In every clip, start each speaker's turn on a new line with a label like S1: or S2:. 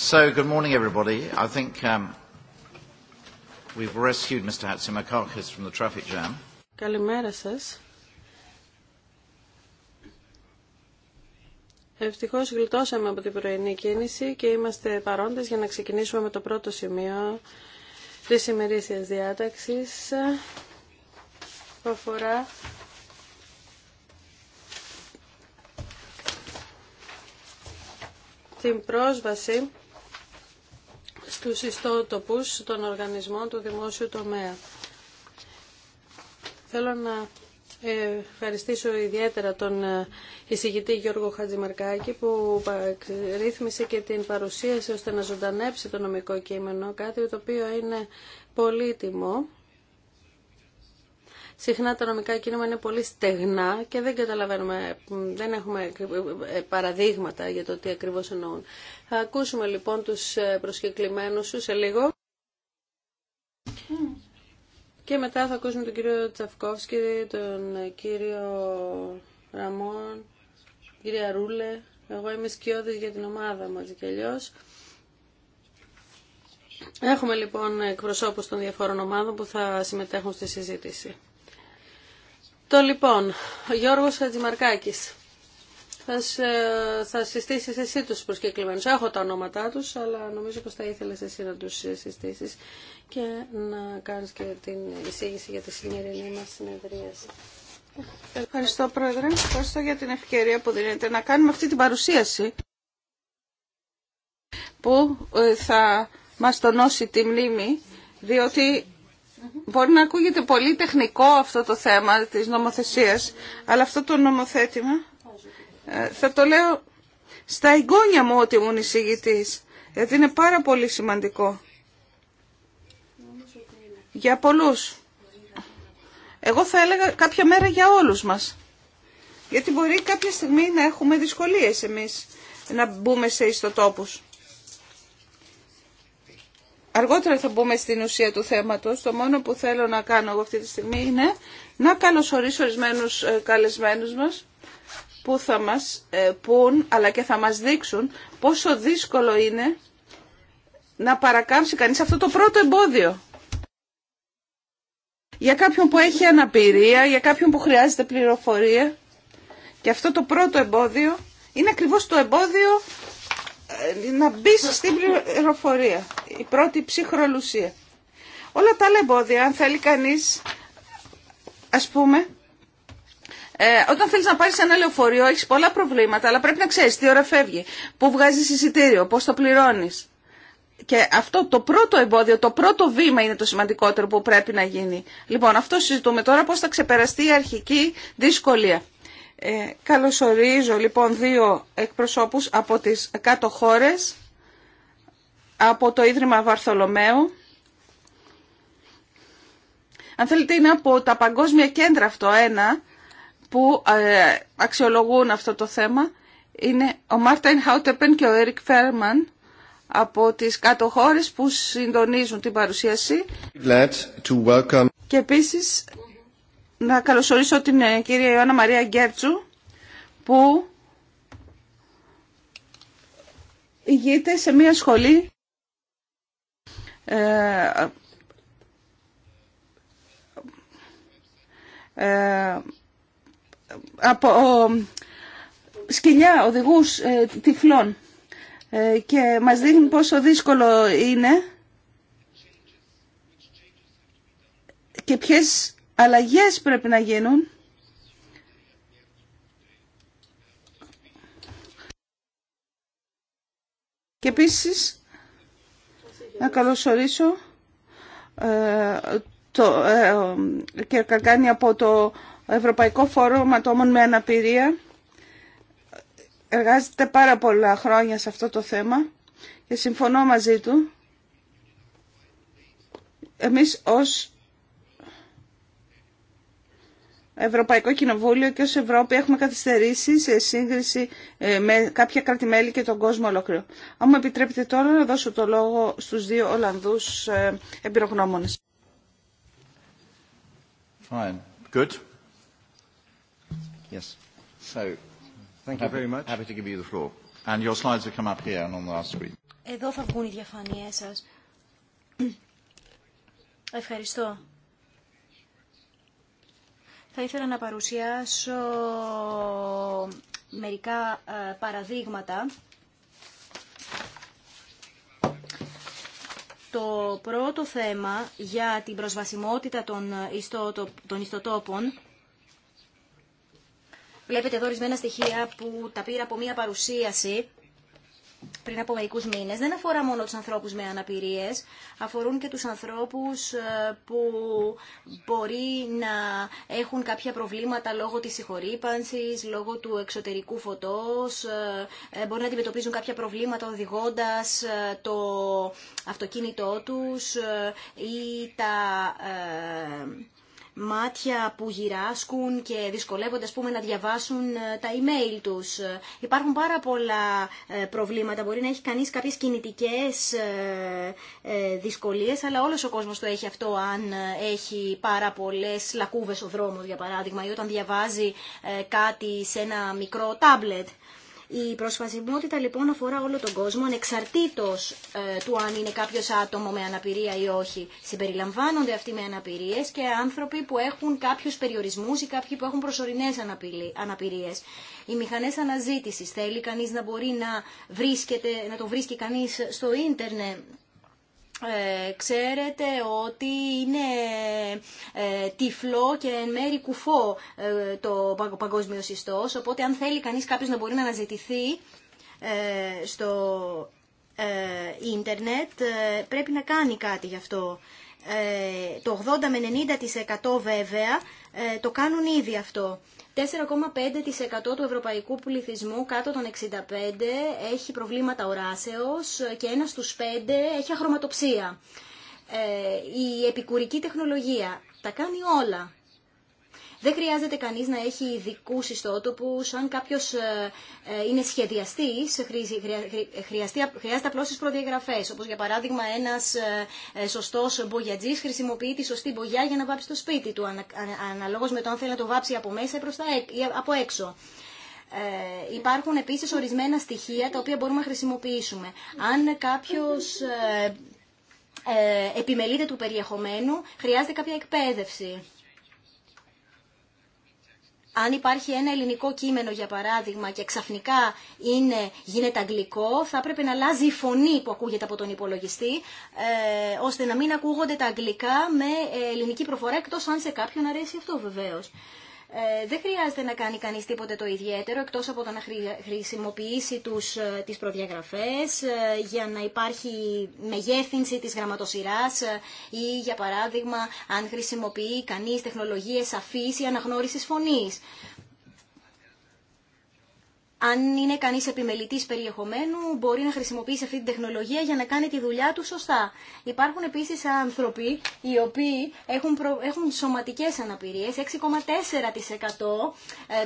S1: So, good morning, everybody. I think um, we've rescued Mr. Hatsimakakis from the traffic jam.
S2: Καλημέρα σας. Ευτυχώς γλιτώσαμε από την πρωινή κίνηση και είμαστε παρόντες για να ξεκινήσουμε με το πρώτο σημείο της ημερήσιας διάταξης που αφορά την πρόσβαση στους ιστότοπους των οργανισμών του δημόσιου τομέα. Θέλω να ευχαριστήσω ιδιαίτερα τον ε, εισηγητή Γιώργο Χατζημαρκάκη που ρύθμισε και την παρουσίαση ώστε να ζωντανέψει το νομικό κείμενο, κάτι το οποίο είναι πολύτιμο Συχνά τα νομικά κίνημα είναι πολύ στεγνά και δεν καταλαβαίνουμε, δεν έχουμε παραδείγματα για το τι ακριβώς εννοούν. Θα ακούσουμε λοιπόν τους προσκεκλημένους σου σε λίγο. Και μετά θα ακούσουμε τον κύριο Τσαφκόφσκι, τον κύριο Ραμόν, την κυρία Ρούλε. Εγώ είμαι σκιώδης για την ομάδα μας και αλλιώς. Έχουμε λοιπόν εκπροσώπους των διαφόρων ομάδων που θα συμμετέχουν στη συζήτηση. Το λοιπόν, ο Γιώργος Χατζημαρκάκης. Θα, ε, θα συστήσεις εσύ τους προσκεκλημένους. Έχω τα ονόματά τους, αλλά νομίζω πως θα ήθελες εσύ να τους συστήσεις και να κάνεις και την εισήγηση για τη σημερινή μας συνεδρίαση.
S3: Ευχαριστώ Πρόεδρε. Ευχαριστώ για την ευκαιρία που δίνετε να κάνουμε αυτή την παρουσίαση που ε, θα μας τονώσει τη μνήμη διότι Mm-hmm. Μπορεί να ακούγεται πολύ τεχνικό αυτό το θέμα της νομοθεσίας, αλλά αυτό το νομοθέτημα ε, θα το λέω στα εγγόνια μου ότι ήμουν εισηγητής, γιατί είναι πάρα πολύ σημαντικό. Για πολλούς. Εγώ θα έλεγα κάποια μέρα για όλους μας. Γιατί μπορεί κάποια στιγμή να έχουμε δυσκολίες εμείς να μπούμε σε ιστοτόπους. Αργότερα θα μπούμε στην ουσία του θέματος. Το μόνο που θέλω να κάνω εγώ αυτή τη στιγμή είναι να καλωσορίσω ορισμένους ε, καλεσμένους μας που θα μας ε, πούν αλλά και θα μας δείξουν πόσο δύσκολο είναι να παρακάμψει κανείς αυτό το πρώτο εμπόδιο. Για κάποιον που έχει αναπηρία, για κάποιον που χρειάζεται πληροφορία. Και αυτό το πρώτο εμπόδιο είναι ακριβώς το εμπόδιο ε, να μπει στην πληροφορία. Η πρώτη ψυχρολουσία. Όλα τα άλλα εμπόδια, αν θέλει κανείς, ας πούμε, ε, όταν θέλει να πάρει ένα λεωφορείο, έχεις πολλά προβλήματα, αλλά πρέπει να ξέρεις τι ώρα φεύγει, πού βγάζει εισιτήριο, πώ το πληρώνει. Και αυτό το πρώτο εμπόδιο, το πρώτο βήμα είναι το σημαντικότερο που βγαζει εισιτηριο πως το πληρωνεις και αυτο το πρωτο εμποδιο το πρωτο βημα ειναι το σημαντικοτερο που πρεπει να γίνει. Λοιπόν, αυτό συζητούμε τώρα, πώς θα ξεπεραστεί η αρχική δυσκολία. Ε, καλωσορίζω λοιπόν δύο εκπροσώπους από τις κάτω χώρες, από το Ίδρυμα Βαρθολομαίου. Αν θέλετε είναι από τα παγκόσμια κέντρα αυτό ένα που ε, αξιολογούν αυτό το θέμα. Είναι ο Μάρτιν Χάουτεπεν και ο Έρικ Φέρμαν από τις κάτω χώρες που συντονίζουν την παρουσίαση. to welcome. Και επίσης να καλωσορίσω την ε, κυρία Ιωάννα Μαρία Γκέρτσου που ηγείται σε μια σχολή ε, ε, από σκυλιά οδηγούς τυφλών και μας δείχνει πόσο δύσκολο είναι και ποιες αλλαγές πρέπει να γίνουν. Και επίσης να καλωσορίσω ε, το ε, και από το Ευρωπαϊκό Φόρουμ Ατόμων με Αναπηρία. Εργάζεται πάρα πολλά χρόνια σε αυτό το θέμα και συμφωνώ μαζί του. Εμείς ως Ευρωπαϊκό Κοινοβούλιο και ως Ευρώπη έχουμε καθυστερήσει σε σύγκριση ε, με κάποια κρατημέλη και τον κόσμο ολόκληρο. Αν μου επιτρέπετε τώρα να δώσω το λόγο στους δύο Ολλανδούς ε, εμπειρογνώμονες.
S1: Fine. Good. Yes. So, thank you very much. Happy to give you the floor. And your slides will come up here and on the last screen.
S4: Εδώ θα βγουν οι διαφανίες σας. Ευχαριστώ. Θα ήθελα να παρουσιάσω μερικά ε, παραδείγματα. Το πρώτο θέμα για την προσβασιμότητα των ιστοτόπων Βλέπετε εδώ ορισμένα στοιχεία που τα πήρα από μία παρουσίαση πριν από μερικού μήνε. δεν αφορά μόνο του ανθρώπου με αναπηρίε, αφορούν και του ανθρώπου ε, που μπορεί να έχουν κάποια προβλήματα λόγω της συγχωρήπανση, λόγω του εξωτερικού φωτός, ε, ε, μπορεί να αντιμετωπίζουν κάποια προβλήματα οδηγώντα το αυτοκίνητό του ή τα μάτια που γυράσκουν και δυσκολεύονται πούμε, να διαβάσουν ε, τα email τους. Υπάρχουν πάρα πολλά ε, προβλήματα. Μπορεί να έχει κανείς κάποιες κινητικές ε, δυσκολίες, αλλά όλος ο κόσμος το έχει αυτό αν έχει πάρα πολλές λακκούβες ο δρόμος, για παράδειγμα, ή όταν διαβάζει κάτι σε ένα μικρό τάμπλετ. Η προσβασιμότητα λοιπόν αφορά όλο τον κόσμο, ανεξαρτήτως ε, του αν είναι κάποιος άτομο με αναπηρία ή όχι. Συμπεριλαμβάνονται αυτοί με αναπηρίες και άνθρωποι που έχουν κάποιους περιορισμούς ή κάποιοι που έχουν προσωρινές αναπηρίες. Οι μηχανές αναζήτησης θέλει κανείς να μπορεί να, βρίσκεται, να το βρίσκει κανείς στο ίντερνετ ε, ξέρετε ότι είναι ε, τυφλό και εν μέρη κουφό ε, το παγκόσμιο συστός, οπότε αν θέλει κανείς κάποιος να μπορεί να αναζητηθεί ε, στο ίντερνετ πρέπει να κάνει κάτι γι' αυτό. Ε, το 80 με 90% βέβαια ε, το κάνουν ήδη αυτό. 4,5% του ευρωπαϊκού πληθυσμού κάτω των 65 έχει προβλήματα οράσεως και ένας στους 5 έχει αχρωματοψία. Ε, η επικουρική τεχνολογία τα κάνει όλα. Δεν χρειάζεται κανεί να έχει ειδικού ιστότοπου. Αν κάποιο ε, ε, είναι σχεδιαστή, χρειάζεται απλώ τι προδιαγραφέ, όπω για παράδειγμα ένας ε, σωστό μπογιατζής χρησιμοποιεί τη σωστή μπογιά για να βάψει το σπίτι του, αναλόγω με το αν θέλει να το βάψει από μέσα ή, από έξω. Ε, υπάρχουν επίσης ορισμένα στοιχεία τα οποία μπορούμε να χρησιμοποιήσουμε. Αν κάποιος ε, ε, επιμελείται του περιεχομένου, χρειάζεται κάποια εκπαίδευση αν υπάρχει ένα ελληνικό κείμενο για παράδειγμα και ξαφνικά είναι, γίνεται αγγλικό, θα πρέπει να αλλάζει η φωνή που ακούγεται από τον υπολογιστή, ε, ώστε να μην ακούγονται τα αγγλικά με ε, ελληνική προφορά, εκτός αν σε κάποιον αρέσει αυτό βεβαίως. Ε, δεν χρειάζεται να κάνει κανείς τίποτε το ιδιαίτερο εκτός από το να χρησιμοποιήσει τους, ε, τις προδιαγραφές ε, για να υπάρχει μεγέθυνση της γραμματοσυράς ή για παράδειγμα αν χρησιμοποιεί κανείς τεχνολογίες αφής ή αναγνώρισης φωνής αν είναι κανείς επιμελητής περιεχομένου, μπορεί να χρησιμοποιήσει αυτή την τεχνολογία για να κάνει τη δουλειά του σωστά. Υπάρχουν επίσης άνθρωποι οι οποίοι έχουν, προ... έχουν σωματικές αναπηρίες. 6,4% ε,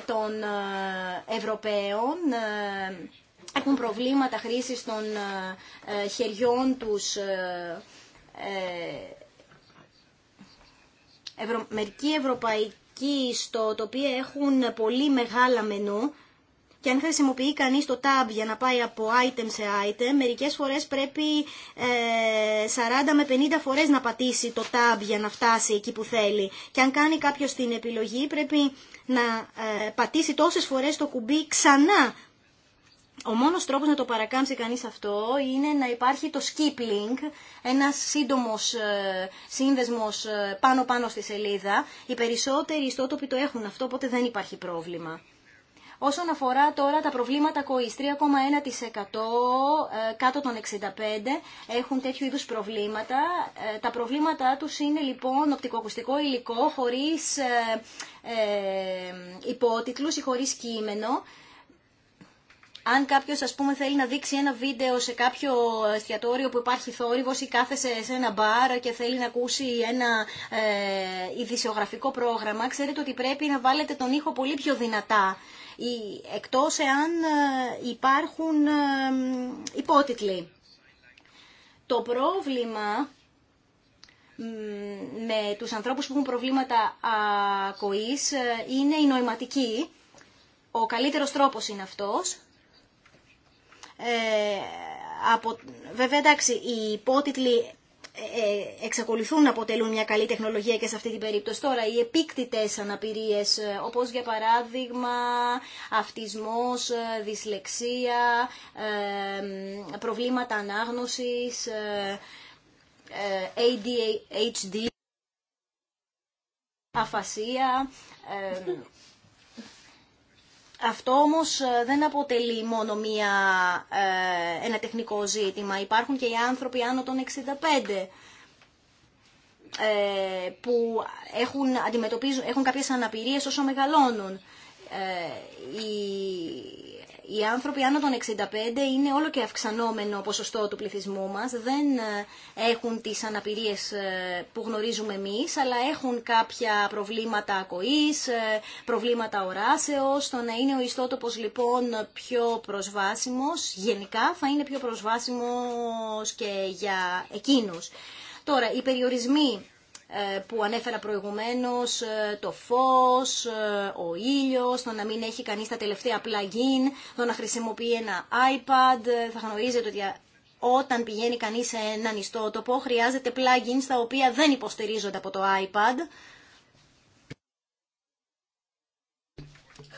S4: των ε, Ευρωπαίων ε, έχουν προβλήματα χρήσης των χεριών τους Ευρω... μερικοί ευρωπαϊκοί στο οποίο έχουν πολύ μεγάλα μενού και αν χρησιμοποιεί κανείς το tab για να πάει από item σε item, μερικές φορές πρέπει 40 ε, με 50 φορές να πατήσει το tab για να φτάσει εκεί που θέλει. Και αν κάνει κάποιος την επιλογή πρέπει να ε, πατήσει τόσες φορές το κουμπί ξανά ο μόνος τρόπος να το παρακάμψει κανείς αυτό είναι να υπάρχει το skip link, ένας σύντομος ε, σύνδεσμος πάνω-πάνω στη σελίδα. Οι περισσότεροι ιστότοποι το έχουν αυτό, οπότε δεν υπάρχει πρόβλημα. Όσον αφορά τώρα τα προβλήματα ΚΟΗ, 3,1% ε, κάτω των 65 έχουν τέτοιου είδους προβλήματα. Ε, τα προβλήματά τους είναι λοιπόν οπτικοακουστικό υλικό χωρίς ε, υπότιτλους ή χωρίς κείμενο. Αν κάποιος ας πούμε θέλει να δείξει ένα βίντεο σε κάποιο εστιατόριο που υπάρχει θόρυβος ή κάθεσε σε ένα μπαρ και θέλει να ακούσει ένα ειδησιογραφικό πρόγραμμα, ξέρετε ότι πρέπει να βάλετε τον ήχο πολύ πιο δυνατά εκτός εάν ε, υπάρχουν ε, υπότιτλοι. Το πρόβλημα με τους ανθρώπους που έχουν προβλήματα ακοής ε, είναι η νοηματική. Ο καλύτερος τρόπος είναι αυτός. από, βέβαια, εντάξει, οι υπότιτλοι ε, ε, εξακολουθούν να αποτελούν μια καλή τεχνολογία και σε αυτή την περίπτωση. Τώρα, οι επίκτητες αναπηρίες, ε, όπως για παράδειγμα αυτισμός, δυσλεξία, προβλήματα ανάγνωσης, ADHD, αφασία... Αυτό όμως ε, δεν αποτελεί μόνο μία, ε, ένα τεχνικό ζήτημα. Υπάρχουν και οι άνθρωποι άνω των 65 ε, που έχουν, αντιμετωπίζουν, έχουν κάποιες αναπηρίες όσο μεγαλώνουν. η, οι άνθρωποι άνω των 65 είναι όλο και αυξανόμενο ποσοστό του πληθυσμού μας. Δεν ε, έχουν τις αναπηρίες ε, που γνωρίζουμε εμείς, αλλά έχουν κάποια προβλήματα ακοής, ε, προβλήματα οράσεως. Το να είναι ο ιστότοπος λοιπόν πιο προσβάσιμος, γενικά θα είναι πιο προσβάσιμος και για εκείνους. Τώρα, οι περιορισμοί ε, που ανέφερα προηγουμένως, ε, το φως, ε, ο ήλιος, το να μην έχει κανείς τα τελευταία plug-in, το να χρησιμοποιεί ένα iPad, θα γνωρίζετε ότι όταν πηγαίνει κανείς σε έναν ιστότοπο χρειάζεται plug-ins τα οποία δεν υποστηρίζονται από το iPad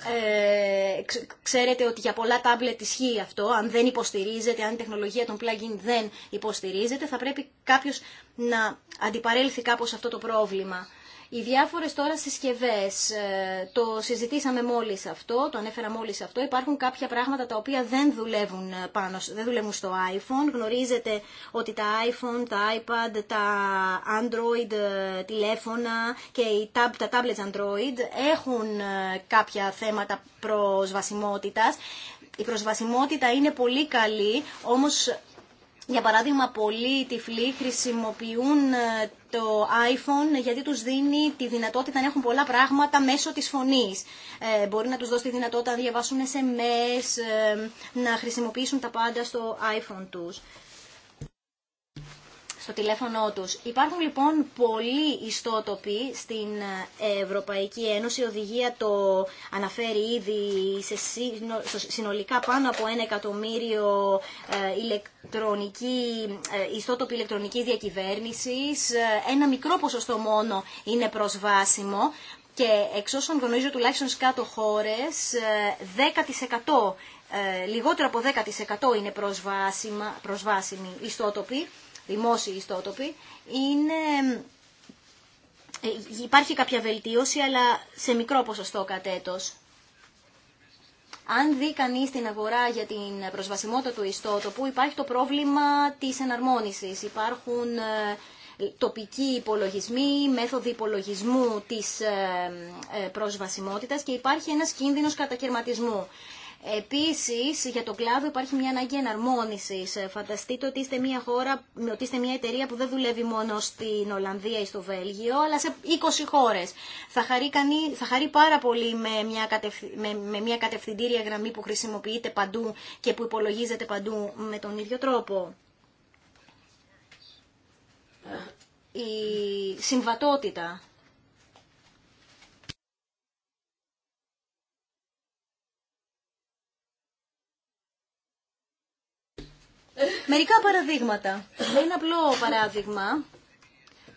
S4: Ε, ξέρετε ότι για πολλά τάμπλετ ισχύει αυτό. Αν δεν υποστηρίζεται, αν η τεχνολογία των plug δεν υποστηρίζεται, θα πρέπει κάποιο να αντιπαρέλθει κάπως αυτό το πρόβλημα. Οι διάφορες τώρα συσκευές, ε, το συζητήσαμε μόλις αυτό, το ανέφερα μόλις αυτό, υπάρχουν κάποια πράγματα τα οποία δεν δουλεύουν, ε, πάνω, δεν δουλεύουν στο iPhone. Γνωρίζετε ότι τα iPhone, τα iPad, τα Android ε, τηλέφωνα και οι τα tablets Android έχουν κάποια θέματα προσβασιμότητας. Η προσβασιμότητα είναι πολύ καλή, όμως για παράδειγμα, πολλοί τυφλοί χρησιμοποιούν ε, το iPhone γιατί τους δίνει τη δυνατότητα να έχουν πολλά πράγματα μέσω της φωνής. Ε, μπορεί να τους δώσει τη δυνατότητα να διαβάσουν SMS, ε, να χρησιμοποιήσουν τα πάντα στο iPhone τους στο τηλέφωνό τους. Υπάρχουν λοιπόν πολλοί ιστότοποι στην ε, Ευρωπαϊκή Ένωση. Η οδηγία το αναφέρει ήδη σε συνολικά πάνω από ένα εκατομμύριο ε, ηλεκτρονική, ε, ιστότοποι ηλεκτρονικής διακυβέρνησης. Ένα μικρό ποσοστό μόνο είναι προσβάσιμο. Και εξ όσων γνωρίζω τουλάχιστον στις κάτω χώρες, 10% λιγότερο από 10% είναι προσβάσιμα, προσβάσιμοι ιστότοποι δημόσιοι ιστότοποι, είναι... Ε, υπάρχει κάποια βελτίωση, αλλά σε μικρό ποσοστό κατ' έτος. Αν δει κανείς την αγορά για την προσβασιμότητα του ιστότοπου, υπάρχει το πρόβλημα της εναρμόνισης. Υπάρχουν ε, τοπικοί υπολογισμοί, μέθοδοι υπολογισμού της ε, προσβασιμότητας και υπάρχει ένας κίνδυνος κατακαιρματισμού. Επίσης, για το κλάδο υπάρχει μια ανάγκη εναρμόνιση. Ε, φανταστείτε ότι είστε μια χώρα, ότι είστε μια εταιρεία που δεν δουλεύει μόνο στην Ολλανδία ή στο Βέλγιο, αλλά σε 20 χώρες. Θα χαρεί, θα χαρεί πάρα πολύ με μια, με, με μια κατευθυντήρια γραμμή που χρησιμοποιείται παντού και που υπολογίζεται παντού με τον ίδιο τρόπο. Η συμβατότητα Μερικά παραδείγματα. Ένα απλό παράδειγμα.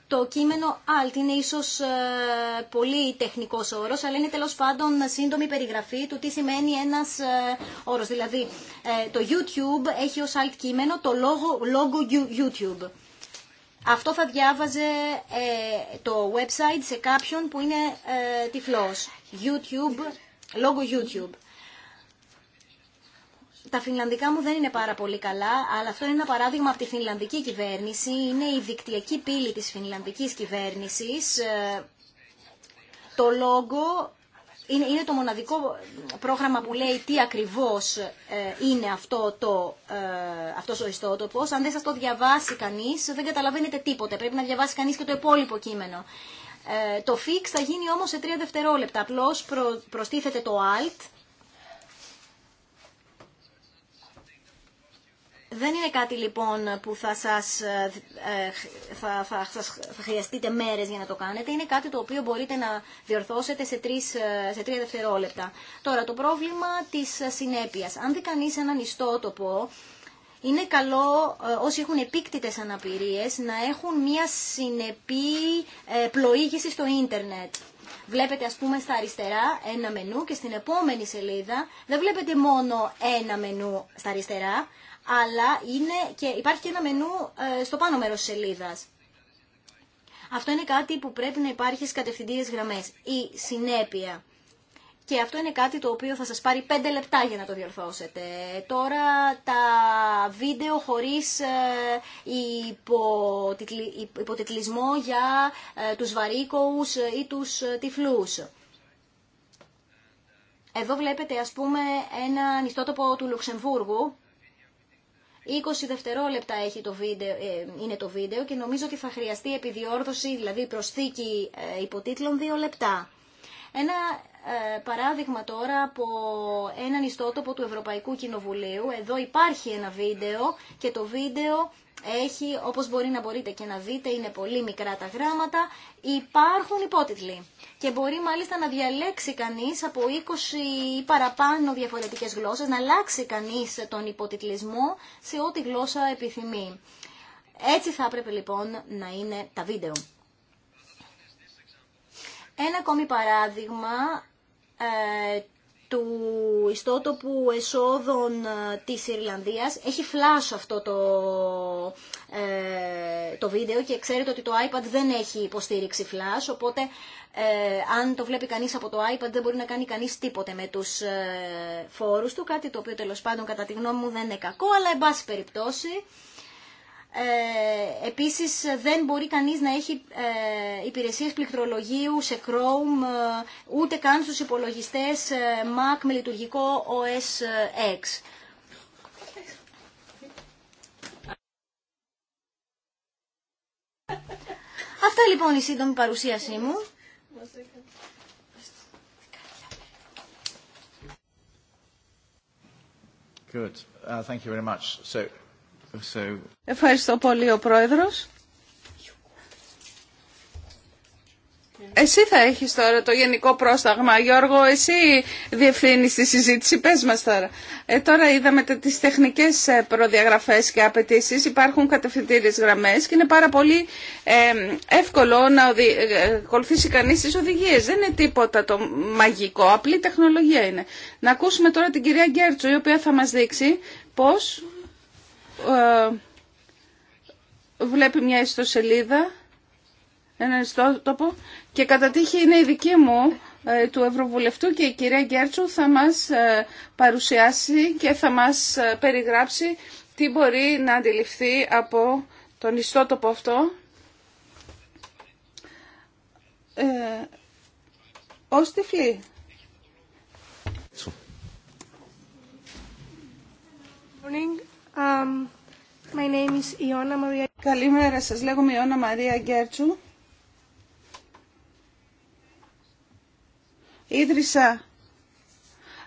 S4: Το κείμενο ALT είναι ίσως ε, πολύ τεχνικός όρος, αλλά είναι τέλο πάντων σύντομη περιγραφή του τι σημαίνει ένας ε, όρος. Δηλαδή, ε, το YouTube έχει ως ALT κείμενο το logo, logo YouTube. Αυτό θα διάβαζε το website σε κάποιον που είναι τυφλός. YouTube, logo YouTube τα φινλανδικά μου δεν είναι πάρα πολύ καλά, αλλά αυτό είναι ένα παράδειγμα από τη φινλανδική κυβέρνηση. Είναι η δικτυακή πύλη της φινλανδικής κυβέρνησης. Ε, το λόγο είναι, είναι το μοναδικό πρόγραμμα που λέει τι ακριβώς ε, είναι αυτό το, ε, αυτός ο ιστότοπος. Αν δεν σας το διαβάσει κανείς, δεν καταλαβαίνετε τίποτε. Πρέπει να διαβάσει κανείς και το υπόλοιπο κείμενο. το fix θα γίνει όμως σε τρία δευτερόλεπτα. Απλώς προστίθεται το alt Δεν είναι κάτι λοιπόν που θα σας, ε, ε, θα, θα, θα χρειαστείτε μέρες για να το κάνετε. Είναι κάτι το οποίο μπορείτε να διορθώσετε σε, τρεις, ε, σε τρία δευτερόλεπτα. Τώρα το πρόβλημα της συνέπειας. Αν δει κανείς έναν ιστότοπο, είναι καλό όσοι έχουν επίκτητες αναπηρίες να έχουν μια συνεπή πλοήγηση στο ίντερνετ. Βλέπετε ας πούμε στα αριστερά ένα μενού και στην επόμενη σελίδα δεν βλέπετε μόνο ένα μενού στα αριστερά, αλλά είναι και, υπάρχει και ένα μενού ε, στο πάνω μέρος της σελίδας. Αυτό είναι κάτι που πρέπει να υπάρχει στις κατευθυντήριες γραμμές, η συνέπεια. Και αυτό είναι κάτι το οποίο θα σας πάρει 5 λεπτά για να το διορθώσετε. Τώρα τα βίντεο χωρίς ε, υποτιτλισμό για ε, τους βαρύκοους ή τους τυφλούς. Εδώ βλέπετε ας πούμε ένα νηστότοπο του Λουξεμβούργου 20 δευτερόλεπτα έχει το βίντεο, ε, είναι το βίντεο και νομίζω ότι θα χρειαστεί επιδιόρθωση, δηλαδή προσθήκη ε, υποτίτλων, δύο λεπτά. Ένα ε, παράδειγμα τώρα από έναν ιστότοπο του Ευρωπαϊκού Κοινοβουλίου. Εδώ υπάρχει ένα βίντεο και το βίντεο έχει, όπως μπορεί να μπορείτε και να δείτε, είναι πολύ μικρά τα γράμματα, υπάρχουν υπότιτλοι. Και μπορεί μάλιστα να διαλέξει κανείς από 20 ή παραπάνω διαφορετικές γλώσσες, να αλλάξει κανείς τον υποτιτλισμό σε ό,τι γλώσσα επιθυμεί. Έτσι θα έπρεπε λοιπόν να είναι τα βίντεο. Ένα ακόμη παράδειγμα ε, του ιστότοπου εσόδων ε, της Ιρλανδίας. Έχει φλάσο αυτό το, ε, το βίντεο και ξέρετε ότι το iPad δεν έχει υποστήριξη flash, οπότε ε, αν το βλέπει κανείς από το iPad δεν μπορεί να κάνει κανείς τίποτε με τους ε, φόρους του, κάτι το οποίο τέλος πάντων κατά τη γνώμη μου δεν είναι κακό, αλλά εν πάση περιπτώσει ε, επίσης δεν μπορεί κανείς να έχει ε, υπηρεσίες πληκτρολογίου σε Chrome, ε, ούτε καν στους υπολογιστές ε, Mac με λειτουργικό OS X. Αυτά λοιπόν η σύντομη παρουσίασή μου.
S1: Good. Uh, thank you very much. So...
S3: Ευχαριστώ πολύ ο Πρόεδρος. Εσύ θα έχεις τώρα το γενικό πρόσταγμα, Γιώργο, εσύ διευθύνεις τη συζήτηση, πες μας τώρα. Ε, τώρα είδαμε τις τεχνικές ε, προδιαγραφές και απαιτήσει. υπάρχουν κατευθυντήριες γραμμές και είναι πάρα πολύ εύκολο να ε, ε, ακολουθήσει κανείς τις οδηγίες. Δεν είναι τίποτα το μαγικό, απλή τεχνολογία είναι. Να ακούσουμε τώρα την κυρία Γκέρτσου, η οποία θα μας δείξει πώς ε, βλέπει μια ιστοσελίδα, έναν ιστότοπο και κατά τύχη είναι η δική μου ε, του Ευρωβουλευτού και η κυρία Γκέρτσου θα μας ε, παρουσιάσει και θα μας περιγράψει τι μπορεί να αντιληφθεί από τον ιστότοπο αυτό ε,
S5: τυφλή. Um, my name is Maria. Καλημέρα σας. Λέγομαι Ιώνα Μαρία Γκέρτσου.
S3: Ίδρυσα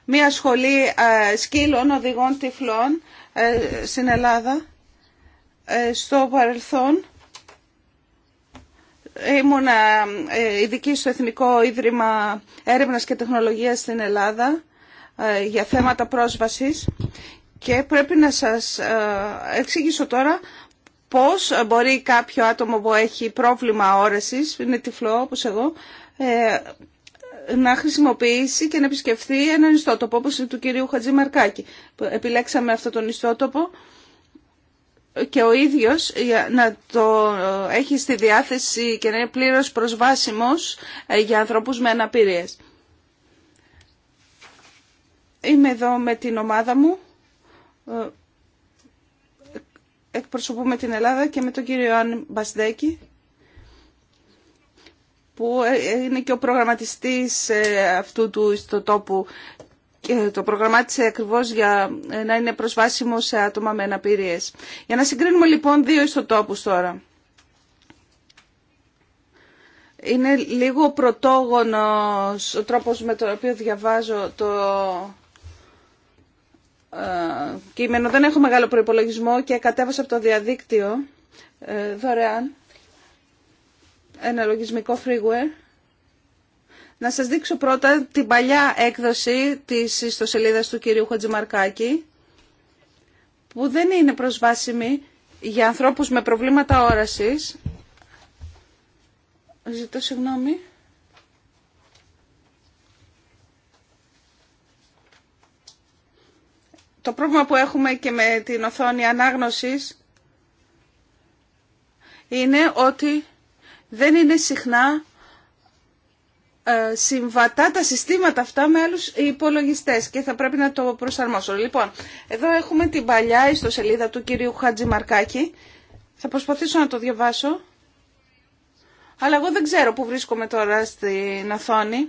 S3: μία σχολή ε, σκύλων οδηγών τυφλών ε, στην Ελλάδα ε, στο παρελθόν. Ήμουν ειδική στο Εθνικό Ίδρυμα Έρευνας και Τεχνολογίας στην Ελλάδα για θέματα πρόσβασης και πρέπει να σας ε, εξηγήσω τώρα πώς μπορεί κάποιο άτομο που έχει πρόβλημα όρεσης, είναι τυφλό όπως εγώ, ε, να χρησιμοποιήσει και να επισκεφθεί έναν ιστότοπο όπως του κυρίου Χατζή Μαρκάκη. Επιλέξαμε αυτόν τον ιστότοπο και ο ίδιος να το ε, έχει στη διάθεση και να είναι πλήρως προσβάσιμος για ανθρώπους με αναπηρίες. Είμαι εδώ με την ομάδα μου ε, εκπροσωπούμε την Ελλάδα και με τον κύριο Ιωάννη Μπασδέκη που ε, είναι και ο προγραμματιστής ε, αυτού του ιστοτόπου και το προγραμμάτισε ακριβώς για να είναι προσβάσιμο σε άτομα με αναπηρίες. Για να συγκρίνουμε λοιπόν δύο ιστοτόπους τώρα. Είναι λίγο πρωτόγονος ο τρόπος με τον οποίο διαβάζω το ε, κείμενο. Δεν έχω μεγάλο προϋπολογισμό και κατέβασα από το διαδίκτυο ε, δωρεάν ένα λογισμικό freeware. Να σας δείξω πρώτα την παλιά έκδοση της ιστοσελίδας του κυρίου Χατζημαρκάκη που δεν είναι προσβάσιμη για ανθρώπους με προβλήματα όρασης. Ζητώ συγγνώμη. το πρόβλημα που έχουμε και με την οθόνη ανάγνωσης είναι ότι δεν είναι συχνά ε, συμβατά τα συστήματα αυτά με άλλους υπολογιστές και θα πρέπει να το προσαρμόσω. Λοιπόν, εδώ έχουμε την παλιά ιστοσελίδα του κυρίου Χατζη Θα προσπαθήσω να το διαβάσω. Αλλά εγώ δεν ξέρω που βρίσκομαι τώρα στην οθόνη.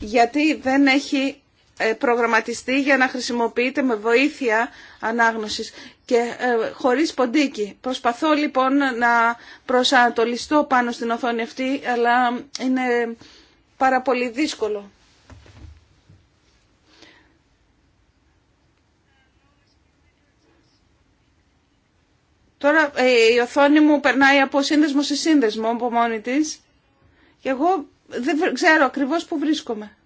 S3: Γιατί δεν έχει ε, προγραμματιστεί για να χρησιμοποιείται με βοήθεια ανάγνωσης και ε, χωρίς ποντίκι. Προσπαθώ λοιπόν να προσανατολιστώ πάνω στην οθόνη αυτή, αλλά είναι πάρα πολύ δύσκολο. Τώρα ε, η οθόνη μου περνάει από σύνδεσμο σε σύνδεσμο από μόνη της και εγώ δεν ξέρω ακριβώς που βρίσκομαι.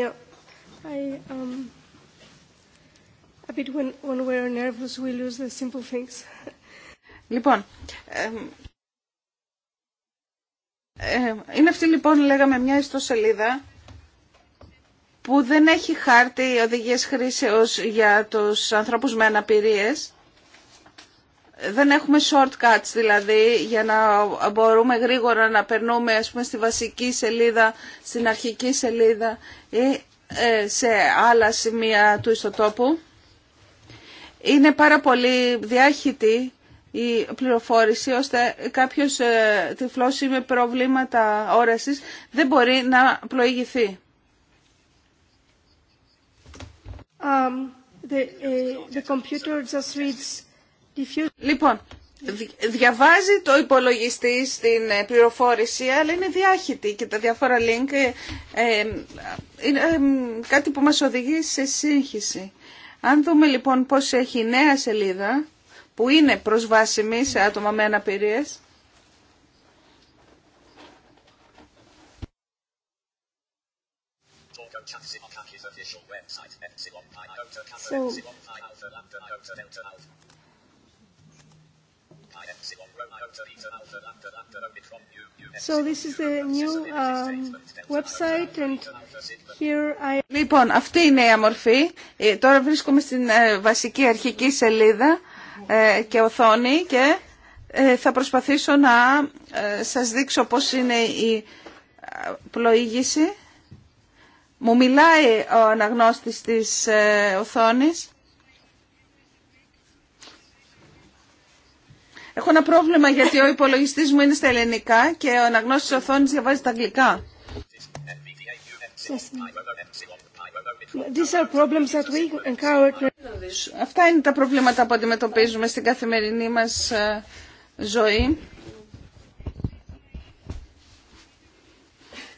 S5: Yeah, I um, a bit when when we're nervous we lose the simple things.
S3: Λοιπόν, ε, είναι αυτή λοιπόν λέγαμε μια ιστοσελίδα που δεν έχει χάρτη οδηγίες χρήσεως για τους ανθρώπους με αναπηρίες δεν έχουμε shortcuts δηλαδή για να μπορούμε γρήγορα να περνούμε ας πούμε, στη βασική σελίδα, στην αρχική σελίδα ή ε, σε άλλα σημεία του ιστοτόπου. Είναι πάρα πολύ διάχυτη η πληροφόρηση ώστε κάποιος ε, τυφλός ή με προβλήματα όρασης δεν μπορεί να πλοηγηθεί.
S5: Um, the, uh, Λοιπόν, διαβάζει το υπολογιστή
S3: στην ε, πληροφόρηση, αλλά είναι διάχυτη και τα διάφορα link ε, ε, είναι κάτι που μας οδηγεί σε σύγχυση. Αν δούμε λοιπόν πώς έχει η νέα σελίδα, που είναι προσβάσιμη σε άτομα με αναπηρίες, So, Λοιπόν, αυτή είναι η νέα μορφή. Ε, τώρα βρίσκομαι στην ε, βασική αρχική σελίδα ε, και οθόνη και θα προσπαθήσω να σας δείξω πώς είναι η πλοήγηση. Μου μιλάει ο αναγνώστης της οθόνης. Έχω ένα πρόβλημα γιατί ο υπολογιστής μου είναι στα ελληνικά και ο αναγνώστη οθόνη διαβάζει τα αγγλικά. Αυτά είναι τα προβλήματα που αντιμετωπίζουμε στην καθημερινή μας ε, ζωή.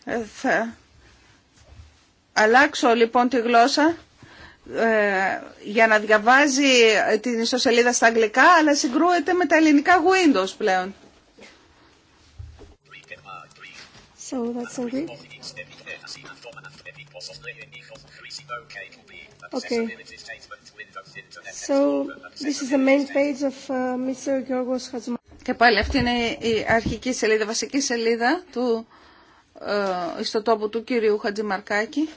S3: Ε, θα αλλάξω λοιπόν τη γλώσσα για να διαβάζει την ιστοσελίδα στα αγγλικά, αλλά συγκρούεται με τα ελληνικά Windows πλέον.
S5: okay. So this is the main page of uh, Mr. Georgos Και πάλι αυτή είναι η αρχική
S3: σελίδα, βασική σελίδα του τόπο ε, ιστοτόπου του κύριου Χατζημαρκάκη.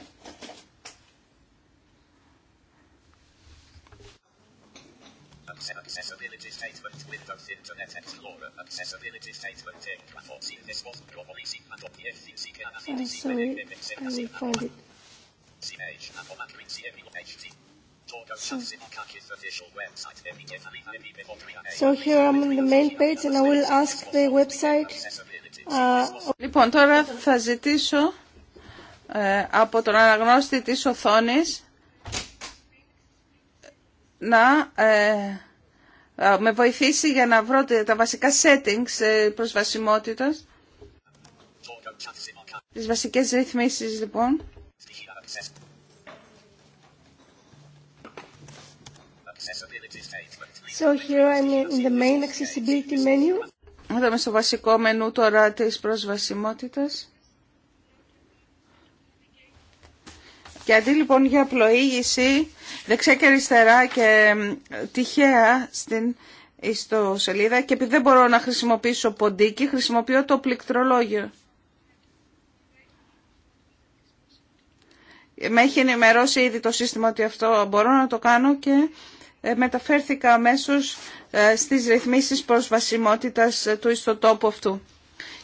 S6: Accessibility statement 14 seen and the sorry, I will find it. and on see every HT.
S5: So here I'm on the main page and I will ask the website. Uh... Λοιπόν, τώρα θα ζητήσω ε, από τον
S3: αναγνώστη της οθόνης με βοηθήσει για να βρω τα βασικά settings ε, προσβασιμότητας. Τις βασικές ρυθμίσεις λοιπόν. So στο βασικό μενού τώρα της προσβασιμότητας. Και αντί λοιπόν για πλοήγηση δεξιά και αριστερά και τυχαία στην ιστοσελίδα και επειδή δεν μπορώ να χρησιμοποιήσω ποντίκι, χρησιμοποιώ το πληκτρολόγιο. Με έχει ενημερώσει ήδη το σύστημα ότι αυτό μπορώ να το κάνω και ε, μεταφέρθηκα αμέσως ε, στις ρυθμίσεις προσβασιμότητας ε, του ιστοτόπου αυτού.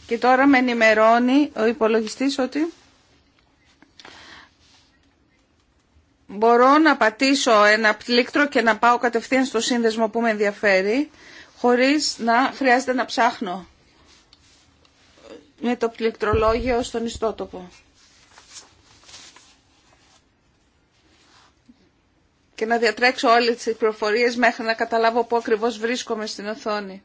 S3: Και τώρα με ενημερώνει ο υπολογιστής ότι μπορώ να πατήσω ένα πλήκτρο και να πάω κατευθείαν στο σύνδεσμο που με ενδιαφέρει, χωρίς να χρειάζεται να ψάχνω με το πληκτρολόγιο στον ιστότοπο. Και να διατρέξω όλες τις πληροφορίες μέχρι να καταλάβω πού ακριβώς βρίσκομαι στην οθόνη.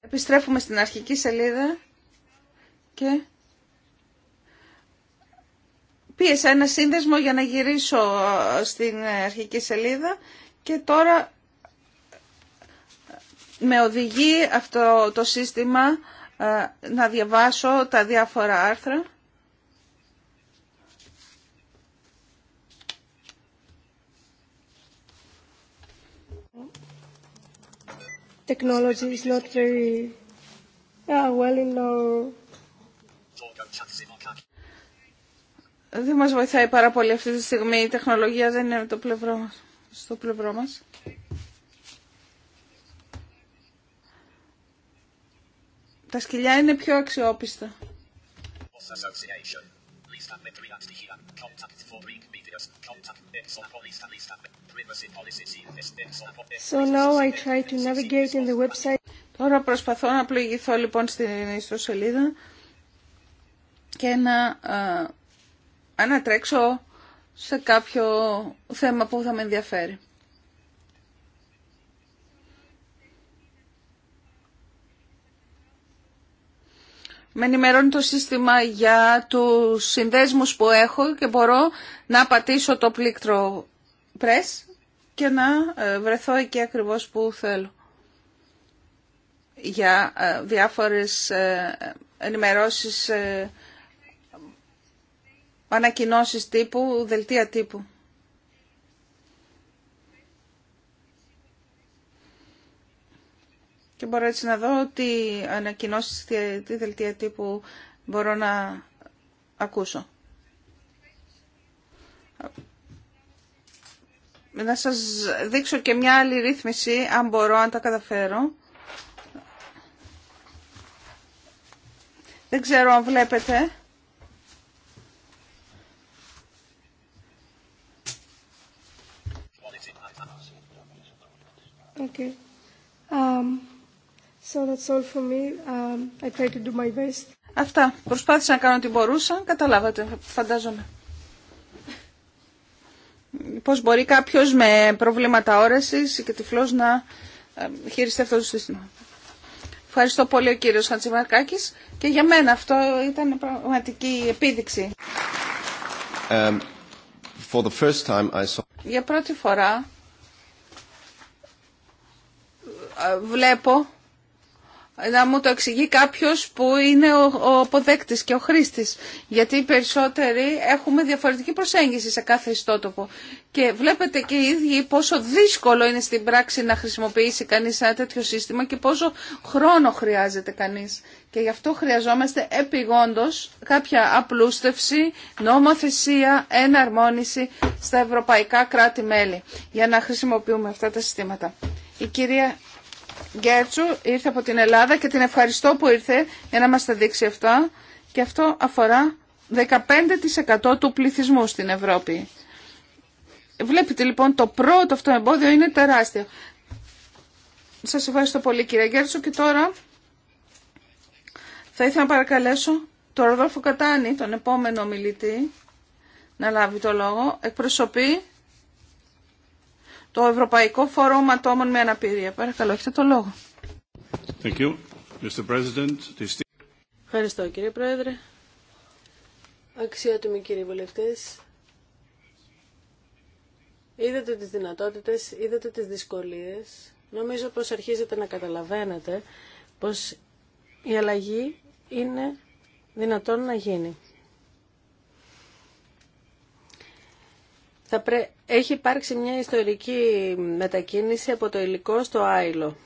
S3: Επιστρέφουμε στην αρχική σελίδα και πίεσα ένα σύνδεσμο για να γυρίσω ε, στην ε, αρχική σελίδα και τώρα ε, με οδηγεί αυτό το σύστημα να διαβάσω τα διάφορα άρθρα.
S5: Technology is not very uh, well
S3: δεν μας βοηθάει πάρα πολύ αυτή τη στιγμή. Η τεχνολογία δεν είναι το πλευρό στο πλευρό μας. Τα σκυλιά είναι πιο αξιόπιστα.
S5: So now I try to navigate in the website. Τώρα προσπαθώ να πλοηγηθώ
S3: λοιπόν στην ιστοσελίδα και να ανατρέξω σε κάποιο θέμα που θα με ενδιαφέρει. Με ενημερώνει το σύστημα για τους συνδέσμους που έχω και μπορώ να πατήσω το πλήκτρο press και να ε, βρεθώ εκεί ακριβώς που θέλω για ε, διάφορες ε, ενημερώσεις ανακοινώσεις τύπου, δελτία τύπου. Και μπορώ έτσι να δω τι ανακοινώσεις, τι δελτία τύπου μπορώ να ακούσω. Να σας δείξω και μια άλλη ρύθμιση, αν μπορώ, αν τα καταφέρω. Δεν ξέρω αν βλέπετε.
S5: Okay. Um, so
S3: Αυτά. Προσπάθησα να κάνω ό,τι μπορούσα. Καταλάβατε, φαντάζομαι. Πώς μπορεί κάποιος με προβλήματα όρεσης και τυφλός να χειριστεί αυτό το σύστημα. Ευχαριστώ πολύ ο κύριος Χατζημαρκάκης και για μένα αυτό ήταν πραγματική επίδειξη.
S1: Um, for first time
S3: Για πρώτη φορά Ε, βλέπω να μου το εξηγεί κάποιος που είναι ο αποδέκτης και ο χρήστης. Γιατί οι περισσότεροι έχουμε διαφορετική προσέγγιση σε κάθε ιστότοπο. Και βλέπετε και οι ίδιοι πόσο δύσκολο είναι στην πράξη να χρησιμοποιήσει κανείς ένα τέτοιο σύστημα και πόσο χρόνο χρειάζεται κανείς. Και γι' αυτό χρειαζόμαστε επιγόντως κάποια απλούστευση, νόμοθεσία, εναρμόνιση στα ευρωπαϊκά κράτη-μέλη για να χρησιμοποιούμε αυτά τα συστήματα. Γκέρτσου ήρθε από την Ελλάδα και την ευχαριστώ που ήρθε για να μας τα δείξει αυτά. Και αυτό αφορά 15% του πληθυσμού στην Ευρώπη. Βλέπετε λοιπόν το πρώτο αυτό εμπόδιο είναι τεράστιο. Σας ευχαριστώ πολύ κύριε Γκέρτσου και τώρα θα ήθελα να παρακαλέσω τον Ροδόλφο Κατάνη, τον επόμενο μιλητή, να λάβει το λόγο. Εκπροσωπεί το Ευρωπαϊκό Φόρουμ Ατόμων με Αναπηρία. Παρακαλώ, έχετε το λόγο.
S1: Thank you. Mr. President.
S3: Ευχαριστώ κύριε
S2: Πρόεδρε. Αξιότιμοι κύριοι βουλευτές, είδατε τις δυνατότητες, είδατε τις δυσκολίες. Νομίζω πως αρχίζετε να καταλαβαίνετε πως η αλλαγή είναι δυνατόν να γίνει. Θα πρέπει έχει υπάρξει μια ιστορική μετακίνηση από το υλικό στο άϊλο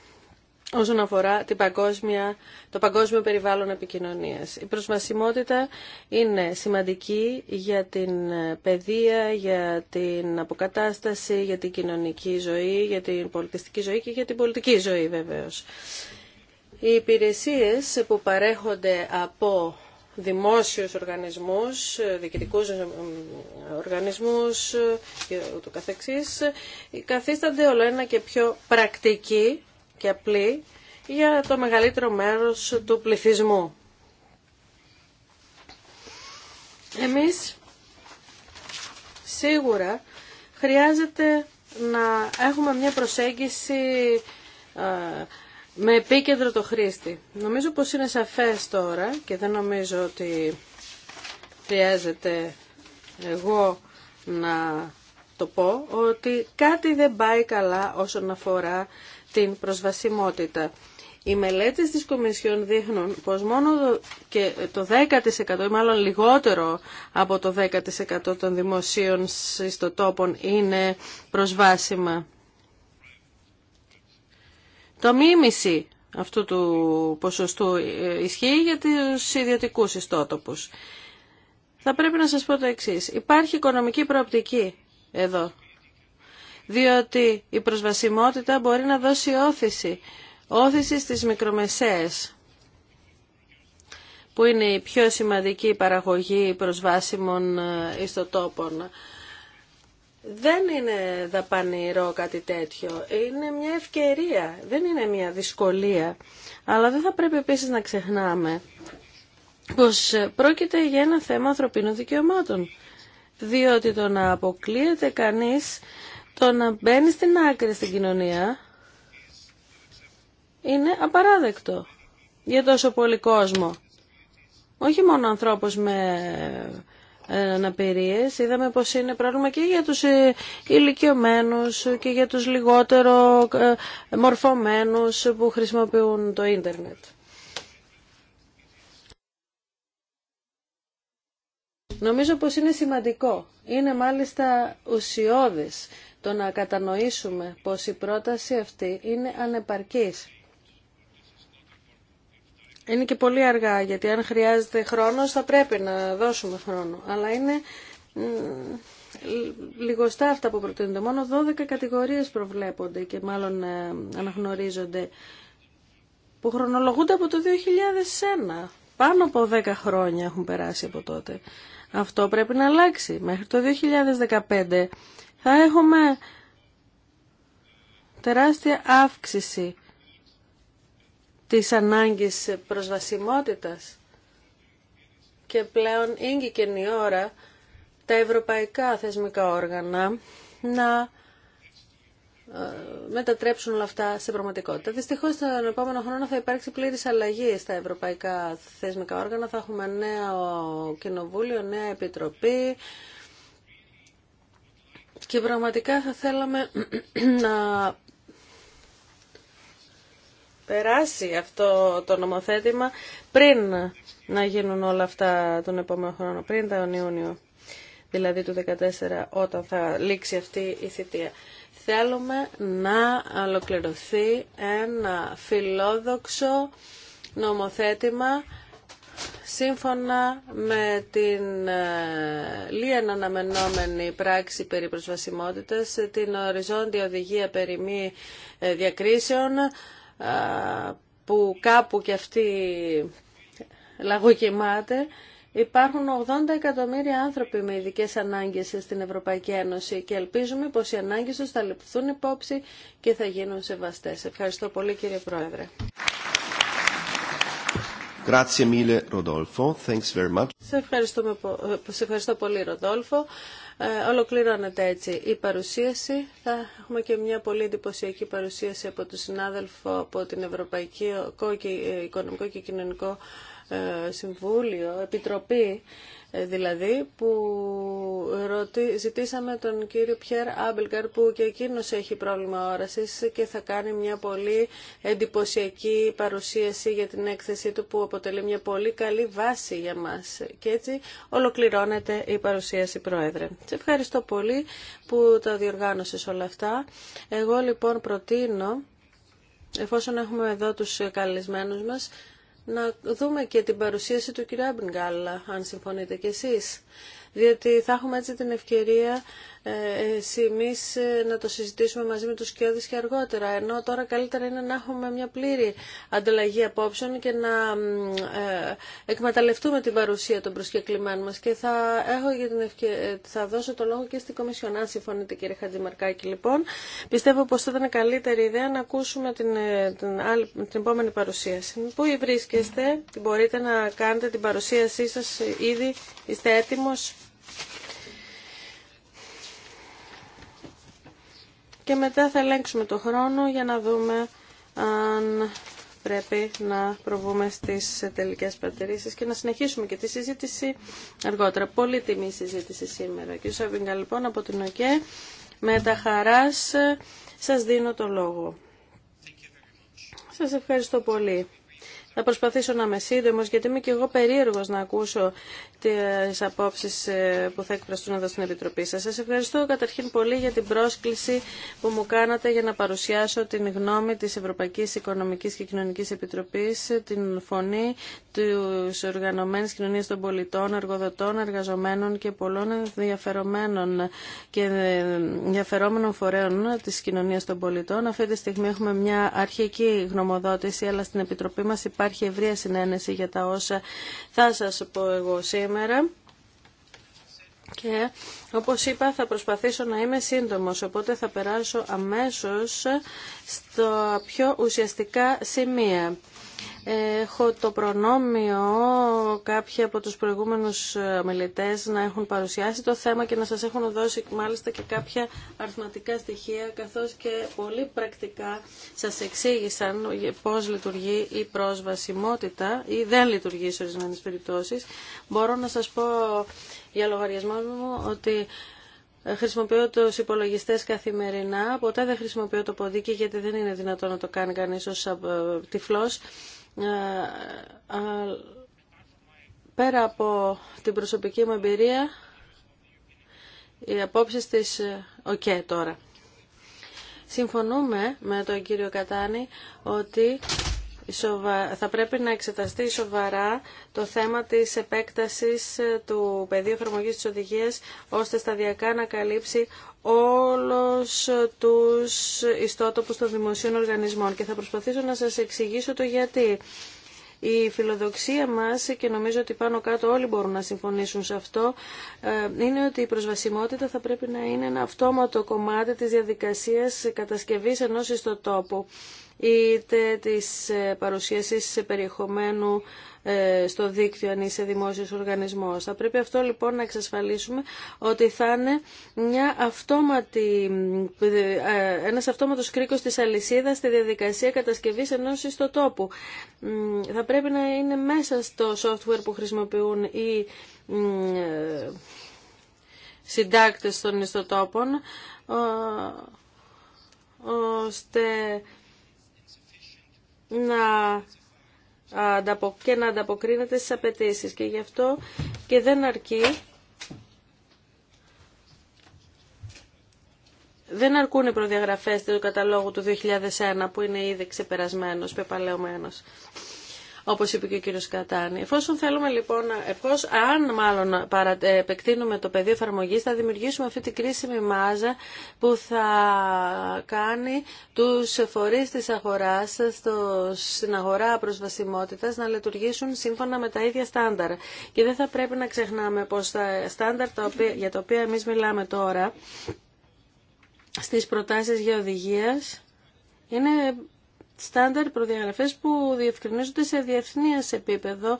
S2: όσον αφορά την παγκόσμια, το παγκόσμιο περιβάλλον επικοινωνίας. Η προσβασιμότητα είναι σημαντική για την παιδεία, για την αποκατάσταση, για την κοινωνική ζωή, για την πολιτιστική ζωή και για την πολιτική ζωή βεβαίως. Οι υπηρεσίες που παρέχονται από δημόσιους οργανισμούς, διοικητικούς οργανισμούς και ούτω καθεξής, καθίστανται όλο ένα και πιο πρακτικοί και απλοί για το μεγαλύτερο μέρος του πληθυσμού. Εμείς σίγουρα χρειάζεται να έχουμε μια προσέγγιση ε, με επίκεντρο το χρήστη. Νομίζω πως είναι σαφές τώρα και δεν νομίζω ότι χρειάζεται εγώ να το πω ότι κάτι δεν πάει καλά όσον αφορά την προσβασιμότητα. Οι μελέτες της Κομισιόν δείχνουν πως μόνο και το 10% ή μάλλον λιγότερο από το 10% των δημοσίων ιστοτόπων είναι προσβάσιμα. Το μίμηση αυτού του ποσοστού ε, ισχύει για τους ιδιωτικούς ιστότοπους. Θα πρέπει να σας πω το εξής. Υπάρχει οικονομική προοπτική εδώ, διότι η προσβασιμότητα μπορεί να δώσει όθηση, όθηση στις μικρομεσαίες, που είναι η πιο σημαντική παραγωγή προσβάσιμων ε, ιστοτόπων δεν είναι δαπανηρό κάτι τέτοιο. Είναι μια ευκαιρία, δεν είναι μια δυσκολία. Αλλά δεν θα πρέπει επίσης να ξεχνάμε πως πρόκειται για ένα θέμα ανθρωπίνων δικαιωμάτων. Διότι το να αποκλείεται κανείς, το να μπαίνει στην άκρη στην κοινωνία, είναι απαράδεκτο για τόσο πολύ κόσμο. Όχι μόνο ανθρώπους με Είδαμε πως είναι πρόβλημα και για τους ε, ηλικιωμένους και για τους λιγότερο ε, μορφωμένους που χρησιμοποιούν το ίντερνετ. Νομίζω πως είναι σημαντικό, είναι μάλιστα ουσιώδης το να κατανοήσουμε πως η πρόταση αυτή είναι ανεπαρκής είναι και πολύ αργά, γιατί αν χρειάζεται χρόνος θα πρέπει να δώσουμε χρόνο. Αλλά είναι λιγοστά αυτά που προτείνονται. Μόνο 12 κατηγορίες προβλέπονται και μάλλον ε, αναγνωρίζονται που χρονολογούνται από το 2001. Πάνω από 10 χρόνια έχουν περάσει από τότε. Αυτό πρέπει να αλλάξει. Μέχρι το 2015 θα έχουμε τεράστια αύξηση της ανάγκης προσβασιμότητας. Και πλέον ήγηκε και η ώρα τα ευρωπαϊκά θεσμικά όργανα να ε, μετατρέψουν όλα αυτά σε πραγματικότητα. Δυστυχώς τον επόμενο χρόνο θα υπάρξει πλήρης αλλαγή στα ευρωπαϊκά θεσμικά όργανα. Θα έχουμε νέο κοινοβούλιο, νέα επιτροπή και πραγματικά θα θέλαμε να περάσει αυτό το νομοθέτημα πριν να γίνουν όλα αυτά τον επόμενο χρόνο, πριν τον Ιούνιο, δηλαδή του 2014, όταν θα λήξει αυτή η θητεία. Θέλουμε να ολοκληρωθεί ένα φιλόδοξο νομοθέτημα σύμφωνα με την ε, λίγη αναμενόμενη πράξη περί προσβασιμότητας, την οριζόντια οδηγία περί μη ε, διακρίσεων, που κάπου και αυτή λαγοκοιμάται, Υπάρχουν 80 εκατομμύρια άνθρωποι με ειδικέ ανάγκε στην Ευρωπαϊκή Ένωση και ελπίζουμε πω οι ανάγκε του θα ληφθούν υπόψη και θα γίνουν σεβαστέ. Ευχαριστώ πολύ, κύριε Πρόεδρε. Grazie ε, ευχαριστώ πολύ, Ροδόλφο. Ε, ολοκληρώνεται έτσι η παρουσίαση. Θα έχουμε και μια πολύ εντυπωσιακή παρουσίαση από τον συνάδελφο από την Ευρωπαϊκή Οικονομικό και Κοινωνικό ε, Συμβούλιο, Επιτροπή ε, δηλαδή, που ζητήσαμε τον κύριο Πιέρ Άμπελκαρ που και εκείνος έχει πρόβλημα όρασης και θα κάνει μια πολύ εντυπωσιακή παρουσίαση για την έκθεσή του που αποτελεί μια πολύ καλή βάση για μας. Και έτσι ολοκληρώνεται η παρουσίαση Πρόεδρε. Σε ευχαριστώ πολύ που τα διοργάνωσες όλα αυτά. Εγώ λοιπόν προτείνω, εφόσον έχουμε εδώ τους καλεσμένους μας, να δούμε και την παρουσίαση του κ. Μπινγκάλλα, αν συμφωνείτε κι εσείς. Διότι θα έχουμε έτσι την ευκαιρία ε, εμείς ε, ε, να το συζητήσουμε μαζί με τους Σκιώδης και αργότερα. Ενώ τώρα καλύτερα είναι να έχουμε μια πλήρη ανταλλαγή απόψεων και να εκμεταλλευτούμε την παρουσία των προσκεκλημένων μας. Και θα, έχω για την θα δώσω το λόγο και στην Κομισιόν, αν συμφωνείτε κύριε Χατζημαρκάκη. Λοιπόν, πιστεύω πως θα ήταν καλύτερη ιδέα να ακούσουμε την, την, άλλη, την επόμενη παρουσίαση. Πού βρίσκεστε, μπορείτε να κάνετε την παρουσίασή σας ήδη, είστε έτοιμος. και μετά θα ελέγξουμε το χρόνο για να δούμε αν πρέπει να προβούμε στις τελικές παρατηρήσεις και να συνεχίσουμε και τη συζήτηση αργότερα. Πολύ τιμή συζήτηση σήμερα. Κύριε Σαβίγκα, λοιπόν, από την ΟΚΕ, με τα χαράς σας δίνω το λόγο. Σας ευχαριστώ πολύ. Θα προσπαθήσω να είμαι σύντομο γιατί είμαι και εγώ περίεργος να ακούσω τις απόψεις ε, που θα εκφραστούν εδώ στην Επιτροπή σας. Σας ευχαριστώ καταρχήν πολύ για την πρόσκληση που μου κάνατε για να παρουσιάσω την γνώμη της Ευρωπαϊκής Οικονομικής και Κοινωνικής Επιτροπής, την φωνή της οργανωμένης κοινωνίας των πολιτών, εργοδοτών, εργαζομένων και πολλών ενδιαφερομένων και ενδιαφερόμενων φορέων της κοινωνίας των πολιτών. Αυτή τη στιγμή έχουμε μια αρχική γνωμοδότηση, αλλά στην Επιτροπή μας υπάρχει ευρεία συνένεση για τα όσα θα σας πω εγώ σήμερα και όπως είπα θα προσπαθήσω να είμαι σύντομος, οπότε θα περάσω αμέσως στο πιο ουσιαστικά σημεία. Έχω το προνόμιο κάποιοι από τους προηγούμενους ε, μελετές να έχουν παρουσιάσει το θέμα και να σας έχουν δώσει μάλιστα και κάποια αριθματικά στοιχεία καθώς και πολύ πρακτικά σας εξήγησαν πώς λειτουργεί η προσβασιμότητα ή δεν λειτουργεί σε ορισμένες περιπτώσεις. Μπορώ να σας πω για λογαριασμό μου ότι ε, χρησιμοποιώ του υπολογιστέ καθημερινά. Ποτέ δεν χρησιμοποιώ το ποδίκι γιατί δεν είναι δυνατό να το κάνει κανεί ω ε, τυφλό. Ε, πέρα από την προσωπική μου εμπειρία, οι απόψει τη. ΟΚ τώρα. Συμφωνούμε με τον κύριο Κατάνη ότι θα πρέπει να εξεταστεί σοβαρά το θέμα της επέκτασης ε, του πεδίου εφαρμογής της οδηγίας ώστε σταδιακά να καλύψει όλους ε, τους ιστότοπους των δημοσίων οργανισμών και θα προσπαθήσω να σας εξηγήσω το γιατί. Η φιλοδοξία μας, και νομίζω ότι πάνω κάτω όλοι μπορούν να συμφωνήσουν σε αυτό, ε, είναι ότι η προσβασιμότητα θα πρέπει να είναι ένα αυτόματο κομμάτι της διαδικασίας κατασκευής ενός ιστοτόπου είτε της ε, παρουσίασης περιεχομένου ε, στο δίκτυο αν είσαι δημόσιος Θα πρέπει αυτό λοιπόν να εξασφαλίσουμε ότι θα είναι μια αυτόματη, ε, ένας αυτόματος κρίκος της αλυσίδας στη διαδικασία κατασκευής ενός ιστοτόπου. Θα πρέπει να είναι μέσα στο software που χρησιμοποιούν οι συντάκτες των ιστοτόπων ώστε να και να ανταποκρίνεται στις απαιτήσεις και γι' αυτό και δεν αρκεί δεν αρκούν οι προδιαγραφές του καταλόγου του 2001 που είναι ήδη ξεπερασμένος, πεπαλαιωμένος όπως είπε και ο κύριος Κατάνη. Εφόσον θέλουμε λοιπόν, εφόσον, αν μάλλον επεκτείνουμε το πεδίο εφαρμογή, θα δημιουργήσουμε αυτή την κρίσιμη μάζα που θα κάνει τους φορείς της αγοράς στο, στην αγορά προσβασιμότητα να λειτουργήσουν σύμφωνα με τα ίδια στάνταρ. Και δεν θα πρέπει να ξεχνάμε πως τα στάνταρ τα οποία, για τα οποία εμεί μιλάμε τώρα στις προτάσεις για οδηγίας είναι στάνταρ προδιαγραφές που διευκρινίζονται σε διεθνές επίπεδο.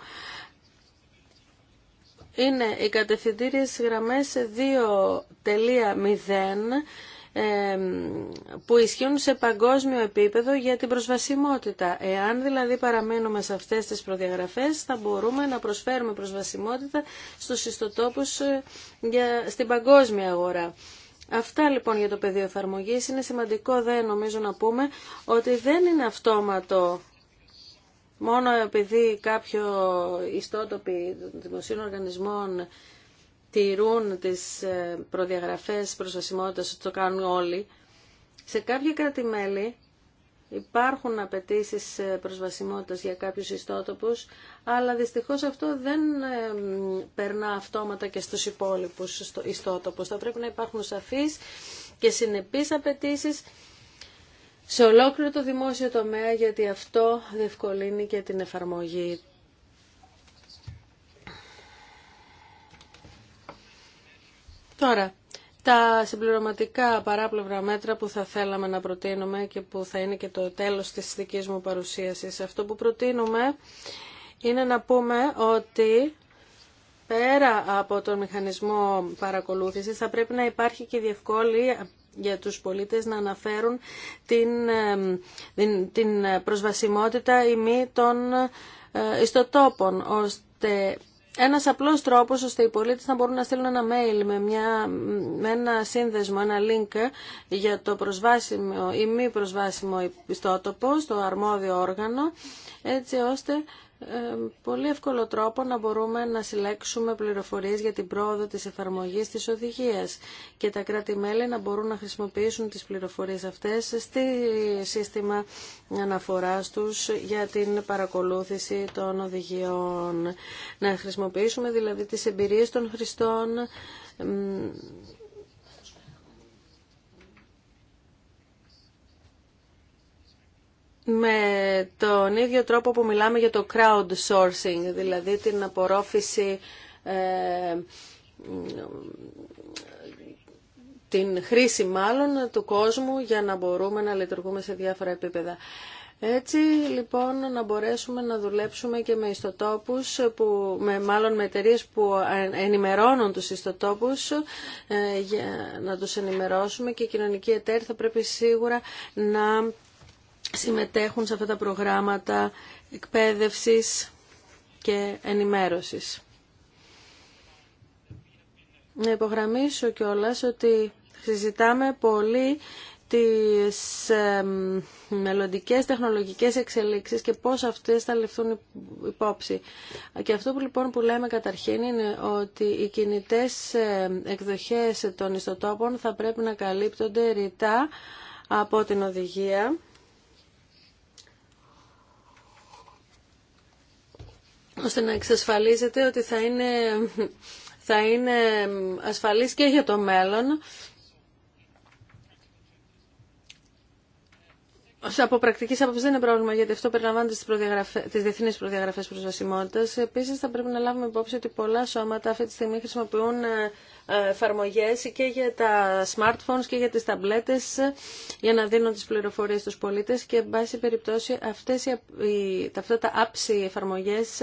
S2: Είναι οι κατευθυντήριες γραμμές 2.0 που ισχύουν σε παγκόσμιο επίπεδο για την προσβασιμότητα. Εάν δηλαδή παραμένουμε σε αυτές τις προδιαγραφές θα μπορούμε να προσφέρουμε προσβασιμότητα στους ιστοτόπους ε, για, στην παγκόσμια αγορά. Αυτά λοιπόν για το πεδίο εφαρμογή. Είναι σημαντικό δε νομίζω να πούμε ότι δεν είναι αυτόματο μόνο επειδή κάποιο ιστότοποι δημοσίων οργανισμών τηρούν τις ε, προδιαγραφές προσβασιμότητας, το κάνουν όλοι. Σε κάποια κράτη-μέλη Υπάρχουν απαιτήσει ε, προσβασιμότητας για κάποιους ιστότοπους, αλλά δυστυχώς αυτό δεν ε, περνά αυτόματα και στους υπόλοιπους ιστότοπους. Θα πρέπει να υπάρχουν σαφείς και συνεπείς απαιτήσει σε ολόκληρο το δημόσιο τομέα, γιατί αυτό διευκολύνει και την εφαρμογή Τώρα, τα συμπληρωματικά παράπλευρα μέτρα που θα θέλαμε να προτείνουμε και που θα είναι και το τέλος της δικής μου παρουσίασης. Αυτό που προτείνουμε είναι να πούμε ότι πέρα από τον μηχανισμό παρακολούθησης θα πρέπει να υπάρχει και διευκόλυνση για τους πολίτες να αναφέρουν την, προσβασιμότητα ή μη των ε, ιστοτόπων, ώστε ένας απλός τρόπος ώστε οι πολίτες να μπορούν να στείλουν ένα mail με, μια, ένα σύνδεσμο, ένα link για το προσβάσιμο ή μη προσβάσιμο ιστότοπο στο αρμόδιο όργανο έτσι ώστε ε, πολύ εύκολο τρόπο να μπορούμε να συλλέξουμε πληροφορίες για την πρόοδο της εφαρμογής της οδηγίας και τα κράτη-μέλη να μπορούν να χρησιμοποιήσουν τις πληροφορίες αυτές στη σύστημα αναφοράς τους για την παρακολούθηση των οδηγιών. Να χρησιμοποιήσουμε δηλαδή τις εμπειρίες των χρηστών με τον ίδιο τρόπο που μιλάμε για το crowdsourcing, δηλαδή την απορρόφηση, ε, την χρήση μάλλον του κόσμου για να μπορούμε να λειτουργούμε σε διάφορα επίπεδα. Έτσι λοιπόν να μπορέσουμε να δουλέψουμε και με ιστοτόπους, που, με, μάλλον με εταιρείε που ενημερώνουν τους ιστοτόπους ε, για να τους ενημερώσουμε και οι κοινωνική εταίροι θα πρέπει σίγουρα να συμμετέχουν σε αυτά τα προγράμματα εκπαίδευσης και ενημέρωσης. Να υπογραμμίσω κιόλας ότι συζητάμε πολύ τις μελλοντικές τεχνολογικές εξελίξεις και πώς αυτές θα ληφθούν υπόψη. Και αυτό που λοιπόν που λέμε καταρχήν είναι ότι οι κινητές εκδοχές των ιστοτόπων θα πρέπει να καλύπτονται ρητά από την οδηγία ώστε να εξασφαλίζεται ότι θα είναι, θα είναι ασφαλής και για το μέλλον Από πρακτική άποψη δεν είναι πρόβλημα, γιατί αυτό περιλαμβάνεται στις τις διεθνεί προδιαγραφέ προσβασιμότητα. Επίση, θα πρέπει να λάβουμε υπόψη ότι πολλά σώματα αυτή τη στιγμή χρησιμοποιούν ε, εφαρμογέ και για τα smartphones και για τι ταμπλέτε, ε, για να δίνουν τις πληροφορίες στους πολίτες και εν πάση περιπτώσει αυτά τα apps οι εφαρμογές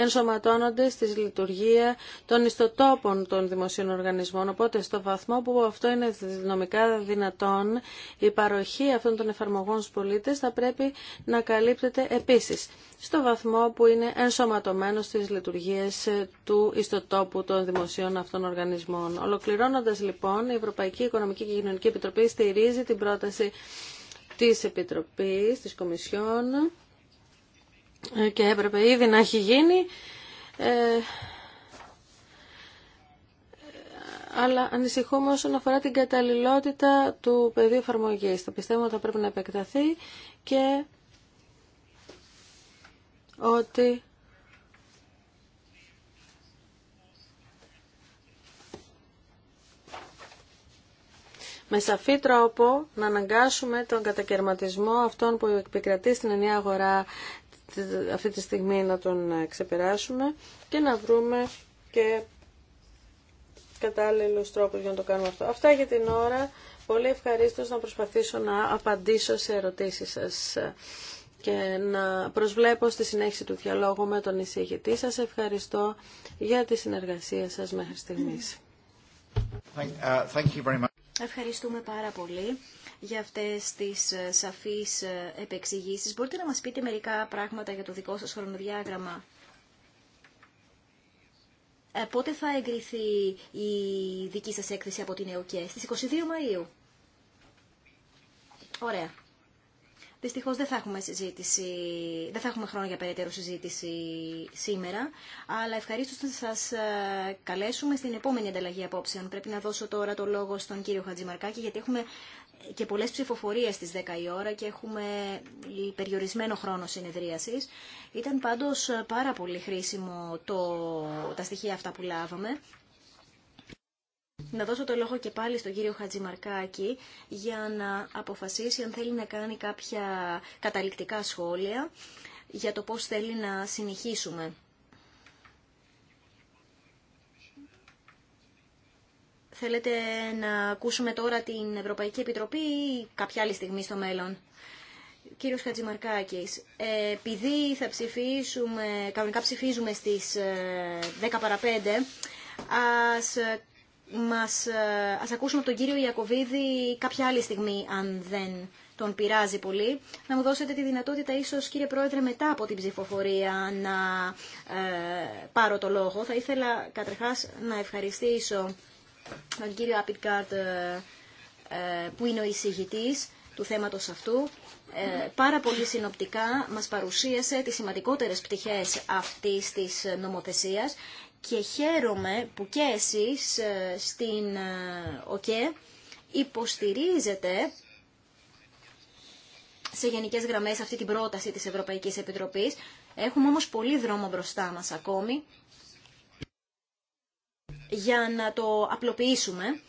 S2: ενσωματώνονται στη λειτουργία των ιστοτόπων των δημοσίων οργανισμών. Οπότε στο βαθμό που αυτό είναι νομικά δυνατόν, η παροχή αυτών των εφαρμογών στους πολίτες θα πρέπει να καλύπτεται επίσης στο βαθμό που είναι ενσωματωμένο στις λειτουργίες ε, του ιστοτόπου των δημοσίων αυτών οργανισμών. Ολοκληρώνοντας λοιπόν, η Ευρωπαϊκή Οικονομική και Κοινωνική Επιτροπή στηρίζει την πρόταση της Επιτροπής, της Κομισιόν, και έπρεπε ήδη να έχει γίνει ε, αλλά ανησυχούμε όσον αφορά την καταλληλότητα του πεδίου εφαρμογή. Το πιστεύω ότι θα πρέπει να επεκταθεί και ότι με σαφή τρόπο να αναγκάσουμε τον κατακαιρματισμό αυτών που επικρατεί στην ενιαία αγορά αυτή τη στιγμή να τον ε, ξεπεράσουμε και να βρούμε και κατάλληλου τρόπους για να το κάνουμε αυτό. Αυτά για την ώρα. Πολύ ευχαρίστω να προσπαθήσω να απαντήσω σε ερωτήσεις σας και να προσβλέπω στη συνέχιση του διαλόγου με τον εισηγητή. Σας ευχαριστώ για τη συνεργασία σας μέχρι στιγμής.
S1: Uh,
S4: Ευχαριστούμε πάρα πολύ για αυτές τις ε, σαφείς ε, επεξηγήσεις. Μπορείτε να μας πείτε μερικά πράγματα για το δικό σας χρονοδιάγραμμα. Ε, πότε θα εγκριθεί η δική σας έκθεση από την ΕΟΚΕ, στις 22 Μαΐου. Ωραία. Δυστυχώς δεν θα έχουμε συζήτηση, δεν θα έχουμε χρόνο για περαιτέρω συζήτηση σήμερα, αλλά ευχαρίστω να σας καλέσουμε στην επόμενη ανταλλαγή απόψεων. Πρέπει να δώσω τώρα το λόγο στον κύριο Χατζημαρκάκη, γιατί έχουμε και πολλές ψηφοφορίες στις 10 η ώρα και έχουμε περιορισμένο χρόνο συνεδρίασης. Ήταν πάντως πάρα πολύ χρήσιμο το, τα στοιχεία αυτά που λάβαμε. Να δώσω το λόγο και πάλι στον κύριο Χατζημαρκάκη για να αποφασίσει αν θέλει να κάνει κάποια καταληκτικά σχόλια για το πώς θέλει να συνεχίσουμε. Θέλετε να ακούσουμε τώρα την Ευρωπαϊκή Επιτροπή ή κάποια άλλη στιγμή στο μέλλον. Κύριος Χατζημαρκάκης, επειδή θα ψηφίσουμε, κανονικά ψηφίζουμε στις 10 ε, παρα 5, ας, μας, ε, ας ακούσουμε τον κύριο Ιακωβίδη κάποια άλλη στιγμή, αν δεν τον πειράζει πολύ, να μου δώσετε τη δυνατότητα ίσως κύριε Πρόεδρε μετά από την ψηφοφορία να ε, πάρω το λόγο. Θα ήθελα καταρχάς να ευχαριστήσω τον κύριο Απιτκάρτ ε, ε, που είναι ο εισηγητής του θέματος αυτού. Ε, πάρα πολύ συνοπτικά μας παρουσίασε τις σημαντικότερες πτυχές αυτής της νομοθεσίας και χαίρομαι που και εσείς στην ΟΚΕ υποστηρίζετε σε γενικές γραμμές αυτή την πρόταση της Ευρωπαϊκής Επιτροπής. Έχουμε όμως πολύ δρόμο μπροστά μας ακόμη για να το απλοποιήσουμε.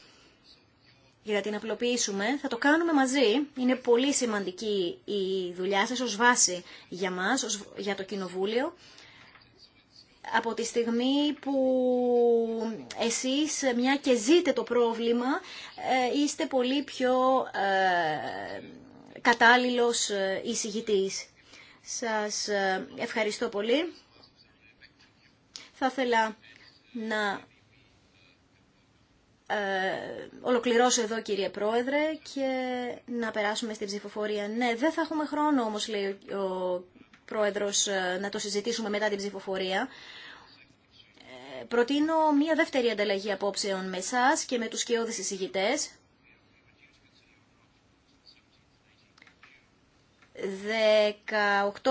S4: Για να την απλοποιήσουμε θα το κάνουμε μαζί. Είναι πολύ σημαντική η δουλειά σας ως βάση για μας, για το Κοινοβούλιο. Από τη στιγμή που εσείς μια και ζείτε το πρόβλημα, ε, είστε πολύ πιο ε, κατάλληλος ε, εισηγητής. Σας ε, ευχαριστώ πολύ. Θα ήθελα να ε, ολοκληρώσω εδώ κύριε Πρόεδρε και να περάσουμε στην ψηφοφορία. Ναι, δεν θα έχουμε χρόνο όμως λέει ο Πρόεδρος ε, να το συζητήσουμε μετά την ψηφοφορία. Ε, προτείνω μία δεύτερη ανταλλαγή απόψεων με εσά και με τους σκιώδεις εισηγητές.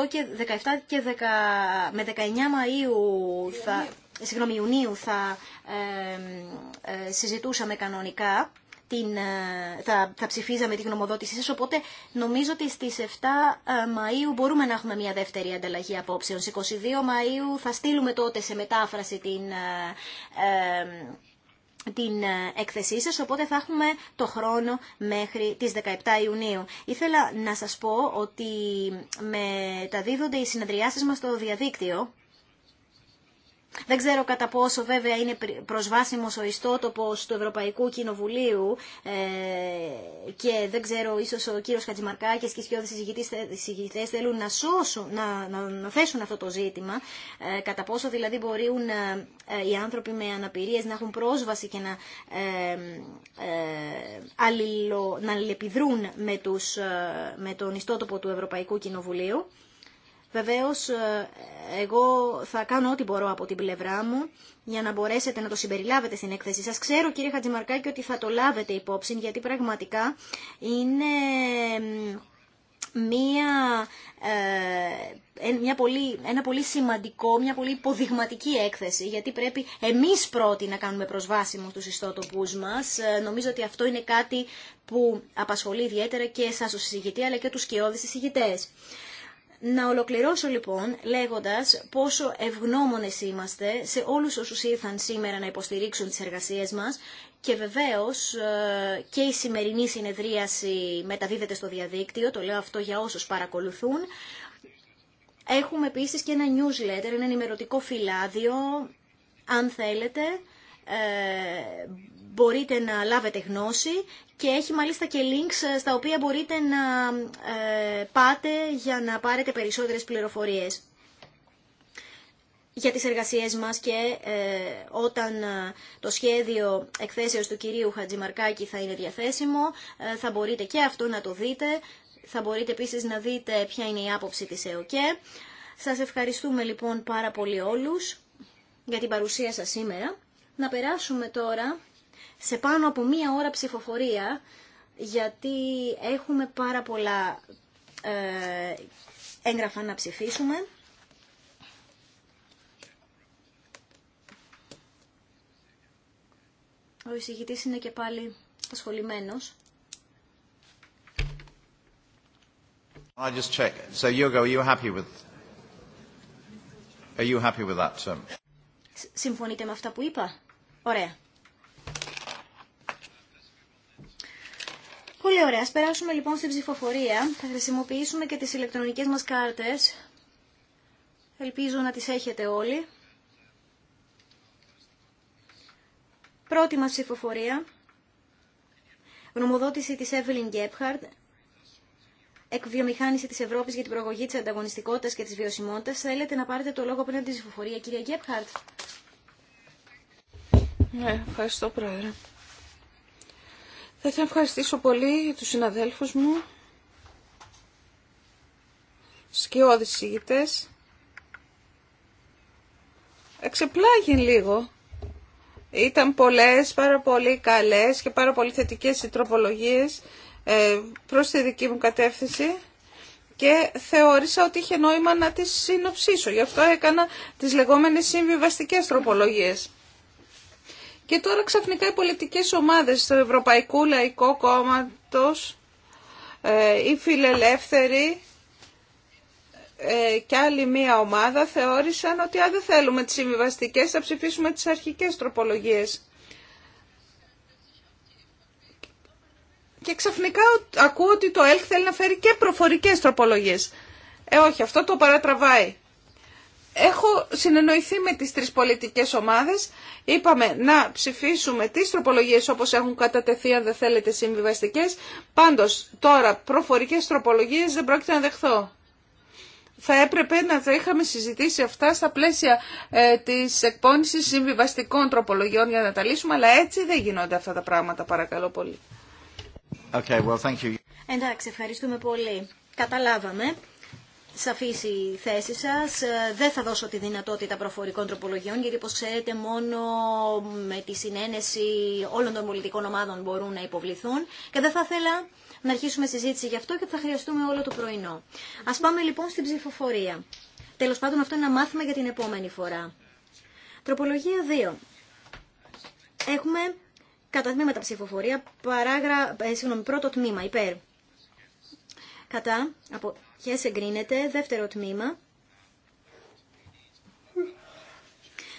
S4: και 17 και 10, με 19 Μαΐου θα, συγγνώμη, Ιουνίου θα ε, συζητούσαμε κανονικά την, ε, θα, θα ψηφίζαμε την γνωμοδότησή σας, οπότε νομίζω ότι στις 7 ε, Μαΐου μπορούμε να έχουμε μια δεύτερη ανταλλαγή απόψεων. Στις 22 Μαΐου θα στείλουμε τότε σε μετάφραση την, την έκθεσή σας, οπότε θα έχουμε το χρόνο μέχρι τις 17 Ιουνίου. Ήθελα να σας πω ότι μεταδίδονται οι συνεδριάσεις μας στο διαδίκτυο, δεν ξέρω κατά πόσο βέβαια είναι προσβάσιμος ο ιστότοπος του Ευρωπαϊκού Κοινοβουλίου ε, και δεν ξέρω ίσως ο κύριος Χατζημαρκάκης και οι σκιώδες συζητητές θέλουν να, σώσουν, να, να, να θέσουν αυτό το ζήτημα ε, κατά πόσο δηλαδή μπορούν ε, ε, οι άνθρωποι με αναπηρίες να έχουν πρόσβαση και να, αλληλο, να αλληλεπιδρούν με, τους, με τον ιστότοπο του Ευρωπαϊκού Κοινοβουλίου. Βεβαίως, ε, εγώ θα κάνω ό,τι μπορώ από την πλευρά μου για να μπορέσετε να το συμπεριλάβετε στην έκθεσή σας. Ξέρω, κύριε Χατζημαρκάκη, ότι θα το λάβετε υπόψη, γιατί πραγματικά είναι μία, ε, μια πολύ, ένα πολύ σημαντικό, μια πολύ υποδειγματική έκθεση, γιατί πρέπει εμείς πρώτοι να κάνουμε προσβάσιμο τους ιστότοπους μας. Ε, νομίζω ότι αυτό είναι κάτι που απασχολεί ιδιαίτερα και εσάς ως συζητητή, αλλά και τους κοιόδης συζητητές. Να ολοκληρώσω λοιπόν λέγοντας πόσο ευγνώμονες είμαστε σε όλους όσους ήρθαν σήμερα να υποστηρίξουν τις εργασίες μας και βεβαίως ε, και η σημερινή συνεδρίαση μεταδίδεται στο διαδίκτυο, το λέω αυτό για όσους παρακολουθούν. Έχουμε επίσης και ένα newsletter, ένα ενημερωτικό φυλάδιο, αν θέλετε, ε, μπορείτε να λάβετε γνώση και έχει μάλιστα και links ε, στα οποία μπορείτε να ε, πάτε για να πάρετε περισσότερες πληροφορίες για τις εργασίες μας και ε, όταν το σχέδιο εκθέσεως του κυρίου Χατζημαρκάκη θα είναι διαθέσιμο, θα μπορείτε και αυτό να το δείτε. Θα μπορείτε επίσης να δείτε ποια είναι η άποψη της ΕΟΚΕ. Σας ευχαριστούμε λοιπόν πάρα πολύ όλους για την παρουσία σας σήμερα. Να περάσουμε τώρα σε πάνω από μία ώρα ψηφοφορία, γιατί έχουμε πάρα πολλά ε, έγγραφα να ψηφίσουμε. Ο εισηγητής είναι και πάλι ασχολημένος.
S1: I just check. So are you happy with Are you happy with that um?
S4: Συμφωνείτε με αυτά που είπα? Ωραία. Πολύ ωραία. Ας περάσουμε λοιπόν στην ψηφοφορία. Θα χρησιμοποιήσουμε και τις ηλεκτρονικές μας κάρτες. Ελπίζω να τις έχετε όλοι. Πρώτη μας ψηφοφορία. Γνωμοδότηση της Evelyn Gebhardt. Εκβιομηχάνηση της Ευρώπης για την προγωγή της ανταγωνιστικότητας και της βιωσιμότητας. Θέλετε να πάρετε το λόγο πριν από την ψηφοφορία, κυρία Gebhardt.
S3: Ναι, ευχαριστώ, Πρόεδρε. Θα ήθελα να ευχαριστήσω πολύ τους συναδέλφους μου, σκιώδεις συγητές. Εξεπλάγει λίγο. Ήταν πολλές, πάρα πολύ καλές και πάρα πολύ θετικές οι τροπολογίες ε, προς τη δική μου κατεύθυνση και θεώρησα ότι είχε νόημα να τις συνοψίσω. Γι' αυτό έκανα τις λεγόμενες συμβιβαστικές τροπολογίες. Και τώρα ξαφνικά οι πολιτικές ομάδες του Ευρωπαϊκού Λαϊκό Κόμματος, ε, οι φιλελεύθεροι ε, και άλλη μία ομάδα θεώρησαν ότι αν δεν θέλουμε τις συμβιβαστικέ θα ψηφίσουμε τις αρχικές τροπολογίες. Και ξαφνικά ακούω ότι το ΕΛΚ θέλει να φέρει και προφορικές τροπολογίες. Ε, όχι, αυτό το παρατραβάει έχω συνεννοηθεί με τις τρεις πολιτικές ομάδες. Είπαμε να ψηφίσουμε τις τροπολογίες όπως έχουν κατατεθεί αν δεν θέλετε συμβιβαστικές. Πάντως τώρα προφορικές τροπολογίες δεν πρόκειται να δεχθώ. Θα έπρεπε να τα είχαμε συζητήσει αυτά στα πλαίσια ε, της εκπόνησης συμβιβαστικών τροπολογιών για να τα λύσουμε, αλλά έτσι δεν γινόνται αυτά τα πράγματα, παρακαλώ πολύ.
S1: Okay, well, thank you.
S4: Εντάξει, ευχαριστούμε πολύ. Καταλάβαμε σαφής η θέση σας. Ε, δεν θα δώσω τη δυνατότητα προφορικών τροπολογιών, γιατί όπως ξέρετε μόνο με τη συνένεση όλων των πολιτικών ομάδων μπορούν να υποβληθούν και δεν θα ήθελα να αρχίσουμε συζήτηση γι' αυτό και θα χρειαστούμε όλο το πρωινό. Ας πάμε λοιπόν στην ψηφοφορία. Τέλος πάντων αυτό είναι ένα μάθημα για την επόμενη φορά. Τροπολογία 2. Έχουμε κατά τμήματα ψηφοφορία, παράγρα, ε, συγγνώμη, πρώτο τμήμα, υπέρ. Κατά, απο, Ποιες εγκρίνεται. Δεύτερο τμήμα.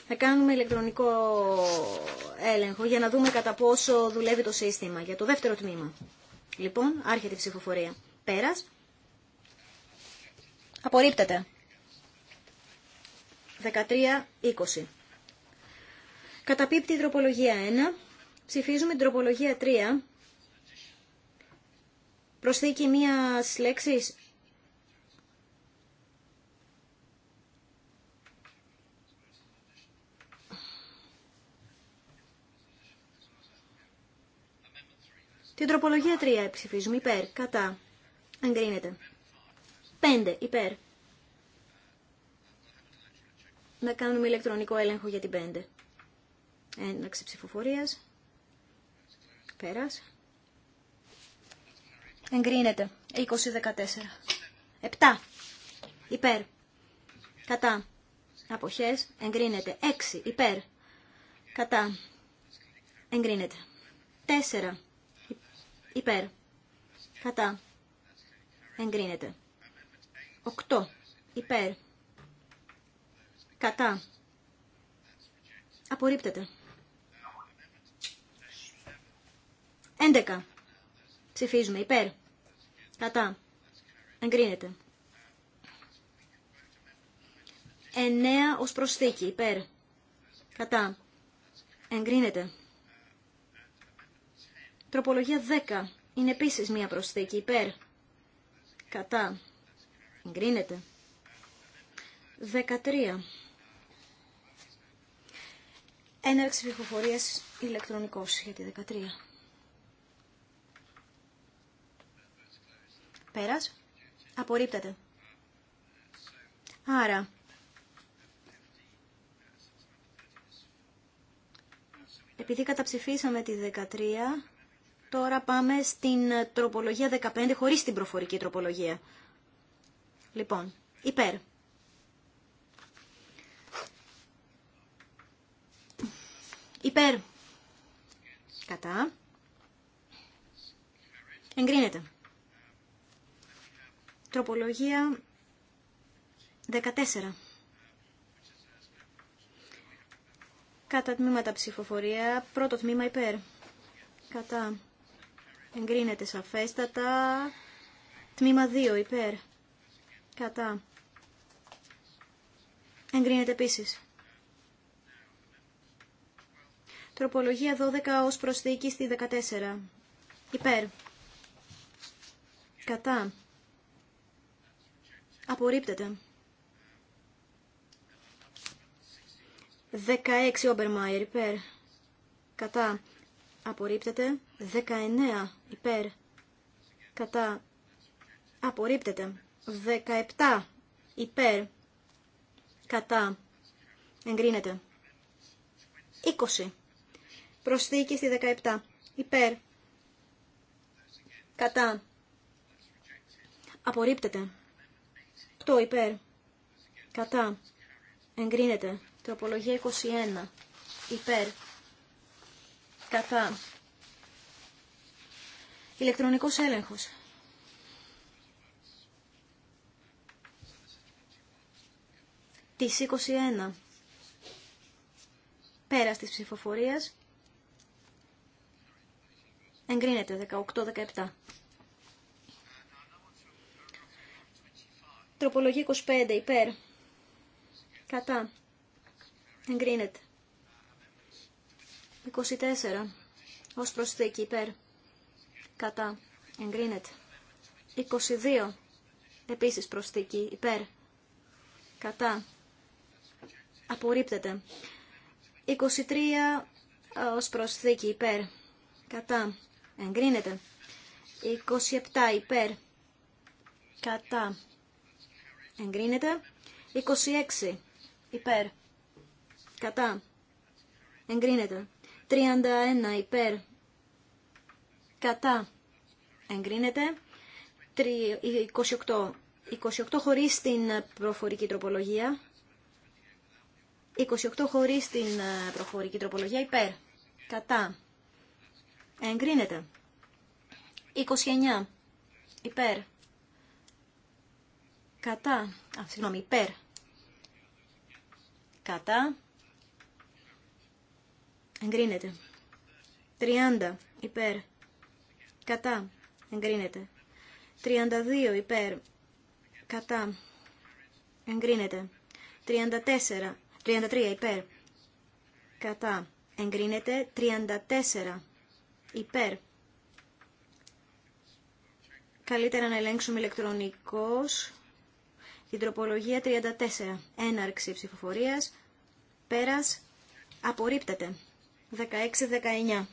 S4: Θα κάνουμε ηλεκτρονικό έλεγχο για να δούμε κατά πόσο δουλεύει το σύστημα για το δεύτερο τμήμα. Λοιπόν, άρχεται η ψηφοφορία. Πέρας. Απορρίπτεται. 13-20. Καταπίπτει η τροπολογία 1. Ψηφίζουμε την τροπολογία 3. Προσθήκη μία λέξη Την τροπολογία 3 ψηφίζουμε υπέρ, κατά, εγκρίνεται. 5 υπέρ. Να κάνουμε ηλεκτρονικό έλεγχο για την 5. Έναξη ψηφοφορία. Πέρας. Εγκρίνεται. 20-14. 7. Υπέρ. Κατά. Αποχές. Εγκρίνεται. 6. Υπέρ. Κατά. Εγκρίνεται. 4. Υπέρ. Κατά. Εγκρίνεται. 8. Υπέρ. Κατά. Απορρίπτεται. 11. Ψηφίζουμε. Υπέρ. Κατά. Εγκρίνεται. 9 ως προσθήκη. Υπέρ. Κατά. Εγκρίνεται. Τροπολογία 10. Είναι επίση μία προσθήκη υπέρ. Κατά. Εγκρίνεται. 13. Έναρξη ψηφοφορία ηλεκτρονικό για τη 13. Πέρας. Απορρίπτεται. Άρα... Επειδή καταψηφίσαμε τη 13, Τώρα πάμε στην ε, τροπολογία 15 χωρίς την προφορική τροπολογία. Λοιπόν, υπέρ. Υπέρ. Κατά. Εγκρίνεται. Τροπολογία 14. Κατά τμήματα ψηφοφορία, πρώτο τμήμα υπέρ. Κατά. Εγκρίνεται σαφέστατα. Τμήμα 2 υπέρ. Κατά. Εγκρίνεται επίσης. Τροπολογία 12 ως προσθήκη στη 14. Υπέρ. Κατά. Απορρίπτεται. 16 Όμπερμαϊερ υπέρ. Κατά. Απορρίπτεται. 19 υπέρ κατά απορρίπτεται 17 υπέρ κατά εγκρίνεται 20 προσθήκη στη 17 υπέρ κατά απορρίπτεται 8 υπέρ κατά εγκρίνεται τροπολογία 21 υπέρ κατά Ηλεκτρονικός έλεγχος. τη 21. Πέρας της ψηφοφορίας. Εγκρίνεται 18-17. Τροπολογή 25 υπέρ. Κατά. Εγκρίνεται. 24. Ως προσθήκη υπέρ κατά, εγκρίνεται. 22, επίσης προσθήκη, υπέρ, κατά, απορρίπτεται. 23, ε, ως προσθήκη, υπέρ, κατά, εγκρίνεται. 27, υπέρ, κατά, εγκρίνεται. 26, υπέρ, κατά, εγκρίνεται. 31, υπέρ, κατά εγκρίνεται 28. 28 χωρίς την ε, προφορική τροπολογία. 28 χωρίς την ε, προφορική τροπολογία υπέρ. Κατά. Εγκρίνεται. 29 υπέρ. Κατά. Α, συγγνώμη, υπέρ. Κατά. Εγκρίνεται. 30 υπέρ κατά, εγκρίνεται. 32 υπέρ, κατά, εγκρίνεται. 34, 33 υπέρ, κατά, εγκρίνεται. 34 υπέρ. Καλύτερα να ελέγξουμε ηλεκτρονικώς την τροπολογία 34. Έναρξη ψηφοφορίας, πέρας, απορρίπτεται. 16-19.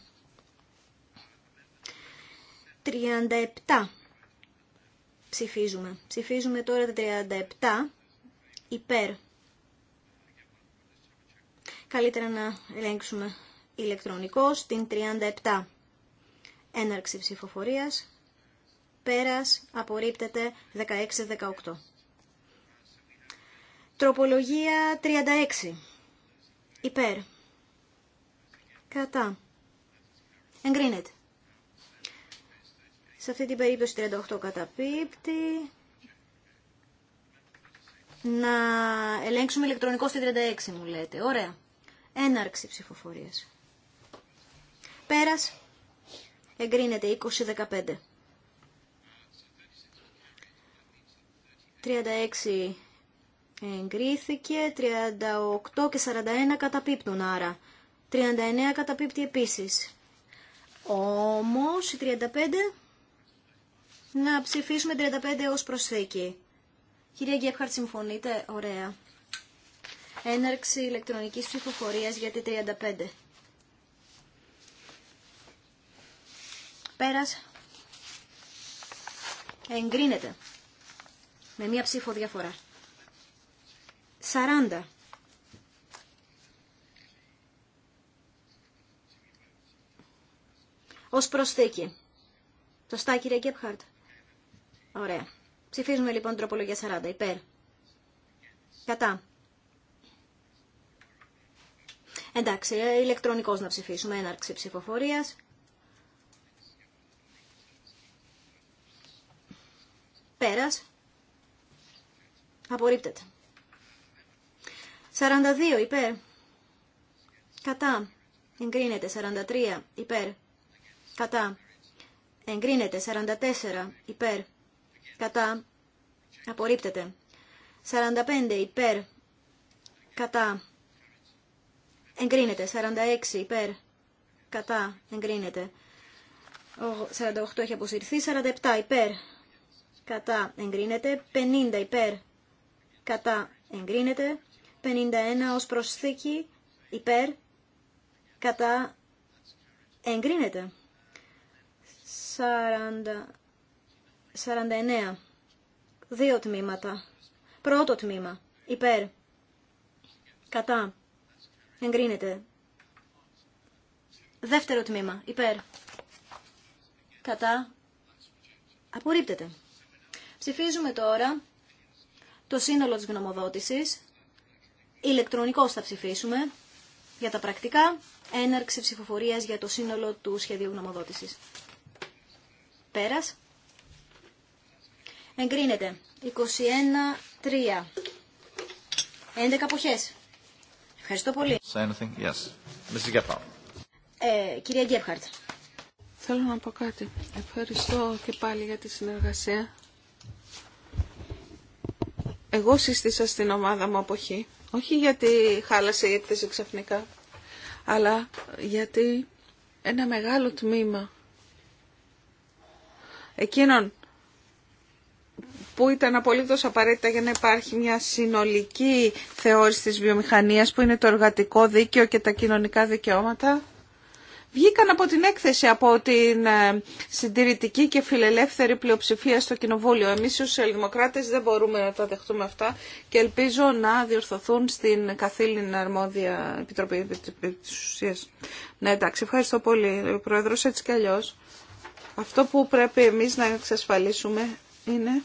S4: 37. Ψηφίζουμε. Ψηφίζουμε τώρα τα 37 υπέρ. Καλύτερα να ελέγξουμε ηλεκτρονικός την 37. Έναρξη ψηφοφορίας. Πέρας απορρίπτεται 16-18. Τροπολογία 36. Υπέρ. Κατά. Εγκρίνεται. Σε αυτή την περίπτωση 38 καταπίπτει. Να ελέγξουμε ηλεκτρονικό στη 36 μου λέτε. Ωραία. Έναρξη ψηφοφορίας. Πέρας. Εγκρίνεται 20-15. 36 εγκρίθηκε, 38 και 41 καταπίπτουν άρα. 39 καταπίπτει επίσης. Όμως η 35 να ψηφίσουμε 35 ως προσθήκη. Κυρία Γκέπχαρτ, συμφωνείτε. Ωραία. Έναρξη ηλεκτρονικής ψηφοφορίας για τη 35. Πέρας. Εγκρίνεται. Με μία ψήφο διαφορά. 40. Ως προσθήκη. Το στά, κυρία Γκέπχαρτ. Ωραία. Ψηφίζουμε λοιπόν τροπολογία 40. Υπέρ. Κατά. Εντάξει, ηλεκτρονικός να ψηφίσουμε. Έναρξη ψηφοφορίας. Πέρας. Απορρίπτεται. 42 υπέρ. Κατά. Εγκρίνεται. 43 υπέρ. Κατά. Εγκρίνεται. 44 υπέρ κατά απορρίπτεται. 45 υπέρ κατά εγκρίνεται. 46 υπέρ κατά εγκρίνεται. 48 έχει αποσυρθεί. 47 υπέρ κατά εγκρίνεται. 50 υπέρ κατά εγκρίνεται. 51 ως προσθήκη υπέρ κατά εγκρίνεται. 40 49. Δύο τμήματα. Πρώτο τμήμα. Υπέρ. Κατά. Εγκρίνεται. Δεύτερο τμήμα. Υπέρ. Κατά. Απορρίπτεται. Ψηφίζουμε τώρα το σύνολο της γνωμοδότησης. Ηλεκτρονικώς θα ψηφίσουμε για τα πρακτικά. Έναρξη ψηφοφορίας για το σύνολο του σχεδίου γνωμοδότησης. Πέρας. Εγκρίνεται. 21-3. 11 αποχές. Ευχαριστώ πολύ.
S1: Say anything? Yes.
S4: Ε, κυρία Γκέπχαρτ.
S3: Θέλω να πω κάτι. Ευχαριστώ και πάλι για τη συνεργασία. Εγώ σύστησα στην ομάδα μου αποχή. Όχι γιατί χάλασε η έκθεση ξαφνικά, αλλά γιατί ένα μεγάλο τμήμα εκείνων που ήταν απολύτως απαραίτητα για να υπάρχει μια συνολική θεώρηση της βιομηχανίας που είναι το εργατικό δίκαιο και τα κοινωνικά δικαιώματα. Βγήκαν από την έκθεση από την ε, συντηρητική και φιλελεύθερη πλειοψηφία στο Κοινοβούλιο. Εμείς οι σοσιαλδημοκράτες δεν μπορούμε να τα δεχτούμε αυτά και ελπίζω να διορθωθούν στην καθήλυνα αρμόδια Επιτροπή της Ουσίας. Ναι, εντάξει, ευχαριστώ πολύ. Ο Πρόεδρος έτσι κι αλλιώς. Αυτό που πρέπει εμείς να εξασφαλίσουμε είναι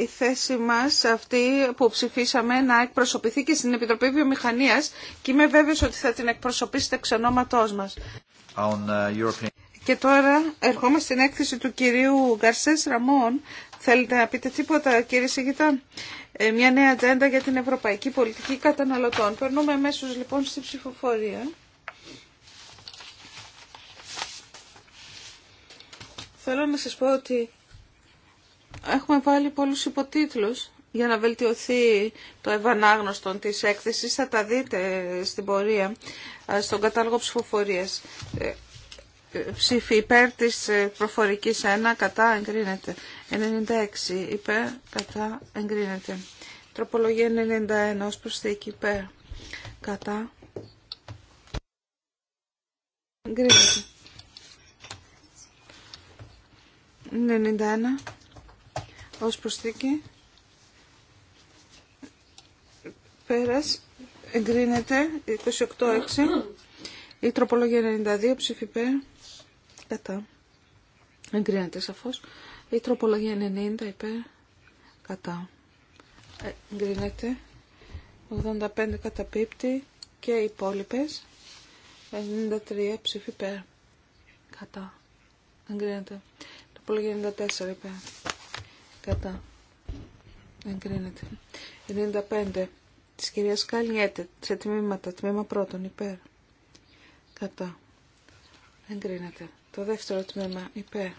S3: η θέση μας αυτή που ψηφίσαμε να εκπροσωπηθεί και στην Επιτροπή Βιομηχανίας και είμαι βέβαιος ότι θα την εκπροσωπήσετε εξ ονόματός μας.
S1: Uh, European...
S3: Και τώρα ερχόμαστε στην έκθεση του κυρίου Γκαρσές Ραμόν. Θέλετε να πείτε τίποτα κύριε Σιγητά. Ε, μια νέα ατζέντα για την ευρωπαϊκή πολιτική καταναλωτών. Περνούμε αμέσω λοιπόν στη ψηφοφορία. Θέλω να σας πω ότι Έχουμε βάλει πολλούς υποτίτλους για να βελτιωθεί το ευανάγνωστο της έκθεσης. Θα τα δείτε στην πορεία, ε, στον κατάλογο ψηφοφορία. Ε, ε, ψήφι υπέρ της προφορικής 1, κατά εγκρίνεται. 96 υπέρ, κατά εγκρίνεται. Τροπολογία 91 ως προσθήκη υπέρ, κατά εγκρίνεται. 91 ως προσθήκη. Πέρας, εγκρίνεται, 28-6. Η τροπολογία 92, ψήφι πέ Κατά. Εγκρίνεται σαφώς. Η τροπολογία 90, υπέρ. Κατά. Εγκρίνεται. 85 καταπίπτει και οι υπόλοιπες. 93 ψήφι πέ Κατά. Εγκρίνεται. Τροπολογία 94 υπέρ Κατά. Εγκρίνεται. 95 Τη κυρίας Καλιέτε σε τμήματα, τμήμα πρώτον, υπέρ. Κατά. Εγκρίνεται. Το δεύτερο τμήμα, υπέρ.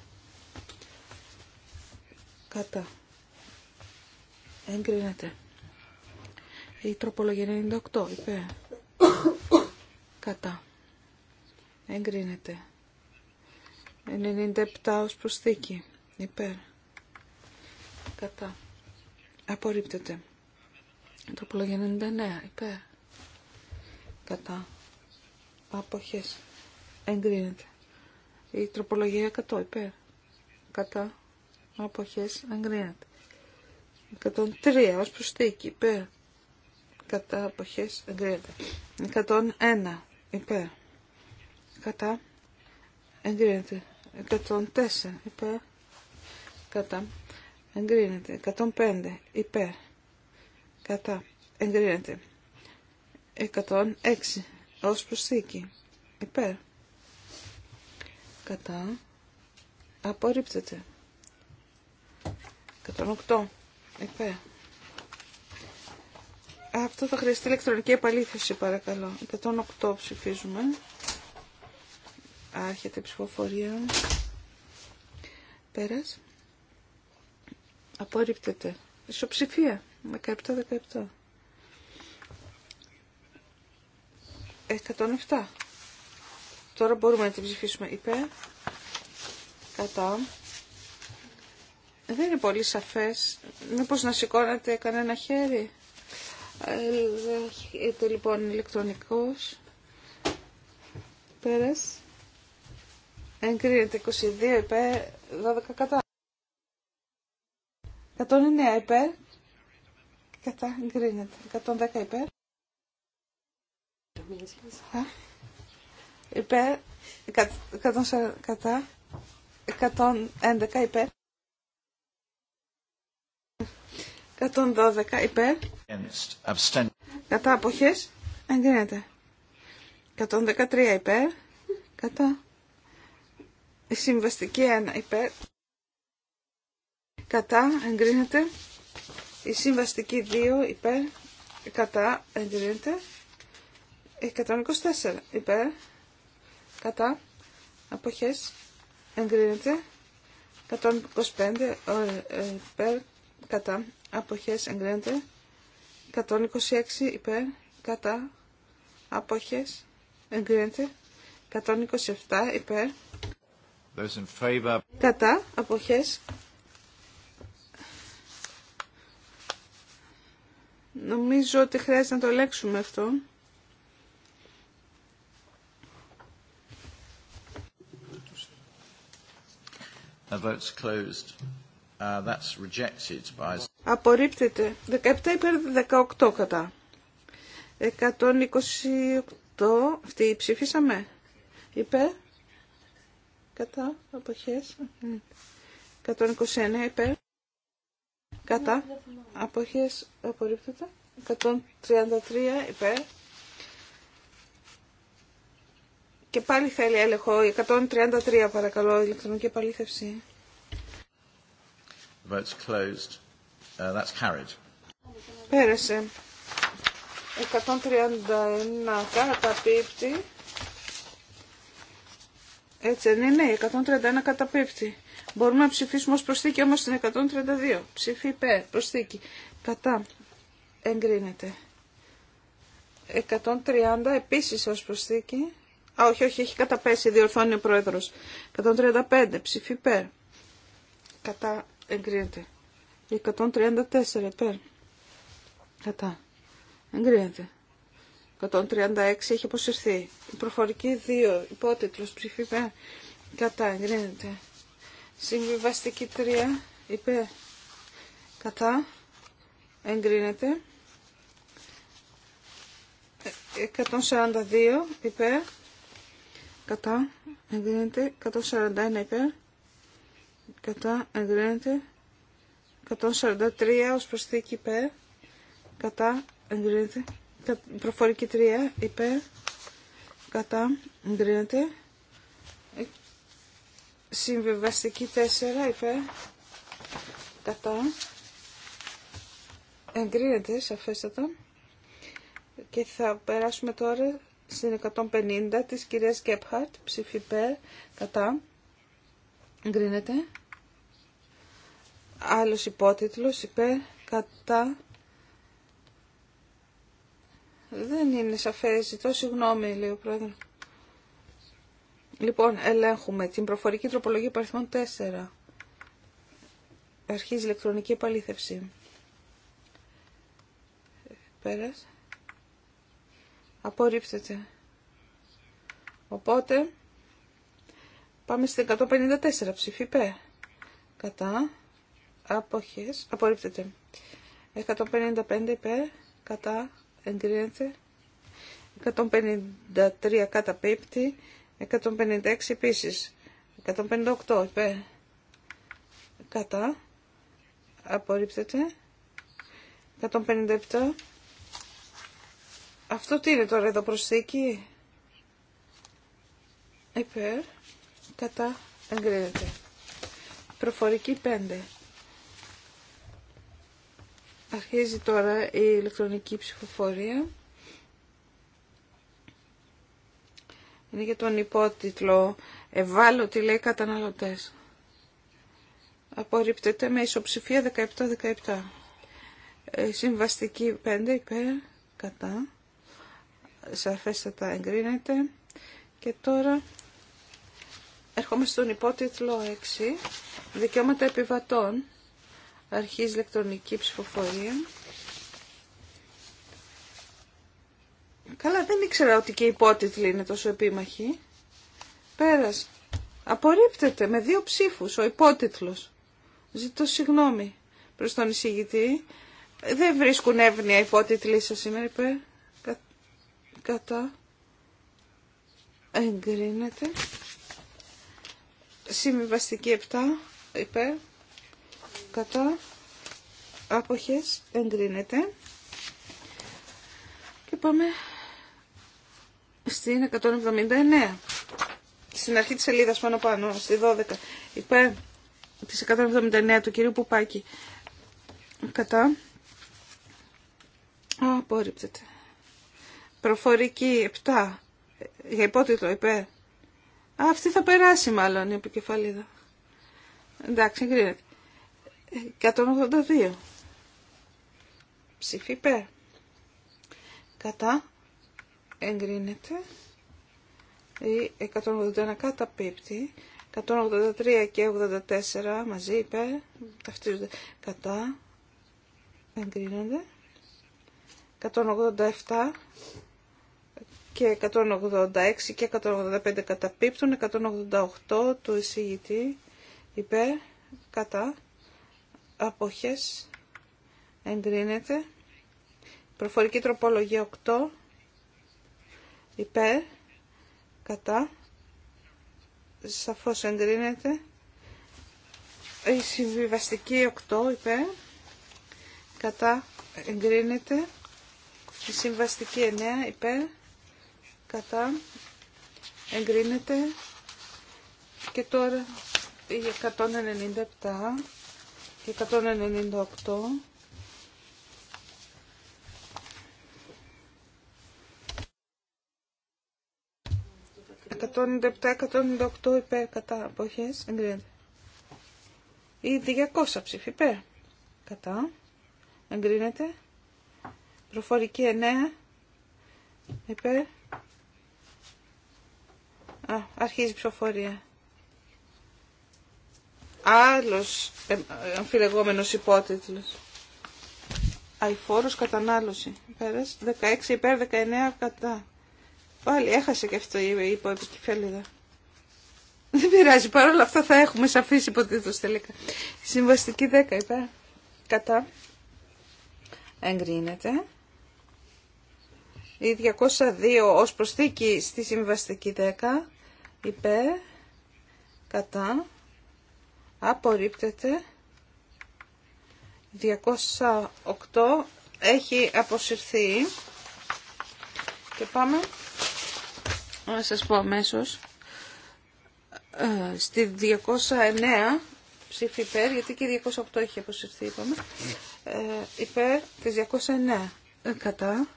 S3: Κατά. Εγκρίνεται. Η τροπολογία 98, υπέρ. Κατά. Εγκρίνεται. 97 ως προσθήκη, υπέρ κατά. Απορρίπτεται. Τροπολογία 99 υπέρ. Κατά. Αποχέ. Εγκρίνεται. Η τροπολογία 100 υπέρ. Κατά. Αποχέ. Εγκρίνεται. 103 προ τίκη. υπέρ. Κατά. Αποχέ. Εγκρίνεται. 101 υπέρ. Κατά. Εγκρίνεται. 104 υπέρ. Κατά εγκρίνεται. 105 υπέρ κατά εγκρίνεται. 106 ως προσθήκη υπέρ κατά απορρίπτεται. 108 υπέρ. Αυτό θα χρειαστεί ηλεκτρονική επαλήθευση παρακαλώ. 108 ψηφίζουμε. Άρχεται η ψηφοφορία. Πέρας. Απορρίπτεται. Ισοψηφία. 17-17. 107. Τώρα μπορούμε να την ψηφίσουμε υπέρ. Κατά. Δεν είναι πολύ σαφές. Μήπως να σηκώνατε κανένα χέρι. Είτε λοιπόν ηλεκτρονικός. Πέρας. Εγκρίνεται 22 υπέρ 12 κατά. 109 υπέρ. Κατά εγκρίνεται. 110 υπέρ. Υπέρ. κατά. 111 υπέρ. 112 υπέρ. Κατά αποχές. Εγκρίνεται. 113 υπέρ. Κατά. Η συμβαστική 1 υπέρ κατά εγκρίνεται η συμβαστική 2 υπέρ κατά εγκρίνεται 124 υπέρ κατά αποχές εγκρίνεται 125 ε, ε, υπέρ κατά αποχές εγκρίνεται 126 υπέρ κατά αποχές εγκρίνεται 127 υπέρ κατά αποχές Νομίζω ότι χρειάζεται να το ελέγξουμε αυτό.
S1: Uh,
S3: Απορρίπτεται. 17 υπέρ 18 κατά. 128. Αυτή ψηφίσαμε. Υπέρ. Κατά. Αποχές. 129 υπέρ κατά αποχές απορρίπτεται 133 υπέρ και πάλι θέλει έλεγχο 133 παρακαλώ ηλεκτρονική επαλήθευση
S1: Votes closed. Uh, that's
S3: Πέρασε. 131 κατά έτσι δεν είναι, 131 καταπίπτει. Μπορούμε να ψηφίσουμε ως προσθήκη όμως την 132. Ψήφι υπέ, προσθήκη. Κατά, εγκρίνεται. 130 επίσης ως προσθήκη. Α, όχι, όχι, έχει καταπέσει, διορθώνει ο πρόεδρος. 135, ψήφι υπέ. Κατά, εγκρίνεται. 134 υπέ. Κατά, εγκρίνεται. 136 έχει αποσυρθεί. Η προφορική 2 υπότιτλος ψηφίπε κατά εγκρίνεται. Συμβιβαστική 3 Είπε. κατά εγκρίνεται. 142 Είπε. κατά εγκρίνεται 141 Είπε. κατά εγκρίνεται 143 ως προσθήκη υπέρ κατά εγκρίνεται Προφορική 3 υπέρ κατά εγκρίνεται. Ε, συμβιβαστική 4 υπέρ κατά εγκρίνεται σαφέστατα. Και θα περάσουμε τώρα στην 150 της κυρίας Γκέπχαρτ, ψήφι υπέρ, κατά, εγκρίνεται. Άλλος υπότιτλος υπέρ, κατά, δεν είναι σαφές. Ζητώ συγγνώμη, λέει ο πρόεδρος. Λοιπόν, ελέγχουμε την προφορική τροπολογία παριθμών 4. Αρχίζει ηλεκτρονική επαλήθευση. Πέρας. Απορρίπτεται. Οπότε, πάμε στην 154 ψήφι πέ. Κατά. Αποχές. Απορρίπτεται. 155 πε. Κατά εγκρίνεται. 153 πίπτη, 156 επίσης. 158 υπέρ. Κατά. Απορρίπτεται. 157. Αυτό τι είναι τώρα εδώ προσθήκη. Υπέρ. Κατά. Εγκρίνεται. Προφορική 5. Αρχίζει τώρα η ηλεκτρονική ψηφοφορία. Είναι για τον υπότιτλο τι λέει καταναλωτές. Απορρίπτεται με ισοψηφία 17-17. Ε, συμβαστική 5 υπέρ, κατά. Σαφέστατα εγκρίνεται. Και τώρα έρχομαι στον υπότιτλο 6. Δικαιώματα επιβατών. Αρχής ηλεκτρονική ψηφοφορία. Καλά, δεν ήξερα ότι και οι υπότιτλοι είναι τόσο επίμαχοι. Πέρας. Απορρίπτεται με δύο ψήφους ο υπότιτλος. Ζητώ συγγνώμη προς τον εισηγητή. Δεν βρίσκουν εύνοια υπότιτλοι σας σήμερα, είπε. Κατά. Εγκρίνεται. Συμβιβαστική 7, είπε κατά άποχες εγκρίνεται και πάμε στην 179 στην αρχή της σελίδας πάνω πάνω στη 12 υπέ της 179 του κυρίου Πουπάκη κατά απορρίπτεται προφορική 7 για υπότιτλο υπέ αυτή θα περάσει μάλλον η επικεφαλίδα. Εντάξει, εγκρίνεται. 182. Ψήφι υπέρ. Κατά. Εγκρίνεται. Η 181 καταπίπτει. 183 και 84 μαζί υπέρ. Ταυτίζονται. Κατά. Εγκρίνονται. 187 και 186 και 185 καταπίπτουν. 188 του εισηγητή υπέρ. Κατά αποχές εγκρίνεται. Προφορική τροπολογία 8 υπέρ κατά σαφώς εγκρίνεται. Η συμβιβαστική 8 υπέρ κατά εγκρίνεται. Η συμβαστική 9 υπέρ κατά εγκρίνεται. Και τώρα η 197 198 197-198 υπέρ κατά αποχές εγκρίνεται. Ή 200 ψήφι υπέρ κατά εγκρίνεται. Προφορική 9 υπέρ. Α, αρχίζει η ψηφοφορία. Άλλος ε, ε, αμφιλεγόμενος υπότιτλος. Αϊφόρος κατανάλωση. Πέρας. 16 υπέρ 19 κατά. Πάλι έχασε και αυτό η φέλιδα. Δεν πειράζει. Παρ' όλα αυτά θα έχουμε σαφείς υποτίθεση, τελικά. Συμβαστική 10 υπέρ. Κατά. Εγκρίνεται. Η 202 ως προσθήκη στη συμβαστική 10 υπέρ. Κατά απορρίπτεται 208 έχει αποσυρθεί και πάμε να σας πω αμέσως ε, στη 209 ψήφι υπέρ γιατί και 208 έχει αποσυρθεί είπαμε ε, υπέρ της 209 ε, κατά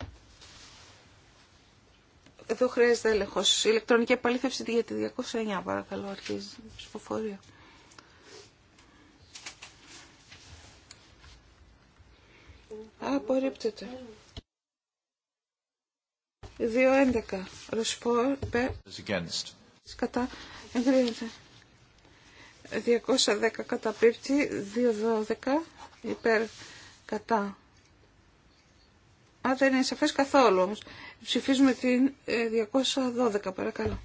S3: εδώ χρειάζεται έλεγχος ηλεκτρονική επαλήθευση για τη 209 παρακαλώ αρχίζει η ψηφοφορία Απορρίπτεται. 2.11. Ροσπόρ υπέρ. Κατά. Εγκρίνεται. 210 κατά πίπτη. 2.12. Υπέρ. Κατά. Α, δεν είναι σαφές καθόλου όμως. Ψηφίζουμε την 212, ε, παρακαλώ.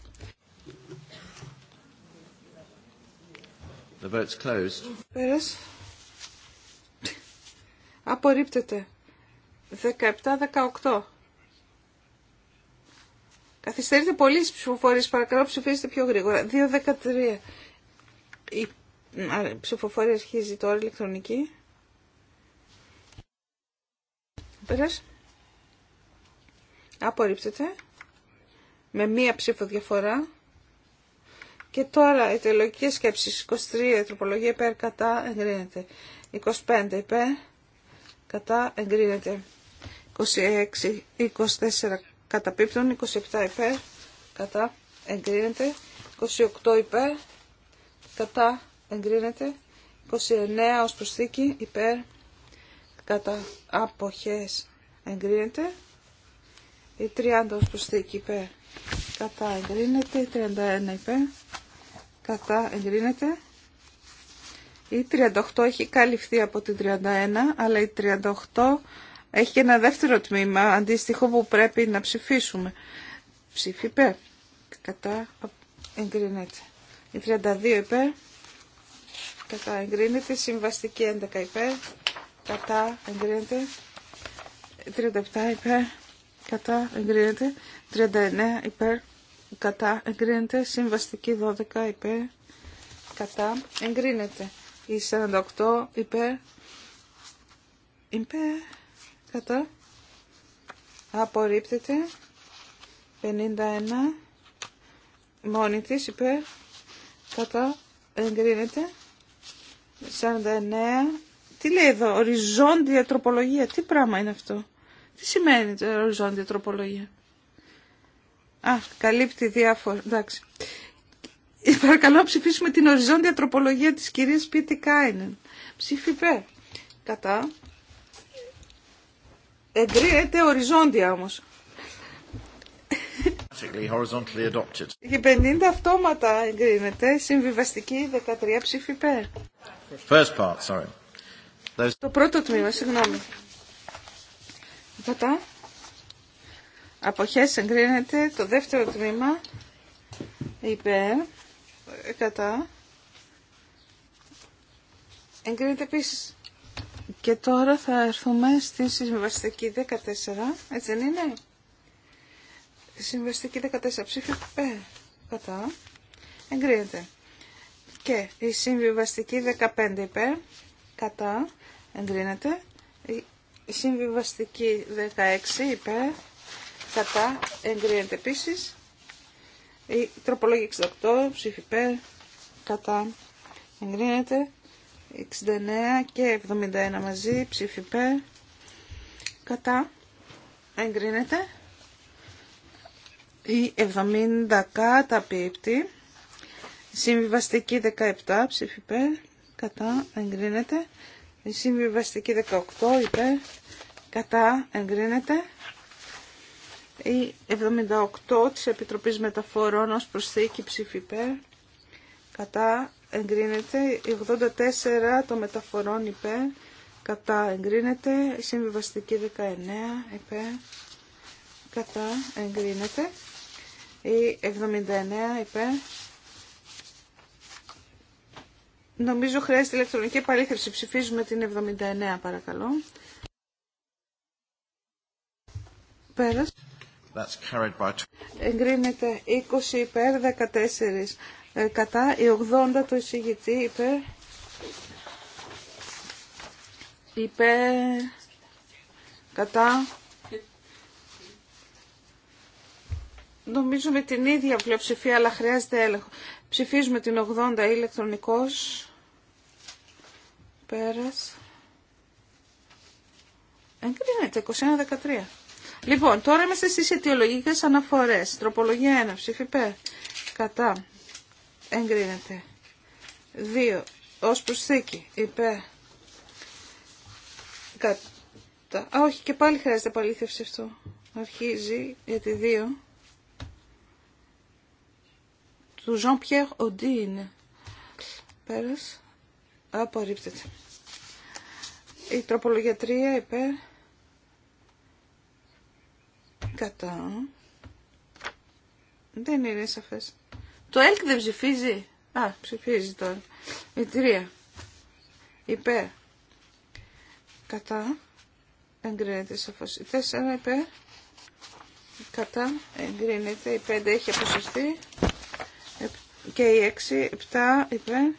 S1: The vote's closed.
S3: Πέρας. Απορρίπτεται. 17-18. Καθυστερείτε πολύ στις ψηφοφορίες. Παρακαλώ ψηφίστε πιο γρήγορα. 2-13. Η ψηφοφορία αρχίζει τώρα ηλεκτρονική. Πέρας. Απορρίπτεται. Με μία ψήφο διαφορά. Και τώρα η τελογική σκέψη. 23 τροπολογία υπέρ κατά εγκρίνεται. 25 υπέρ κατά εγκρίνεται. 26, 24 πίπτων, 27 υπέρ, κατά εγκρίνεται. 28 υπέρ, κατά εγκρίνεται. 29 ως προσθήκη υπέρ, κατά αποχές εγκρίνεται. Η 30 ως προσθήκη υπέρ, κατά εγκρίνεται. Η 31 υπέρ, κατά εγκρίνεται. Η 38 έχει καλυφθεί από την 31, αλλά η 38 έχει και ένα δεύτερο τμήμα, αντίστοιχο που πρέπει να ψηφίσουμε. Ψήφι υπέρ. Κατά εγκρίνεται. Η 32 υπέρ. Κατά εγκρίνεται. Συμβαστική 11 υπέρ. Κατά εγκρίνεται. Η 37 υπέρ. Κατά εγκρίνεται. 39 υπέρ. Κατά εγκρίνεται. Συμβαστική 12 υπέρ. Κατά εγκρίνεται. Η 48 υπέρ. Υπέρ. Κατά. Απορρίπτεται. 51. Μόνη της υπέρ. Κατά. Εγκρίνεται. 49. Τι λέει εδώ, οριζόντια τροπολογία. Τι πράγμα είναι αυτό. Τι σημαίνει οριζόντια τροπολογία. Α, καλύπτει διάφορα. Εντάξει. Ε, παρακαλώ ψηφίσουμε την οριζόντια τροπολογία της κυρίας Πίτη Κάινεν. Ψήφι υπέρ. Κατά. Εγκρίνεται οριζόντια όμως. Η 50 αυτόματα εγκρίνεται. Συμβιβαστική 13 ψήφι Το πρώτο τμήμα, συγγνώμη. Κατά. Αποχές εγκρίνεται. Το δεύτερο τμήμα υπέρ κατά. Εγκρίνεται επίση. Και τώρα θα έρθουμε στη συμβαστική 14. Έτσι δεν είναι. Συμβαστική 14 ψήφι Κατά. Εγκρίνεται. Και η συμβιβαστική 15 υπέρ. Κατά. Εγκρίνεται. Η συμβιβαστική 16 υπέρ. Κατά. Εγκρίνεται επίσης. Η τροπολογία 68, ψήφι υπέρ, κατά, εγκρίνεται. 69 και 71 μαζί, ψήφι υπέρ, κατά, εγκρίνεται. Η 70 κατά πίπτη. Συμβιβαστική 17 ψήφι υπέρ, κατά εγκρίνεται. Η συμβιβαστική 18 υπέρ, κατά εγκρίνεται ή 78 της Επιτροπής Μεταφορών ως προσθήκη ψηφιπέ κατά εγκρίνεται 84 των μεταφορών υπέ κατά εγκρίνεται Η συμβιβαστική 19 υπέ κατά εγκρίνεται ή 79 υπέ. Νομίζω χρειάζεται ηλεκτρονική επαλήθευση. Ψηφίζουμε την 79 παρακαλώ. Πέρασε. Εγκρίνεται 20 υπέρ 14 ε, κατά η 80 του εισηγητή υπέρ υπέρ κατά νομίζω με την ίδια πλειοψηφία αλλά χρειάζεται έλεγχο ψηφίζουμε την 80 ηλεκτρονικός πέρας εγκρίνεται 21-13 Λοιπόν, τώρα είμαστε στι αιτιολογικές αναφορέ. Τροπολογία 1, ψήφι Κατά. Εγκρίνεται. 2. Ως προσθήκη. υπέ, Κατά. Α, όχι και πάλι χρειάζεται παλήθευση αυτό. Αρχίζει για τη 2. Του Jean-Pierre Οντί είναι. Πέρας. Απορρίπτεται. Η τροπολογία 3 υπέρ Κατά. Δεν είναι σαφέ. Το ΕΛΚ δεν ψηφίζει. Α, ψηφίζει τώρα. Η τρία. Υπέρ. Κατά. Εγκρίνεται σαφώς. Η τέσσερα υπέρ. Κατά. Εγκρίνεται. Η πέντε έχει αποσυρθεί. Και η έξι. Επτά υπέρ.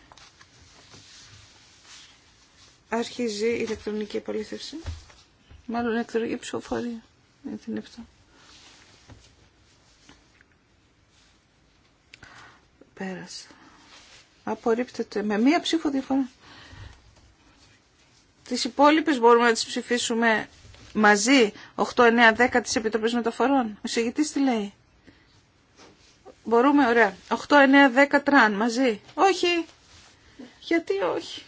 S3: Αρχίζει η ηλεκτρονική επαλήθευση. Μάλλον ηλεκτρονική ψηφοφορία. Είναι την επτά. Πέρασε. Απορρίπτεται με μία ψήφο διαφορά. Τις υπόλοιπες μπορούμε να τις ψηφίσουμε μαζί 8, 9, 10 της Επιτροπής Μεταφορών. Ο συγητής τι λέει. Μπορούμε, ωραία. 8, 9, 10 τραν μαζί. Όχι. Γιατί όχι.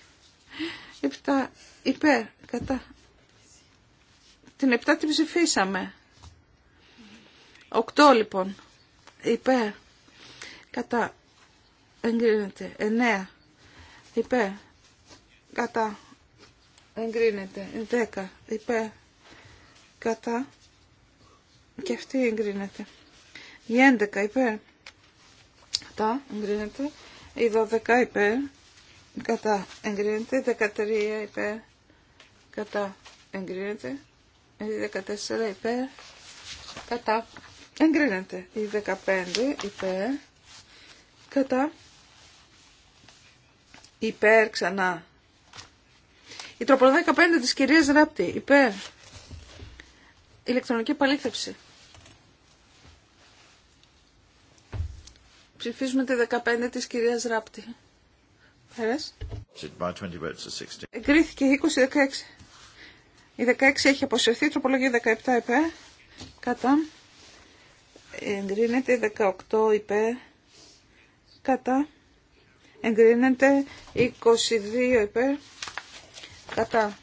S3: 7 υπέρ, κατά. Την 7 την ψηφίσαμε. 8 λοιπόν. Υπέρ. Κατά εγκρίνεται. 9 υπέρ κατά εγκρίνεται. 10 υπέρ κατά και αυτή εγκρίνεται. Η 11 υπέρ κατά εγκρίνεται. Η 12 υπέρ κατά εγκρίνεται. 13 υπέρ κατά εγκρίνεται. Η 14 υπέρ κατά εγκρίνεται. 15 υπέρ κατά Υπέρ ξανά. Η τροπολογία 15 της κυρίας Ράπτη. Υπέρ. Ηλεκτρονική επαλήθευση. Ψηφίζουμε τη 15 της κυρίας Ράπτη. Πέρας. Εγκρίθηκε 20-16. Η 16 έχει αποσυρθεί, τροπολογία 17 υπέρ. Κατά. Εγκρίνεται 18 υπέρ. Κατά εγκρίνεται 22 υπέρ κατά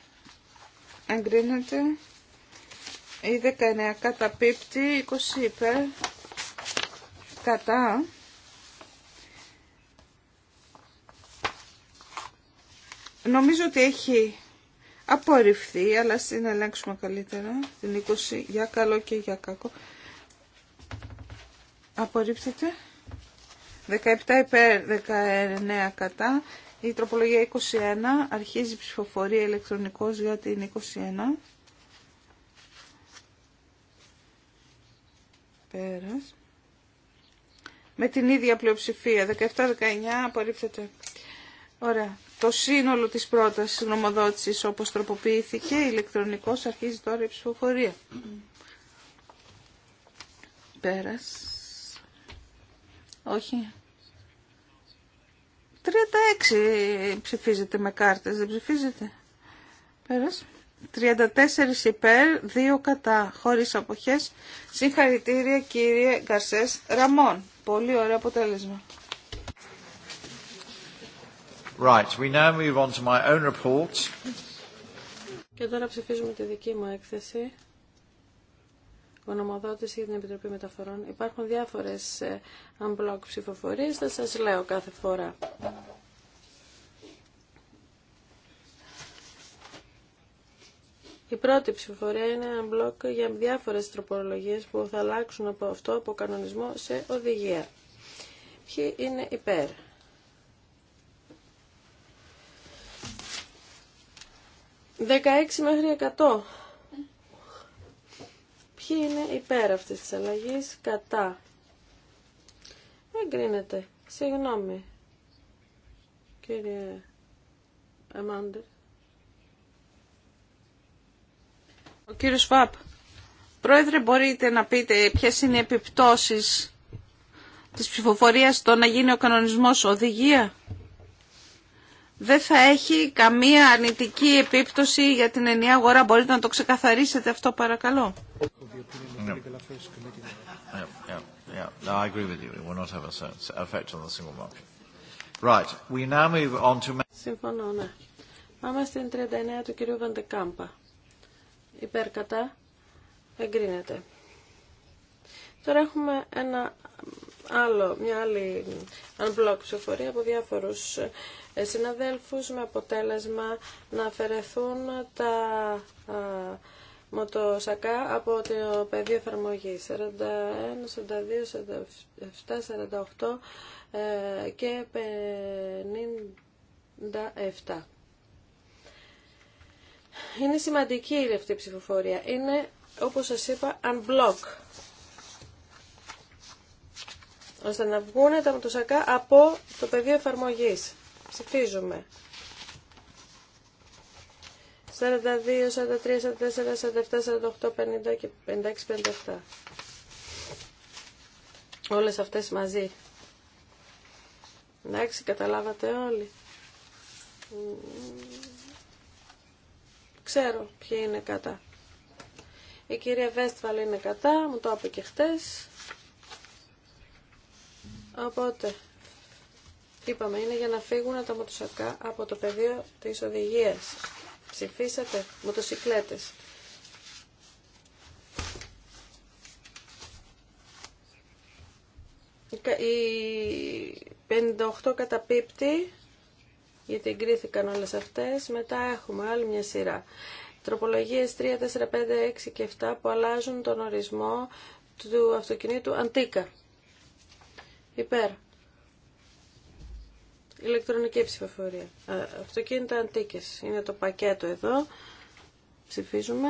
S3: εγκρίνεται η 19 κατά πίπτη 20 υπέρ κατά νομίζω ότι έχει απορριφθεί αλλά στην ελέγξουμε καλύτερα την 20 για καλό και για κακό απορρίπτεται 17 υπέρ 19 κατά. Η τροπολογία 21 αρχίζει η ψηφοφορία ηλεκτρονικός για την 21. Πέρας. Με την ίδια πλειοψηφία, 17-19 απορρίπτεται. Ωραία. Το σύνολο της πρότασης γνωμοδότησης όπως τροποποιήθηκε ηλεκτρονικός αρχίζει τώρα η ψηφοφορία. Πέρας. Όχι. 36 ψηφίζεται με κάρτες, δεν ψηφίζεται. Πέρας. 34 υπέρ, 2 κατά, χωρίς αποχές. Συγχαρητήρια κύριε Γκαρσές Ραμόν. Πολύ ωραίο αποτέλεσμα.
S1: Right, we now move on to my own report.
S2: Και τώρα ψηφίζουμε τη δική μου έκθεση γνωμοδότηση για την Επιτροπή Μεταφορών. Υπάρχουν διάφορες unblock ε, ψηφοφορίες, θα σας λέω κάθε φορά. Η πρώτη ψηφοφορία είναι μπλοκ για διάφορες τροπολογίες που θα αλλάξουν από αυτό από κανονισμό σε οδηγία. Ποιοι είναι υπέρ. Δεκαέξι μέχρι 100 Ποιοι είναι υπέρ αυτής της αλλαγής, κατά. Εγκρίνεται. Συγγνώμη. Κύριε Αμάντερ.
S3: Ο κύριος Φαπ. Πρόεδρε, μπορείτε να πείτε ποιες είναι οι επιπτώσεις της ψηφοφορίας στο να γίνει ο κανονισμός οδηγία δεν θα έχει καμία αρνητική επίπτωση για την ενιαία αγορά. Μπορείτε να το ξεκαθαρίσετε αυτό παρακαλώ.
S1: Συμφωνώ, ναι.
S2: Πάμε στην 39 του κυρίου Βαντεκάμπα. Υπέρκατα εγκρίνεται. Τώρα έχουμε ένα άλλο, μια άλλη unblock ψηφοφορία από διάφορους ε, ε, συναδέλφους με αποτέλεσμα να αφαιρεθούν τα μοτοσακά από το πεδίο εφαρμογή 41, 42, 47, 48 και 57. Είναι σημαντική η αυτή η ψηφοφορία. Είναι, όπως σας είπα, unblock. Ώστε να βγουν τα μοτοσακά από το πεδίο εφαρμογής. Ψηφίζουμε. 42, 43, 44, 47, 48, 50 και 56, 57. Όλες αυτές μαζί. Εντάξει, καταλάβατε όλοι. Ξέρω ποιοι είναι κατά. Η κυρία Βέσφαλ είναι κατά, μου το είπε και χτες. Οπότε, Είπαμε, είναι για να φύγουν τα μοτοσακά από το πεδίο της οδηγίας. Ψηφίσατε, μοτοσυκλέτες. Η 58 καταπίπτει, γιατί εγκρίθηκαν όλες αυτές. Μετά έχουμε άλλη μια σειρά. Τροπολογίες 3, 4, 5, 6 και 7 που αλλάζουν τον ορισμό του αυτοκινήτου Αντίκα. Υπέρ. Ηλεκτρονική ψηφοφορία. Αυτοκίνητα αντίκε. Είναι το πακέτο εδώ. Ψηφίζουμε.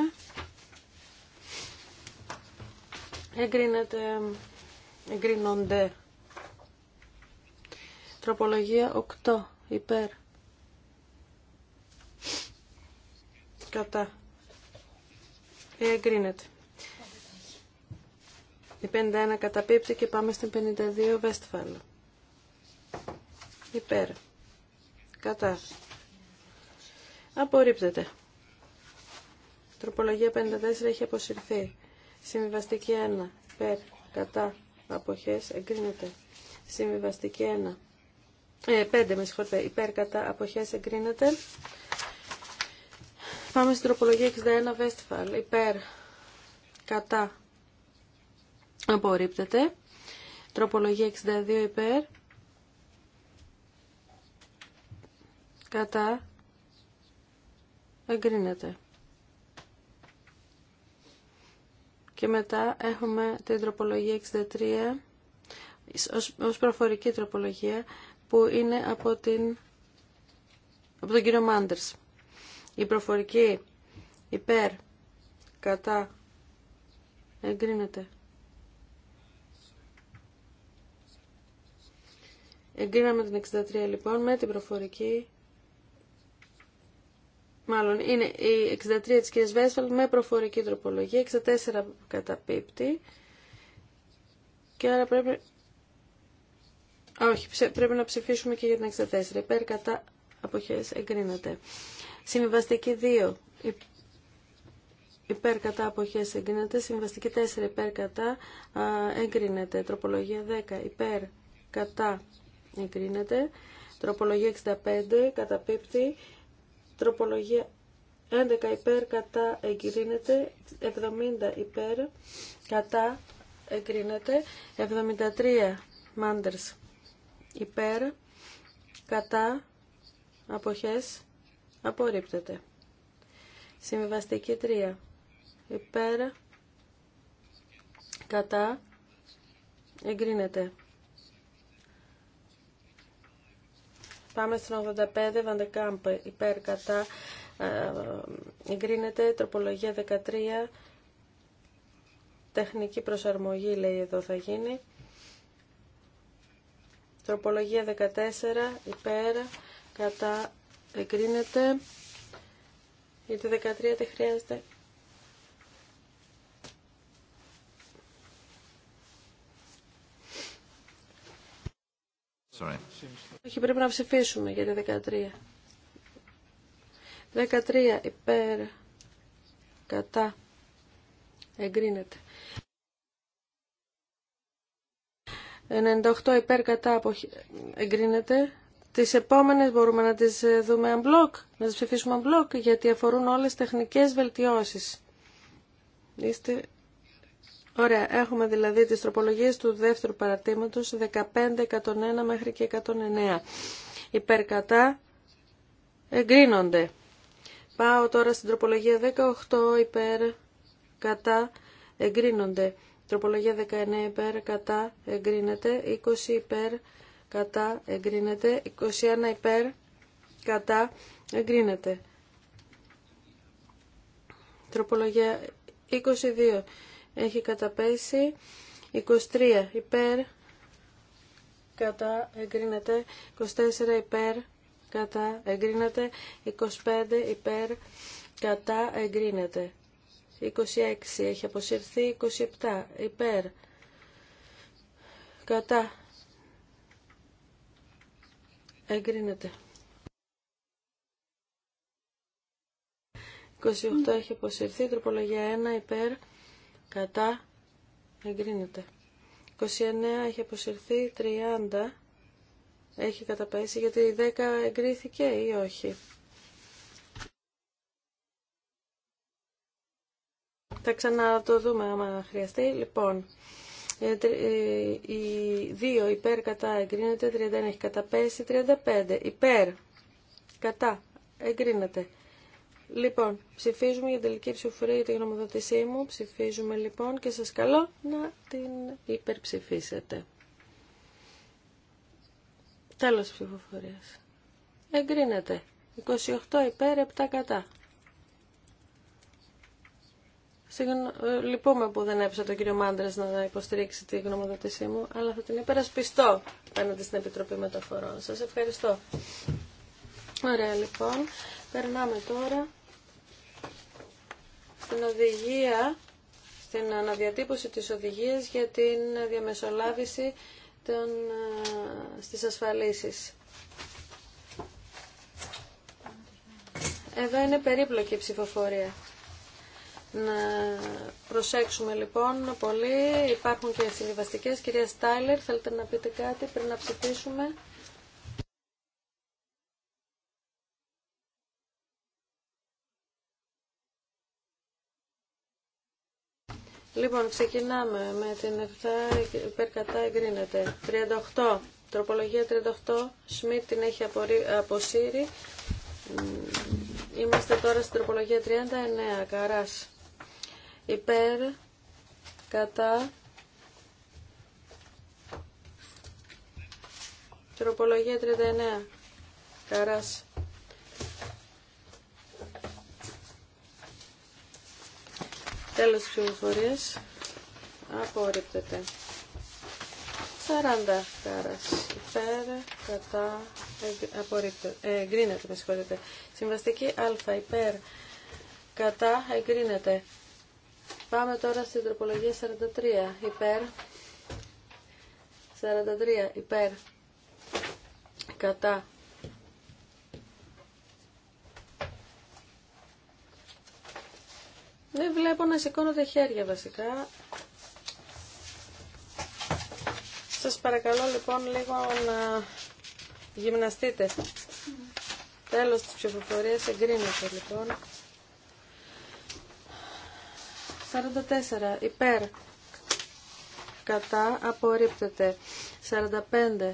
S2: Εγκρίνεται, εγκρίνονται. Τροπολογία 8. Υπέρ. Κατά. Εγκρίνεται. Η 51 καταπίπτει και πάμε στην 52 Βέστφαλο υπέρ κατά απορρίπτεται τροπολογία 54 έχει αποσυρθεί συμβιβαστική 1 υπέρ κατά αποχές εγκρίνεται συμβιβαστική 1 ε, 5 με συγχωρείτε υπέρ κατά αποχές εγκρίνεται Πάμε στην τροπολογία 61 Βέστιφαλ. Υπέρ, κατά, απορρίπτεται. Τροπολογία 62 υπέρ, κατά εγκρίνεται. Και μετά έχουμε την τροπολογία 63 ως προφορική τροπολογία που είναι από, την, από τον κύριο Μάντερς. Η προφορική υπέρ κατά εγκρίνεται. Εγκρίναμε την 63 λοιπόν με την προφορική μάλλον είναι η 63 της κυρίας Βέσφαλ με προφορική τροπολογία, 64 καταπίπτει και άρα πρέπει... Όχι, πρέπει να ψηφίσουμε και για την 64. Υπέρ κατά αποχές εγκρίνεται. Συμβαστική 2. Υπέρ κατά αποχές εγκρίνεται. Συμβαστική 4. Υπέρ κατά εγκρίνεται. Τροπολογία 10. Υπέρ κατά εγκρίνεται. Τροπολογία 65. Καταπίπτει. Τροπολογία 11 υπέρ κατά εγκρίνεται, 70 υπέρ κατά εγκρίνεται, 73 μάντερς υπέρ κατά αποχές απορρίπτεται. Συμβιβαστική 3 υπέρ κατά εγκρίνεται. Πάμε στην 85, Βαντεκάμπ, υπέρ, κατά, ε, εγκρίνεται, τροπολογία 13, τεχνική προσαρμογή λέει εδώ θα γίνει. Τροπολογία 14, υπέρ, κατά, εγκρίνεται, γιατί 13 δεν χρειάζεται Όχι, πρέπει να ψηφίσουμε για τη 13. 13 υπέρ κατά εγκρίνεται. 98 υπέρ κατά εγκρίνεται. Τις επόμενες μπορούμε να τις ε, δούμε unblock, να τι ψηφίσουμε unblock, γιατί αφορούν όλες τεχνικές βελτιώσεις. Είστε Ωραία, έχουμε δηλαδή τις τροπολογίες του δεύτερου παρατήματος 15, 101 μέχρι και 109. Υπερκατά εγκρίνονται. Πάω τώρα στην τροπολογία 18 υπέρ κατά εγκρίνονται. Τροπολογία 19 υπέρ κατά εγκρίνεται. 20 υπέρ κατά εγκρίνεται. 21 υπέρ κατά εγκρίνεται. Τροπολογία 22 έχει καταπέσει 23 υπέρ κατά εγκρίνεται 24 υπέρ κατά εγκρίνεται 25 υπέρ κατά εγκρίνεται 26 έχει αποσυρθεί 27 υπέρ κατά εγκρίνεται 28 έχει αποσυρθεί τροπολογία 1 υπέρ κατά εγκρίνεται 29 έχει αποσυρθεί 30 έχει καταπέσει γιατί η 10 εγκρίθηκε ή όχι θα το δούμε άμα χρειαστεί λοιπόν ε, ε, η 2 υπέρ κατά εγκρίνεται 31 έχει καταπέσει 35 υπέρ κατά εγκρίνεται Λοιπόν, ψηφίζουμε για τελική ψηφοφορία για τη γνωμοδότησή μου. Ψηφίζουμε λοιπόν και σας καλώ να την υπερψηφίσετε. Τέλος ψηφοφορίας. Εγκρίνεται. 28 υπέρ, 7 κατά. Λοιπόν, Λυπούμε που δεν έψα τον κύριο Μάντρας να υποστηρίξει τη γνωμοδότησή μου, αλλά θα την υπερασπιστώ πέναντι στην Επιτροπή Μεταφορών. Σας ευχαριστώ. Ωραία λοιπόν. Περνάμε τώρα στην οδηγία, στην αναδιατύπωση της οδηγίας για την διαμεσολάβηση των, ε, στις ασφαλίσεις. Εδώ είναι περίπλοκη η ψηφοφορία. Να προσέξουμε λοιπόν πολύ. Υπάρχουν και συμβιβαστικέ. Κυρία Στάιλερ, θέλετε να πείτε κάτι πριν να ψηφίσουμε. Λοιπόν, ξεκινάμε με την 7 υπέρ κατά εγκρίνεται. 38. Τροπολογία 38. Σμιτ την έχει αποσύρει. Είμαστε τώρα στην τροπολογία 39. Καράς. Υπέρ κατά Τροπολογία 39. Καράς. Τέλος της πληροφορίας Απορρίπτεται. 40 χάρας υπέρ, κατά, ε, εγκρίνεται, με συγχωρείτε. Συμβαστική α υπέρ, κατά, εγκρίνεται. Πάμε τώρα στην τροπολογία 43 υπέρ, 43 υπέρ, κατά, Δεν βλέπω να σηκώνονται χέρια βασικά. Σας παρακαλώ λοιπόν λίγο να γυμναστείτε. Τέλος της ψηφοφορίας εγκρίνεται λοιπόν. 44 υπέρ κατά απορρίπτεται. 45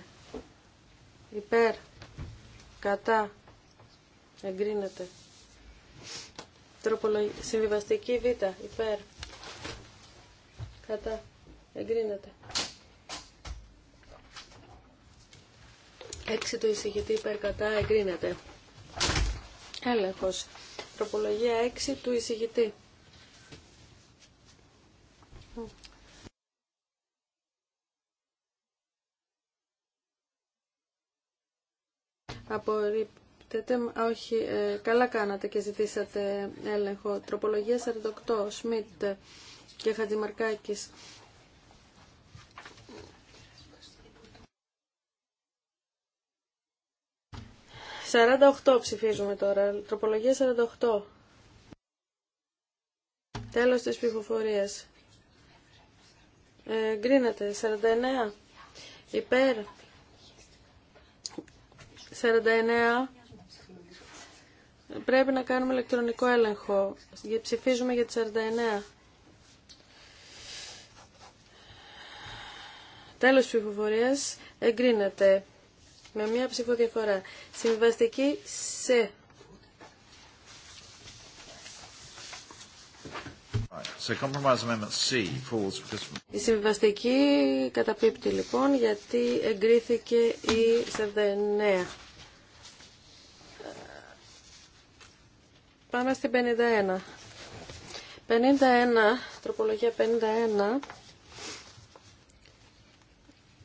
S2: υπέρ κατά εγκρίνεται. Τροπολογική. Συμβιβαστική Β. Υπέρ. Κατά. Εγκρίνεται. Έξι το εισηγητή υπέρ κατά εγκρίνεται. Έλεγχος. Τροπολογία έξι του εισηγητή. Απορρίπτω δεν Όχι, ε, καλά κάνατε και ζητήσατε έλεγχο. Τροπολογία 48, Σμιτ και Χατζημαρκάκης. «48 ψηφίζουμε τώρα. Τροπολογία 48. Τέλος της ψηφοφορίας. Ε, γκρίνεται. 49. Υπέρ. 49. Πρέπει να κάνουμε ηλεκτρονικό έλεγχο. Ψηφίζουμε για τη 49. Τέλος ψηφοφορίας εγκρίνεται με μία ψηφοδιαφορά. Συμβαστική σε. Η συμβαστική καταπίπτει λοιπόν γιατί εγκρίθηκε η 49. Πάμε στην 51. 51, τροπολογία 51.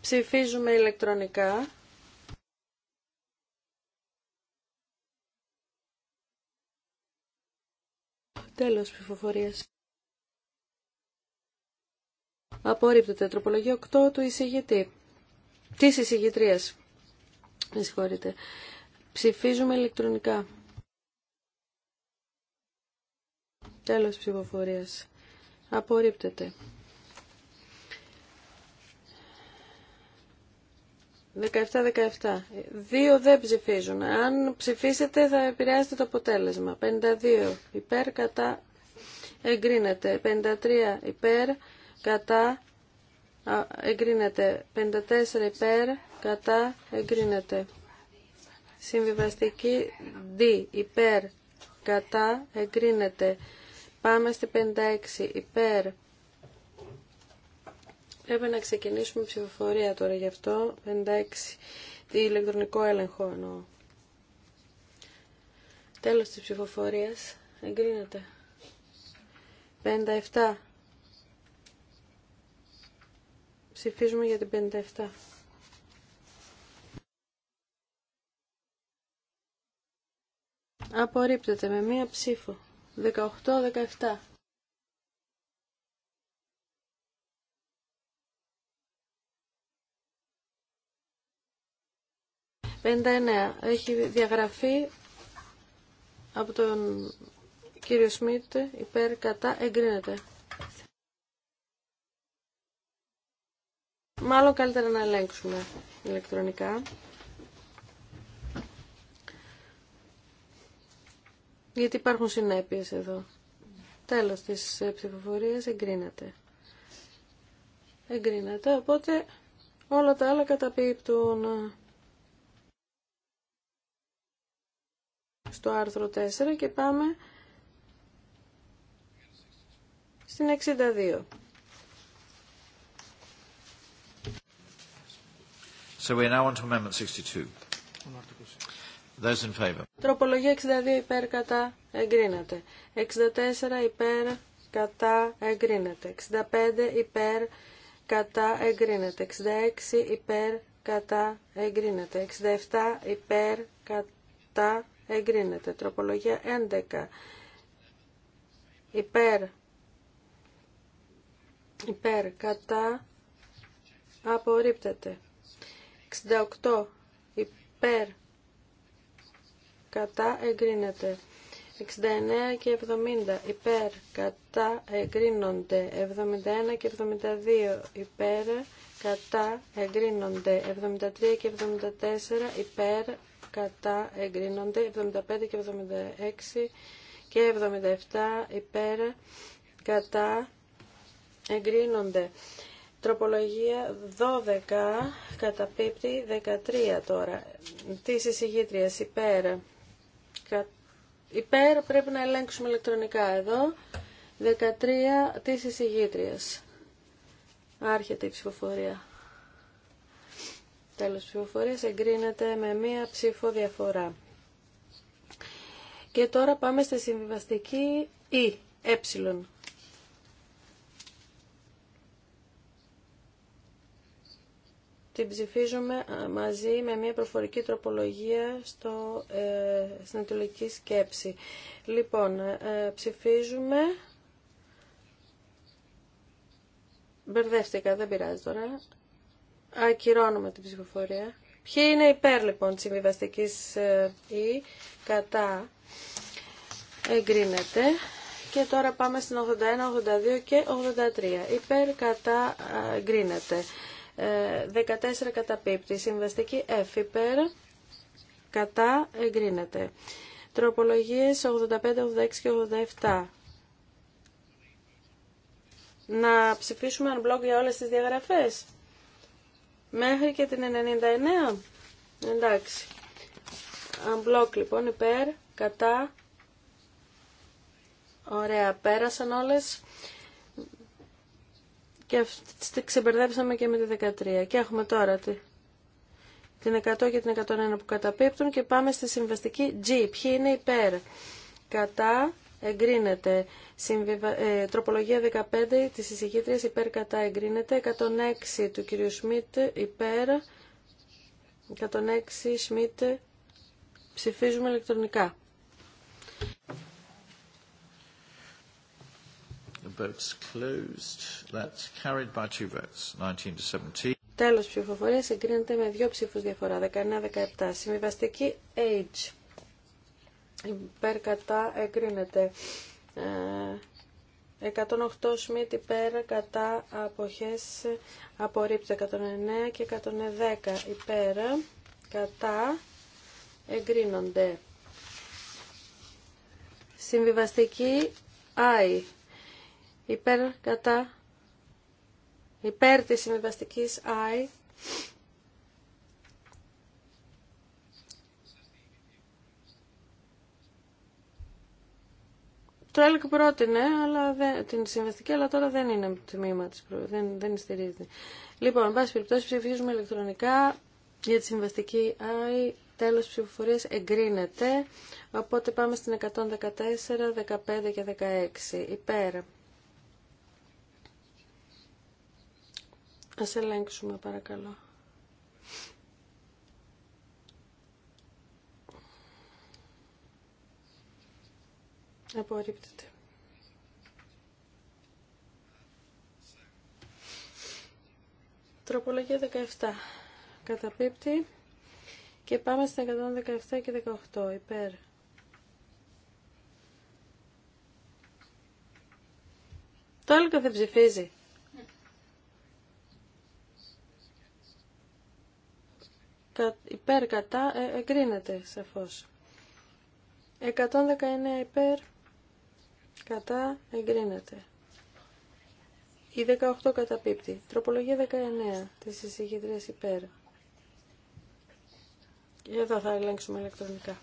S2: Ψηφίζουμε ηλεκτρονικά.
S5: Τέλος ψηφοφορίας.
S2: Απορρίπτεται. Τροπολογία 8 του εισηγητή. τη εισηγητρίας. Με συγχωρείτε. Ψηφίζουμε ηλεκτρονικά. Τέλος ψηφοφορίας. Απορρίπτεται. 17-17. Δύο δεν ψηφίζουν. Αν ψηφίσετε θα επηρεάσετε το αποτέλεσμα. 52 υπέρ κατά εγκρίνεται. 53 υπέρ κατά εγκρίνεται. 54 υπέρ κατά εγκρίνεται. Συμβιβαστική D υπέρ κατά εγκρίνεται. Πάμε στη 56. Υπέρ. Πρέπει να ξεκινήσουμε ψηφοφορία τώρα γι' αυτό. 56. Τι ηλεκτρονικό έλεγχο εννοώ. Τέλος της ψηφοφορίας. Εγκρίνεται. 57. Ψηφίζουμε για την 57. Απορρίπτεται με μία ψήφο. 18-17. Έχει διαγραφεί από τον κύριο Σμίτ υπέρ κατά εγκρίνεται. Μάλλον καλύτερα να ελέγξουμε ηλεκτρονικά. γιατί υπάρχουν συνέπειες εδώ. Τέλος της ψηφοφορίας εγκρίνεται. Εγκρίνεται, οπότε όλα τα άλλα καταπίπτουν στο άρθρο 4 και πάμε στην 62.
S1: So we are now on to Amendment 62. Those
S2: Τροπολογία 62 υπέρ κατά εγκρίνεται. 64 υπέρ κατά εγκρίνεται. 65 υπέρ κατά εγκρίνεται. 66 υπέρ κατά εγκρίνεται. 67 υπέρ κατά εγκρίνεται. Τροπολογία 11 υπέρ υπέρ κατά απορρίπτεται. 68 υπέρ κατά εγκρίνεται. 69 και 70 υπέρ κατά εγκρίνονται. 71 και 72 υπέρ κατά εγκρίνονται. 73 και 74 υπέρ κατά εγκρίνονται. 75 και 76 και 77 υπέρ κατά εγκρίνονται. Τροπολογία 12 καταπίπτει 13 τώρα. τι συγγήτριας υπέρ υπέρ πρέπει να ελέγξουμε ηλεκτρονικά εδώ. 13 της εισηγήτριας. Άρχεται η ψηφοφορία. Τέλος ψηφοφορίας εγκρίνεται με μία ψήφο διαφορά. Και τώρα πάμε στη συμβιβαστική Ή, e, ε. την ψηφίζουμε ε, μαζί με μια προφορική τροπολογία στο, ε, στην ατολική σκέψη. Λοιπόν, ε, ε, ψηφίζουμε... Μπερδεύτηκα, δεν πειράζει τώρα. Ακυρώνουμε την ψηφοφορία. Ποιοι είναι υπέρ λοιπόν της συμβιβαστικής ή ε, e? κατά εγκρίνεται. Και τώρα πάμε στην 81, 82 και 83. Υπέρ κατά εγκρίνεται. 14 καταπίπτει. Συμβαστική F υπέρ. Κατά εγκρίνεται. Τροπολογίες 85, 86 και 87. Να ψηφίσουμε αν μπλοκ για όλες τις διαγραφές. Μέχρι και την 99. Εντάξει. Unblock λοιπόν υπέρ, κατά. Ωραία, πέρασαν όλες. Και αυτή ξεμπερδέψαμε και με τη 13. Και έχουμε τώρα τη, την 100 και την 101 που καταπίπτουν και πάμε στη συμβαστική G. Ποιοι είναι υπέρ. Κατά εγκρίνεται. Συμβιβα... Ε, τροπολογία 15 της εισηγήτριας υπέρ κατά εγκρίνεται. 106 του κυρίου Σμιτ υπέρ. 106 Σμιτ ψηφίζουμε ηλεκτρονικά.
S1: vote's closed. That's carried by two votes, 19 to 17.
S2: Τέλος ψηφοφορίας συγκρίνεται με δύο ψήφους διαφορά, 19-17. Συμβιβαστική H. Υπέρ κατά εγκρίνεται. 108 ε, Σμιτ υπέρ κατά αποχές απορρίπτει 109 και 110 υπέρ κατά εγκρίνονται. Συμβιβαστική I υπέρ κατά υπέρ της συμβιβαστικής I Το έλεγχο πρότεινε αλλά δεν, την συμβαστική, αλλά τώρα δεν είναι τμήμα της, δεν, δεν στηρίζεται. Λοιπόν, εν πάση περιπτώσει ψηφίζουμε ηλεκτρονικά για τη συμβαστική I. Τέλος ψηφοφορίας εγκρίνεται, οπότε πάμε στην 114, 15 και 16. Υπέρ. Ας ελέγξουμε παρακαλώ. Απορρίπτεται. Τροπολογία 17. Καταπίπτει. Και πάμε στα 117 και 18. Υπέρ. Το άλλο δεν υπέρ κατά ε, εγκρίνεται σαφώς. 119 υπέρ κατά εγκρίνεται. Η 18 καταπίπτει. Τροπολογία 19 της εισηγητρίας υπέρ. Και εδώ θα ελέγξουμε ηλεκτρονικά.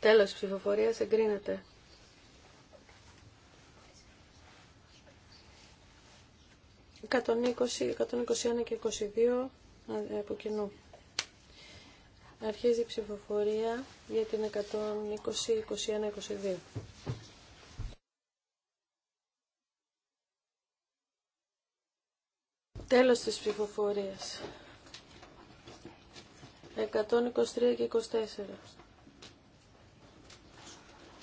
S2: Τέλος ψηφοφορίας εγκρίνεται. 120, 121 και 22 από κοινού. Αρχίζει η ψηφοφορία για την 120, 21, 22. Τέλος της ψηφοφορίας. 123 και 24.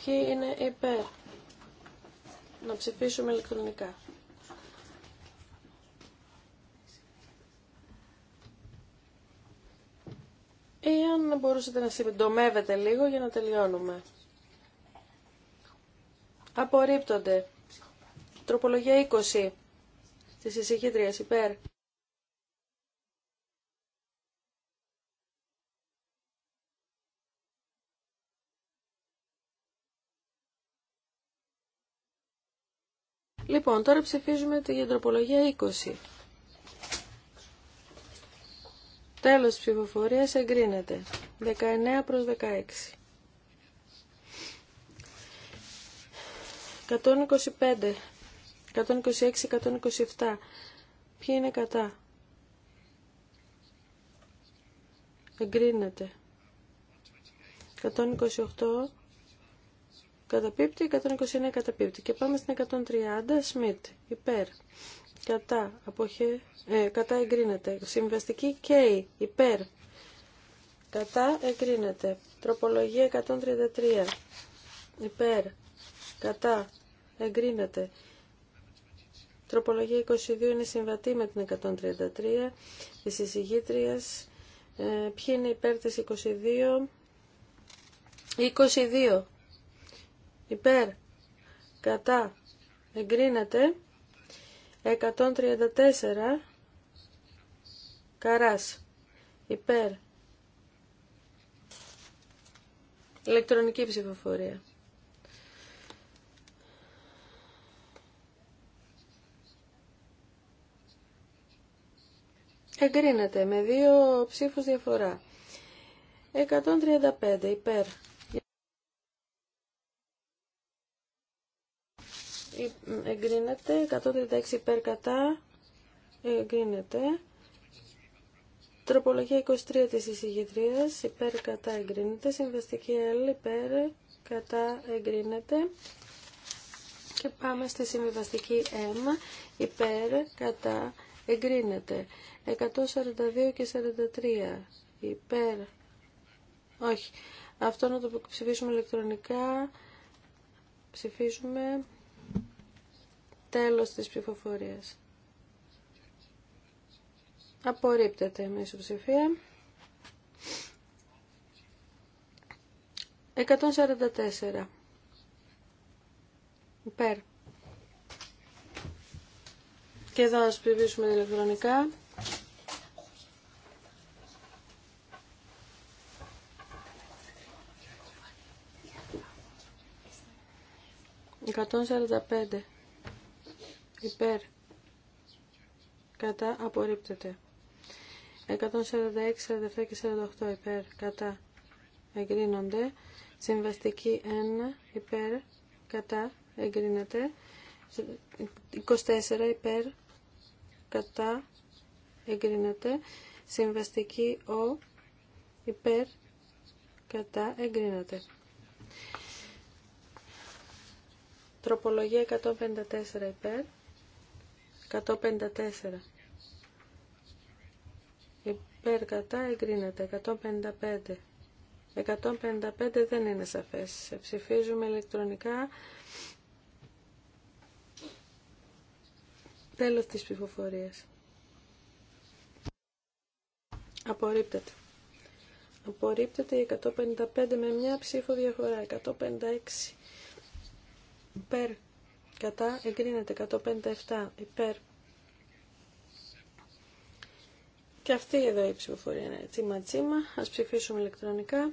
S2: Ποιοι είναι υπέρ να ψηφίσουμε ηλεκτρονικά. Αν μπορούσατε να συντομεύετε λίγο για να τελειώνουμε. Απορρίπτονται. Τροπολογία 20 της εισηγήτριας υπέρ. Λοιπόν, τώρα ψηφίζουμε την τροπολογία 20. Τέλος ψηφοφορίας εγκρίνεται. 19 προς 16. 125, 126, 127. Ποιοι είναι κατά. Εγκρίνεται. 128 καταπίπτει, 129 καταπίπτει. Και πάμε στην 130, Σμιτ, υπέρ κατά, αποχε, ε, κατά εγκρίνεται. Συμβαστική K, υπέρ, κατά εγκρίνεται. Τροπολογία 133, υπέρ, κατά, εγκρίνεται. Τροπολογία 22 είναι συμβατή με την 133 της εισηγήτριας. Ε, ποιοι είναι υπέρ της 22. 22. Υπέρ. Κατά. Εγκρίνεται. 134 Καράς Υπέρ Ηλεκτρονική ψηφοφορία Εγκρίνεται με δύο ψήφους διαφορά 135 υπέρ εγκρίνεται. 136 υπέρ κατά εγκρίνεται. Τροπολογία 23 της εισηγητρίας υπέρ κατά εγκρίνεται. Συμβαστική L υπέρ κατά εγκρίνεται. Και πάμε στη συμβιβαστική M υπέρ κατά εγκρίνεται. 142 και 43 υπέρ. Όχι. Αυτό να το ψηφίσουμε ηλεκτρονικά. Ψηφίσουμε... Τέλος της ψηφοφορίας. Απορρίπτεται με ισοψηφία. 144. Υπέρ. Και εδώ ας σπιβήσουμε ηλεκτρονικά. Εκατόν σαράντα πέντε υπέρ κατά απορρίπτεται 146, 47 και 48 υπέρ κατά εγκρίνονται συμβαστική 1 υπέρ κατά εγκρίνεται 24 υπέρ κατά εγκρίνεται συμβαστική ο υπέρ κατά εγκρίνεται τροπολογία 154 υπέρ 154. Υπέρ κατά εγκρίνεται. 155. 155 δεν είναι σαφές. Ψηφίζουμε ηλεκτρονικά. Τέλος της ψηφοφορίας. Απορρίπτεται. Απορρίπτεται η 155 με μια ψήφο διαφορά. 156. Υπέρ κατά εγκρίνεται 157 υπέρ και αυτή εδώ η ψηφοφορία είναι τσίμα τσίμα ας ψηφίσουμε ηλεκτρονικά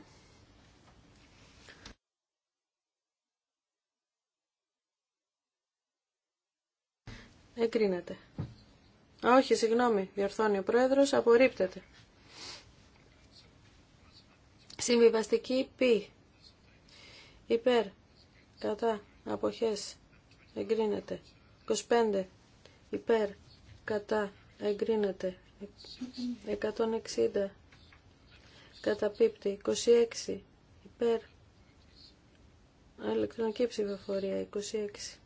S2: εγκρίνεται όχι, συγγνώμη, διορθώνει ο Πρόεδρος, απορρίπτεται. Συμβιβαστική π. Υπέρ. Κατά. Αποχές εγκρίνεται. 25 υπέρ κατά εγκρίνεται. 160 καταπίπτει. 26 υπέρ ηλεκτρονική ψηφοφορία. 26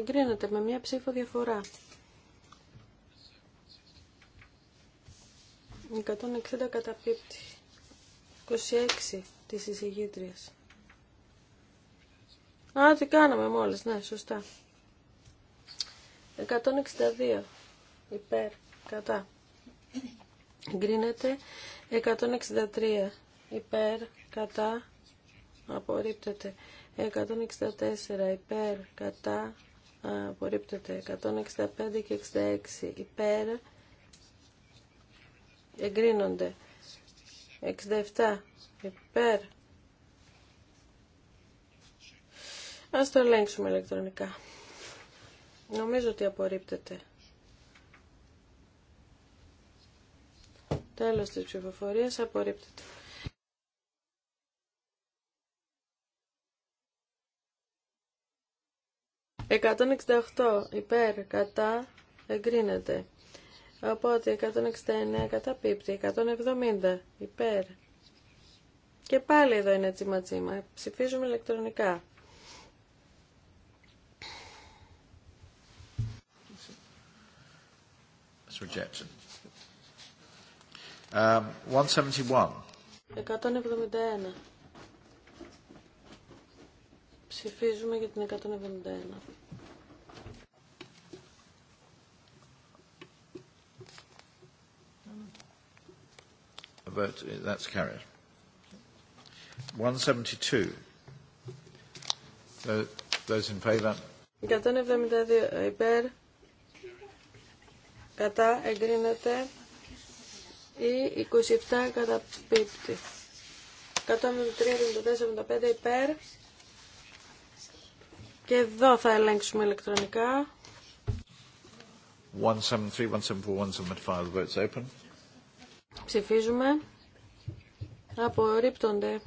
S2: εγκρίνεται με μια ψήφο διαφορά. 160 καταπίπτει. 26 της εισηγήτριας. Α, τι κάναμε μόλις, ναι, σωστά. 162 υπέρ, κατά. Εγκρίνεται. 163 υπέρ, κατά. Απορρίπτεται. 164 υπέρ, κατά. Απορρίπτεται. 165 και 66 υπέρ, εγκρίνονται. 67 υπέρ. Ας το ελέγξουμε ηλεκτρονικά. Νομίζω ότι απορρίπτεται. Τέλος της ψηφοφορίας απορρίπτεται. Εκατόν υπέρ κατά εγκρίνεται. Οπότε 169 καταπίπτει, 170 υπέρ. Και πάλι εδώ είναι τσίμα τσίμα. Ψηφίζουμε ηλεκτρονικά.
S1: 171. 171.
S2: Um, Ψηφίζουμε για την 171.
S1: but that's carried. 172. Those in favor.
S2: 172 υπέρ. Κατά εγκρίνεται ή 27 κατά πίπτη. 173, 74, 75 υπέρ. Και εδώ θα ελέγξουμε ηλεκτρονικά.
S1: 173, 174, 175, the vote's open.
S2: Ψηφίζουμε. Απορρίπτονται.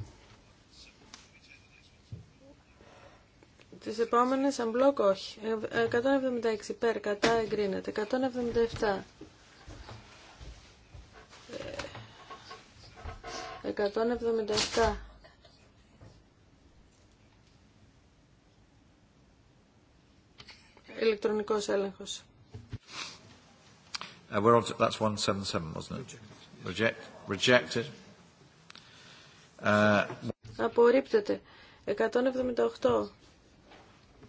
S2: Τις επόμενες μπλοκ όχι. 176 ε, υπέρ, κατά εγκρίνεται. 177. 177. Ε, Ηλεκτρονικός έλεγχος.
S1: Uh, 177, Uh,
S2: Απορρίπτεται. 178.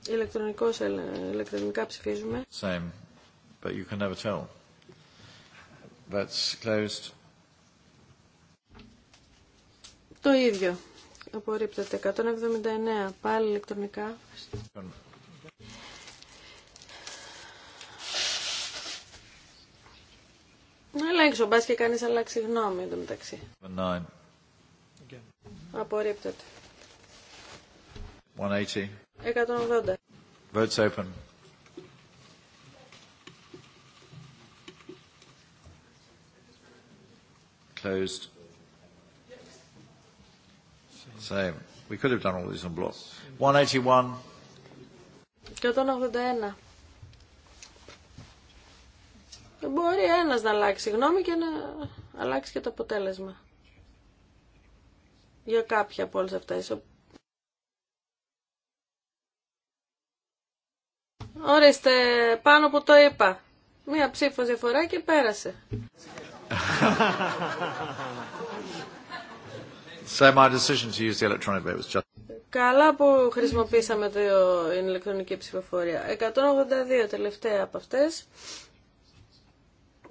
S2: Ηλεκτρονικός, ε, ηλεκτρονικά ψηφίζουμε.
S1: Same. But you can never tell. That's closed.
S2: Το ίδιο. Απορρίπτεται. 179. Πάλι ηλεκτρονικά. Να ελέγξω, ο και κανεί αλλάξει γνώμη εδώ μεταξύ. Απορρίπτεται. 180. 180.
S1: Votes open. Closed. Same. We could have done all these on blocks. 181.
S2: 181. Μπορεί ένας να αλλάξει γνώμη και να αλλάξει και το αποτέλεσμα. Για κάποια από όλες αυτές. Ορίστε, πάνω που το είπα. Μία ψήφο διαφορά και πέρασε. Καλά που χρησιμοποίησαμε την ηλεκτρονική ψηφοφορία. 182 τελευταία από αυτές.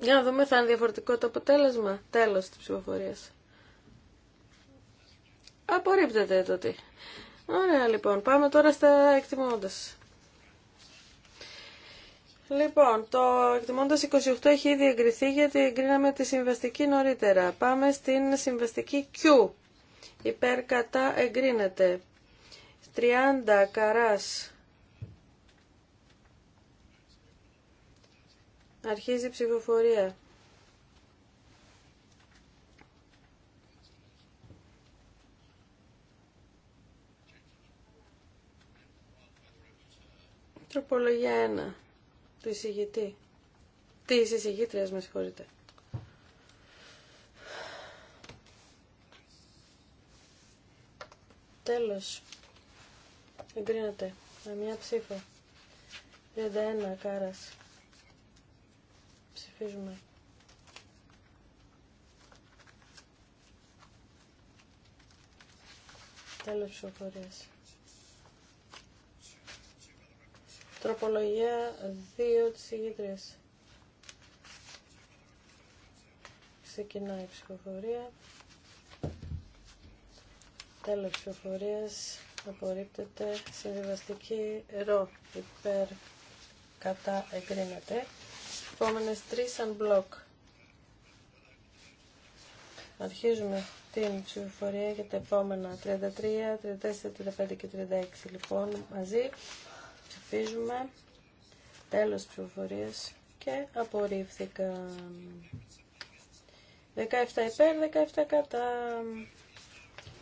S2: Για να δούμε θα είναι διαφορετικό το αποτέλεσμα. Τέλος της ψηφοφορίας. Απορρίπτεται τι; Ωραία λοιπόν. Πάμε τώρα στα εκτιμώντας. Λοιπόν, το εκτιμώντας 28 έχει ήδη εγκριθεί γιατί εγκρίναμε τη συμβαστική νωρίτερα. Πάμε στην συμβαστική Q. Υπέρ κατά εγκρίνεται. 30 καράς Αρχίζει η ψηφοφορία. Τροπολογία 1. Του εισηγητή. Τη εισηγήτρια, με συγχωρείτε. Τέλος. Εγκρίνεται. Με μία ψήφο. 31 κάρας ψηφίζουμε. Τέλος ψηφοφορίας. Τροπολογία 2 της ηγητρίας. Ξεκινάει η ψηφοφορία. Τέλος ψηφοφορίας. Απορρίπτεται. Συμβιβαστική ρο υπέρ κατά εγκρίνεται επόμενες τρεις unblock. Αρχίζουμε την ψηφοφορία για τα επόμενα 33, 34, 35 και 36 λοιπόν μαζί. Ψηφίζουμε. Τέλος της ψηφοφορίας και απορρίφθηκαν. 17 υπέρ, 17 κατά.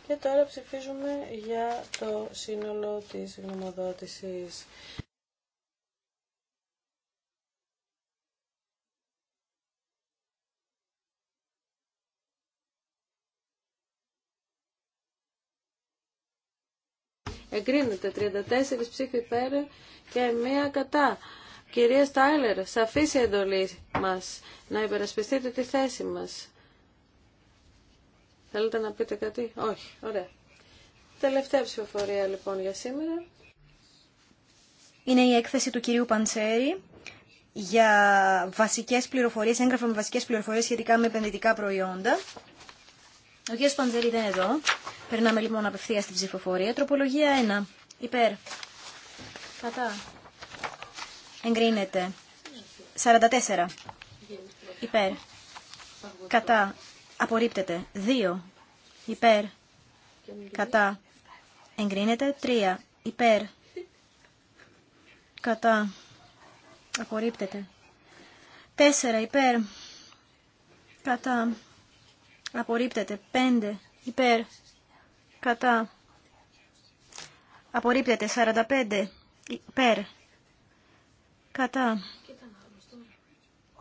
S2: Και τώρα ψηφίζουμε για το σύνολο της γνωμοδότησης. Εγκρίνεται 34 ψήφοι πέρα και μία κατά. Κυρία Στάιλερ, σαφής η εντολή μας να υπερασπιστείτε τη θέση μας. Θέλετε να πείτε κάτι? Όχι. Ωραία. Τελευταία ψηφοφορία λοιπόν για σήμερα.
S4: Είναι η έκθεση του κυρίου Παντσέρη για βασικές πληροφορίες, έγγραφα με βασικές πληροφορίες σχετικά με επενδυτικά προϊόντα. Ο κ. Παντζέρη δεν είναι εδώ. Περνάμε λοιπόν απευθεία στην ψηφοφορία. Τροπολογία 1. Υπέρ. Κατά. Εγκρίνεται. 44. Υπέρ. Κατά. Απορρίπτεται. 2. Υπέρ. Κατά. Εγκρίνεται. 3. Υπέρ. Κατά. Απορρίπτεται. 4. Υπέρ. Κατά απορρίπτεται 5 υπέρ κατά απορρίπτεται 45 υπέρ κατά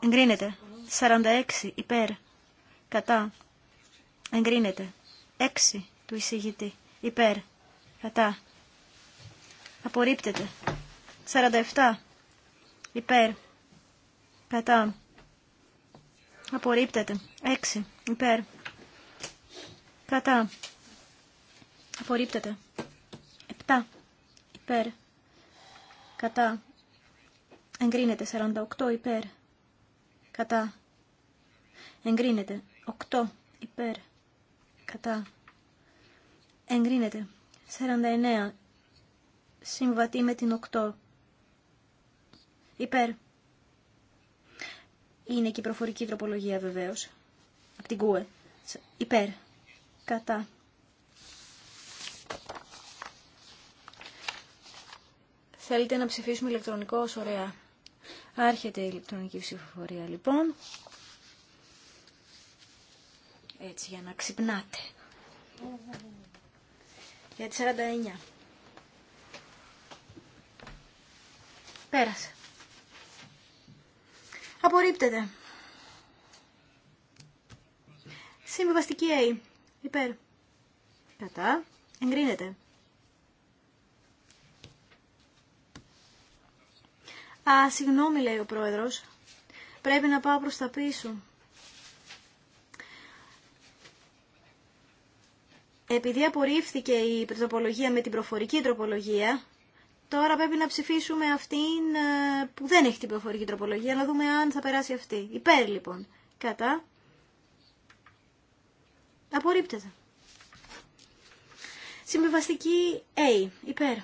S4: εγκρίνεται 46 υπέρ κατά εγκρίνεται 6 του εισηγητή υπέρ κατά απορρίπτεται 47 υπέρ κατά απορρίπτεται 6 υπέρ Κατά. Απορρίπτεται. 7. Υπέρ. Κατά. Εγκρίνεται. 48. Υπέρ. Κατά. Εγκρίνεται. 8. Υπέρ. Κατά. Εγκρίνεται. 49. Συμβατή με την 8. Υπέρ. Είναι και η προφορική τροπολογία βεβαίως. Από την ΚΟΕ. Υπέρ κατά. Θέλετε να ψηφίσουμε ηλεκτρονικό ωραία. Άρχεται η ηλεκτρονική ψηφοφορία λοιπόν. Έτσι για να ξυπνάτε. Για τη 49. Πέρασε. Απορρίπτεται. Συμβιβαστική A. Υπέρ. Κατά. Εγκρίνεται. Α, συγγνώμη λέει ο πρόεδρος. Πρέπει να πάω προς τα πίσω. Επειδή απορρίφθηκε η τροπολογία με την προφορική τροπολογία, τώρα πρέπει να ψηφίσουμε αυτήν ε, που δεν έχει την προφορική τροπολογία, να δούμε αν θα περάσει αυτή. Υπέρ λοιπόν. Κατά. Απορρίπτεται. Συμβιβαστική A. Υπέρ.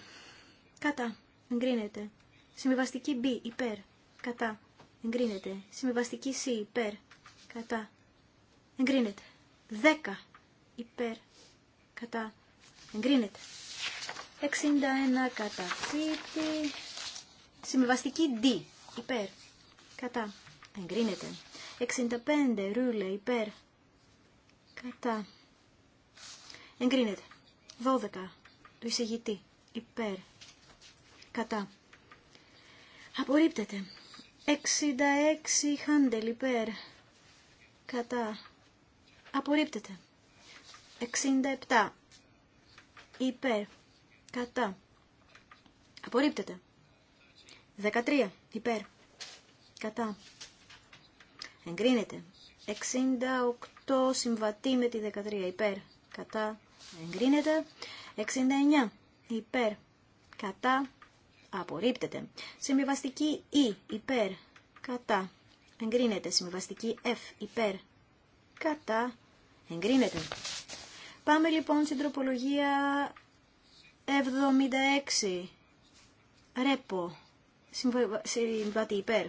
S4: Κατά. Εγκρίνεται. Συμβιβαστική B. Υπέρ. Κατά. Εγκρίνεται. Συμβιβαστική C. Υπέρ. Κατά. Εγκρίνεται. 10. Υπέρ. Κατά. Εγκρίνεται. 61 κατά πίπτη. Συμβιβαστική D. Υπέρ. Κατά. Εγκρίνεται. 65 ρούλε υπέρ Κατά. Εγκρίνεται. 12. Το εισηγητή. Υπέρ. Κατά. Απορρίπτεται. 66. Χάντελ. Υπέρ. Κατά. Απορρίπτεται. 67. Υπέρ. Κατά. Απορρίπτεται. 13. Υπέρ. Κατά. Εγκρίνεται. 68 το συμβατεί με τη 13 υπέρ κατά εγκρίνεται 69 υπέρ κατά απορρίπτεται συμβιβαστική E υπέρ κατά εγκρίνεται συμβιβαστική F υπέρ κατά εγκρίνεται πάμε λοιπόν στην τροπολογία 76 ρέπο συμβατή υπέρ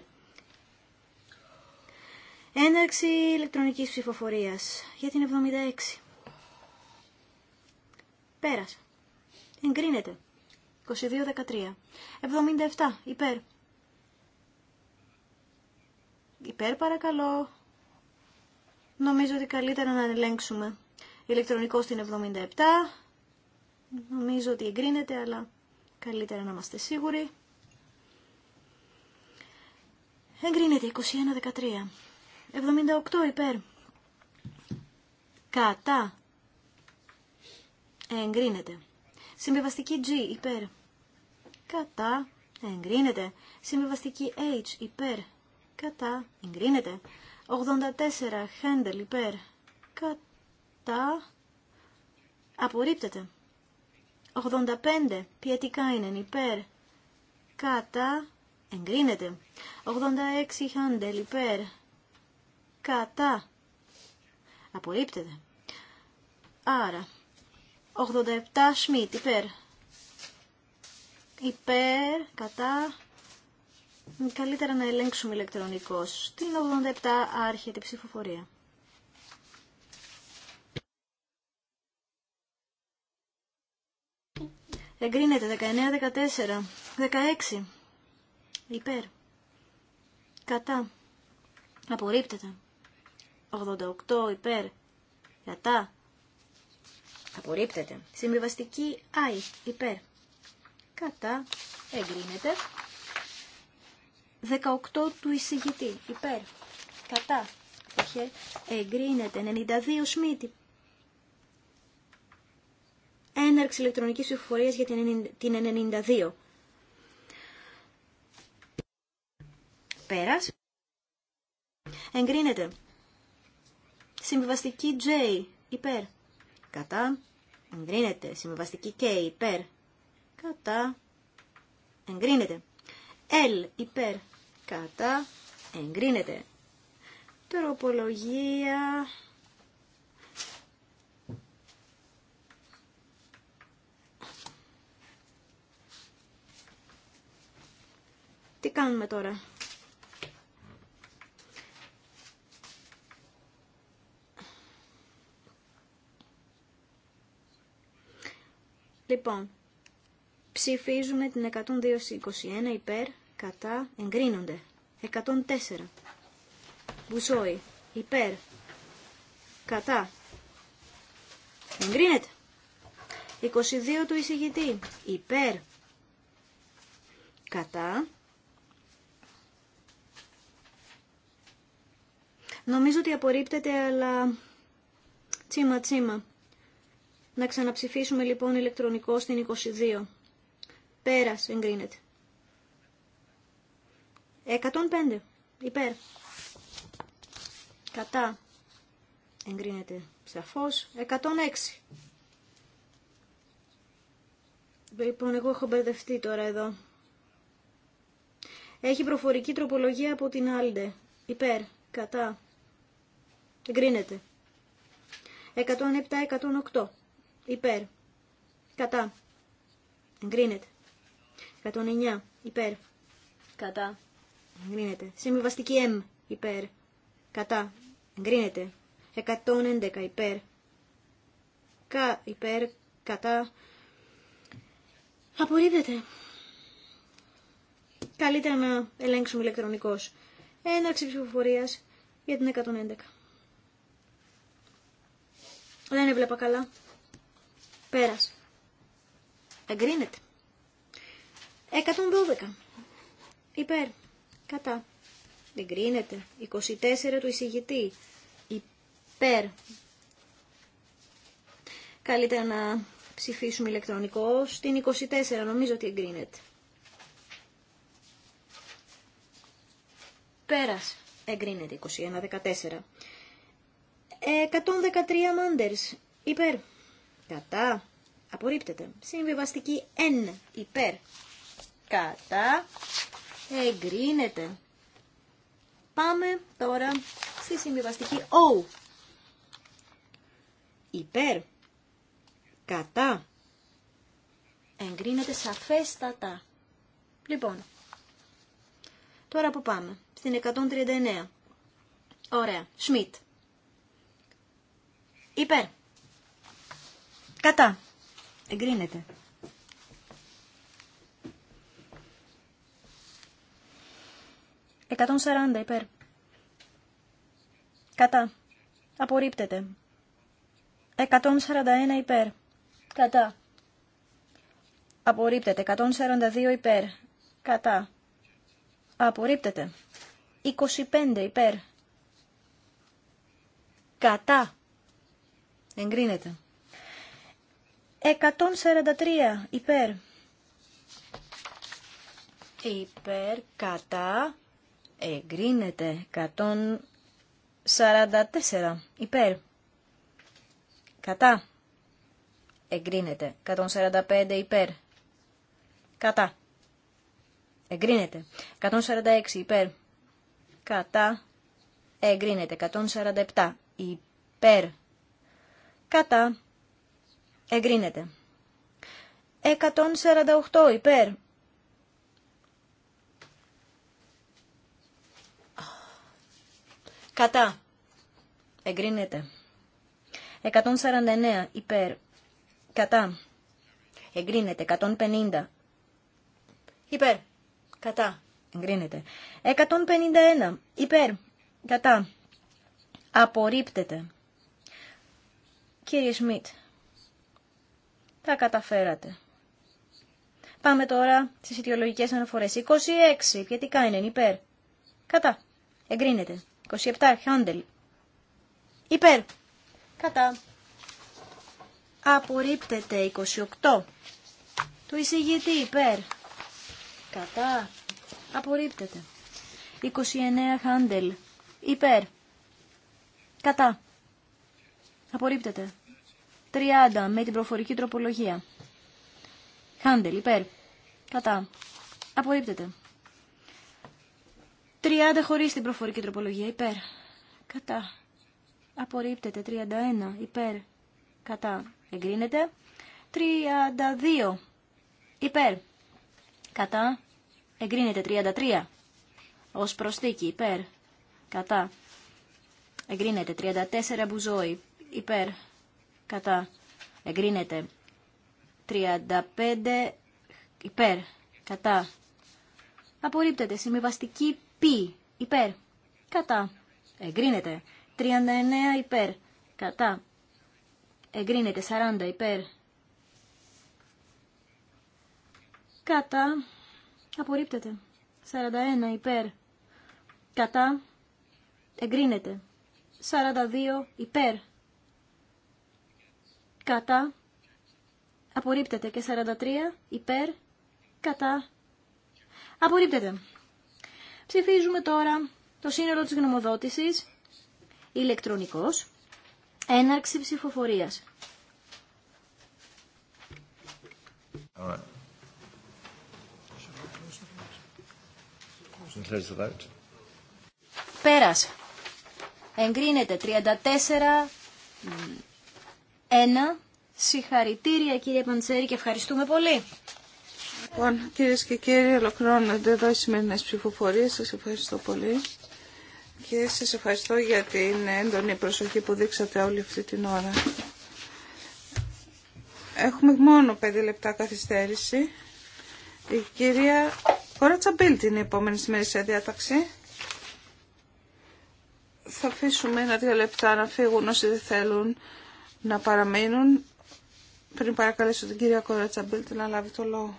S4: Έναρξη ηλεκτρονικής ψηφοφορίας για την 76. περασε εγκρινεται Εγκρίνεται. 22-13. 77. Υπέρ. Υπέρ παρακαλώ. Νομίζω ότι καλύτερα να ελέγξουμε. Ηλεκτρονικό στην 77. Νομίζω ότι εγκρίνεται, αλλά καλύτερα να είμαστε σίγουροι. Εγκρίνεται 21-13. 78 υπέρ. Κατά. Εγκρίνεται. Συμβιβαστική G υπέρ. Κατά. Εγκρίνεται. Συμβιβαστική H υπέρ. Κατά. Εγκρίνεται. 84 Χέντελ υπέρ. Κατά. Απορρίπτεται. 85 Πιετικά είναι υπέρ. Κατά. Εγκρίνεται. 86 Χάντελ υπέρ Κατά. Απολύπτεται. Άρα, 87 Σμιτ υπέρ. Υπέρ, κατά. Καλύτερα να ελέγξουμε ηλεκτρονικώς. Την 87 άρχεται η ψηφοφορία. Εγκρίνεται 19, 14, 16. Υπέρ. Κατά. Απορρίπτεται. 88 υπέρ κατά απορρίπτεται. Συμβιβαστική I υπέρ κατά εγκρίνεται. 18 του εισηγητή υπέρ κατά εγκρίνεται. 92 σμίτη έναρξη ηλεκτρονικής ψηφοφορίας για την 92. Πέρας. Εγκρίνεται. Συμβιβαστική J υπέρ. Κατά. Εγκρίνεται. Συμβιβαστική K υπέρ. Κατά. Εγκρίνεται. L υπέρ. Κατά. Εγκρίνεται. Τροπολογία. Τι κάνουμε τώρα. Λοιπόν, ψηφίζουμε την 102 υπέρ, κατά, εγκρίνονται. 104. Μπουσόι, υπέρ, κατά, εγκρίνεται. 22 του εισηγητή, υπέρ, κατά. Νομίζω ότι απορρίπτεται, αλλά τσίμα τσίμα. Να ξαναψηφίσουμε λοιπόν ηλεκτρονικό στην 22. Πέρας εγκρίνεται. 105. Υπέρ. Κατά. Εγκρίνεται σαφώς. 106. Λοιπόν, εγώ έχω μπερδευτεί τώρα εδώ. Έχει προφορική τροπολογία από την Άλντε. Υπέρ. Κατά. Εγκρίνεται. 107-108 υπέρ, κατά, εγκρίνεται. 109 υπέρ, κατά, εγκρίνεται. Συμβιβαστική M υπέρ, κατά, εγκρίνεται. 111 υπέρ, κα, υπέρ, κατά, απορρίπτεται. Καλύτερα να ελέγξουμε ηλεκτρονικώς. Έναρξη ψηφοφορία για την 111. Δεν έβλεπα καλά. Πέρας. Εγκρίνεται. 112. Υπέρ. Κατά. Εγκρίνεται. 24 του εισηγητή. Υπέρ. Καλύτερα να ψηφίσουμε ηλεκτρονικό. Στην 24 νομίζω ότι εγκρίνεται. Πέρας. Εγκρίνεται 21-14. 113 μάντερς. Υπέρ. Κατά. Απορρίπτεται. Συμβιβαστική N. Υπέρ. Κατά. Εγκρίνεται. Πάμε τώρα στη συμβιβαστική O. Υπέρ. Κατά. Εγκρίνεται σαφέστατα. Λοιπόν. Τώρα που πάμε. Στην 139. Ωραία. Σμιτ. Υπέρ. Κατά. Εγκρίνεται. 140 υπέρ. Κατά. Απορρίπτεται. 141 υπέρ. Κατά. Απορρίπτεται. 142 υπέρ. Κατά. Απορρίπτεται. 25 υπέρ. Κατά. Εγκρίνεται. 143 υπέρ. Υπέρ κατά εγκρίνεται 144 υπέρ. Κατά εγκρίνεται 145 υπέρ. Κατά εγκρίνεται 146 υπέρ. Κατά εγκρίνεται 147 υπέρ. Κατά Εγκρίνεται. 148 υπέρ. Κατά. Εγκρίνεται. 149 υπέρ. Κατά. Εγκρίνεται. 150 υπέρ. Κατά. Εγκρίνεται. 151 υπέρ. Κατά. Απορρίπτεται. Κύριε Σμιτ, τα καταφέρατε. Πάμε τώρα στις αιτιολογικές αναφορές. 26, Γιατί κάνει υπέρ. Κατά. Εγκρίνεται. 27, Χάντελ. Υπέρ. Κατά. Απορρίπτεται. 28. Του εισηγητή υπέρ. Κατά. Απορρίπτεται. 29 Χάντελ. Υπέρ. Κατά. Απορρίπτεται. 30 με την προφορική τροπολογία. Χάντελ, υπέρ. Κατά. Απορρίπτεται. 30 χωρίς την προφορική τροπολογία, υπέρ. Κατά. Απορρίπτεται. 31, υπέρ. Κατά. Εγκρίνεται. 32, υπέρ. Κατά. Εγκρίνεται. 33, ως προστίκη, υπέρ. Κατά. Εγκρίνεται. 34, μπουζόι, υπέρ κατά εγκρίνεται 35 υπέρ κατά απορρίπτεται συμβιβαστική π υπέρ κατά εγκρίνεται 39 υπέρ κατά εγκρίνεται 40 υπέρ κατά απορρίπτεται 41 υπέρ κατά εγκρίνεται 42 υπέρ κατά, απορρίπτεται και 43 υπέρ, κατά, απορρίπτεται. Ψηφίζουμε τώρα το σύνολο της γνωμοδότησης ηλεκτρονικός, έναρξη ψηφοφορίας. Πέρας. right. Εγκρίνεται 34 ένα. Συγχαρητήρια κύριε Παντσέρη και ευχαριστούμε πολύ. Λοιπόν, κυρίε και κύριοι,
S3: ολοκληρώνονται εδώ οι σημερινέ ψηφοφορίε. Σα ευχαριστώ πολύ
S4: και σα ευχαριστώ
S3: για την έντονη προσοχή που δείξατε όλη αυτή την ώρα. Έχουμε μόνο πέντε λεπτά καθυστέρηση. Η κυρία Κόρατσα Μπίλτ την επόμενη σημερινή σε διάταξη. Θα αφήσουμε ένα-δύο λεπτά να φύγουν όσοι δεν θέλουν να παραμείνουν πριν παρακαλέσω την κυρία Κορατσαμπίλτη να λάβει το λόγο.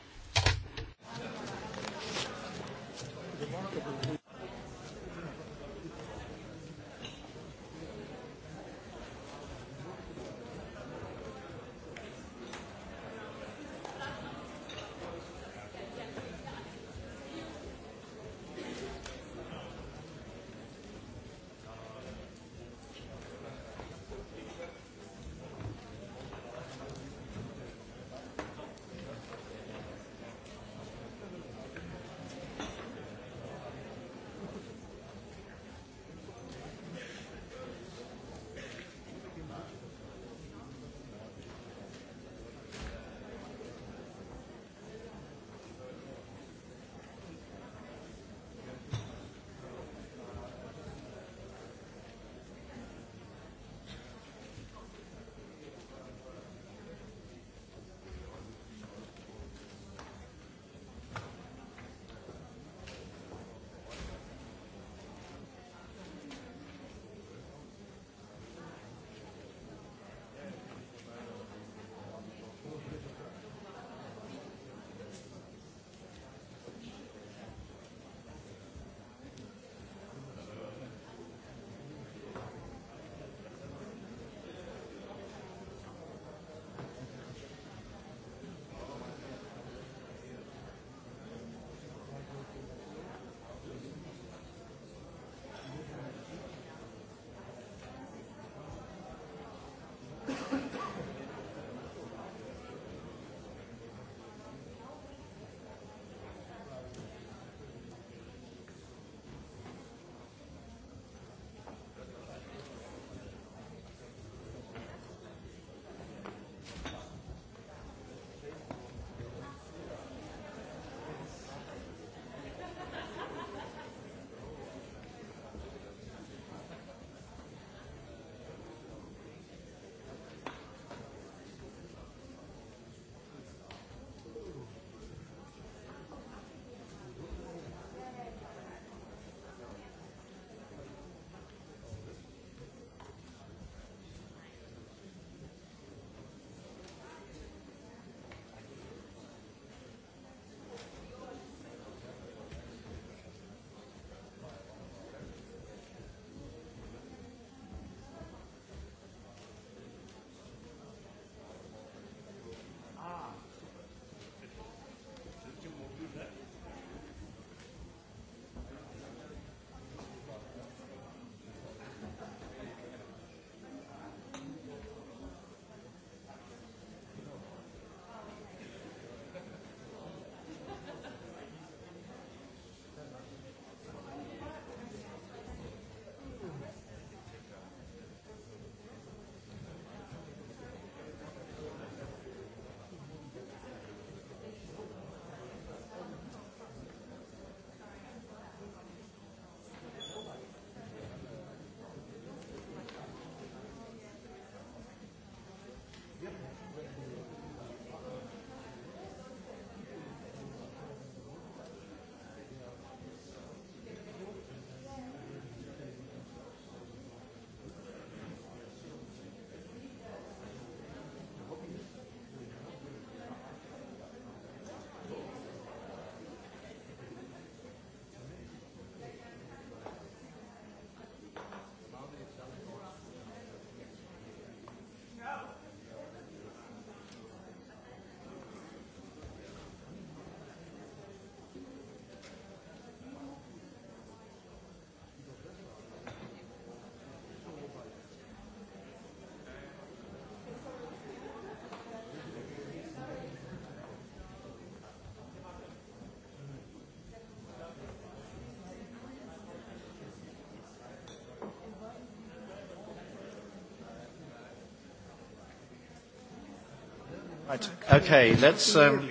S7: Right. Okay, let's. Um,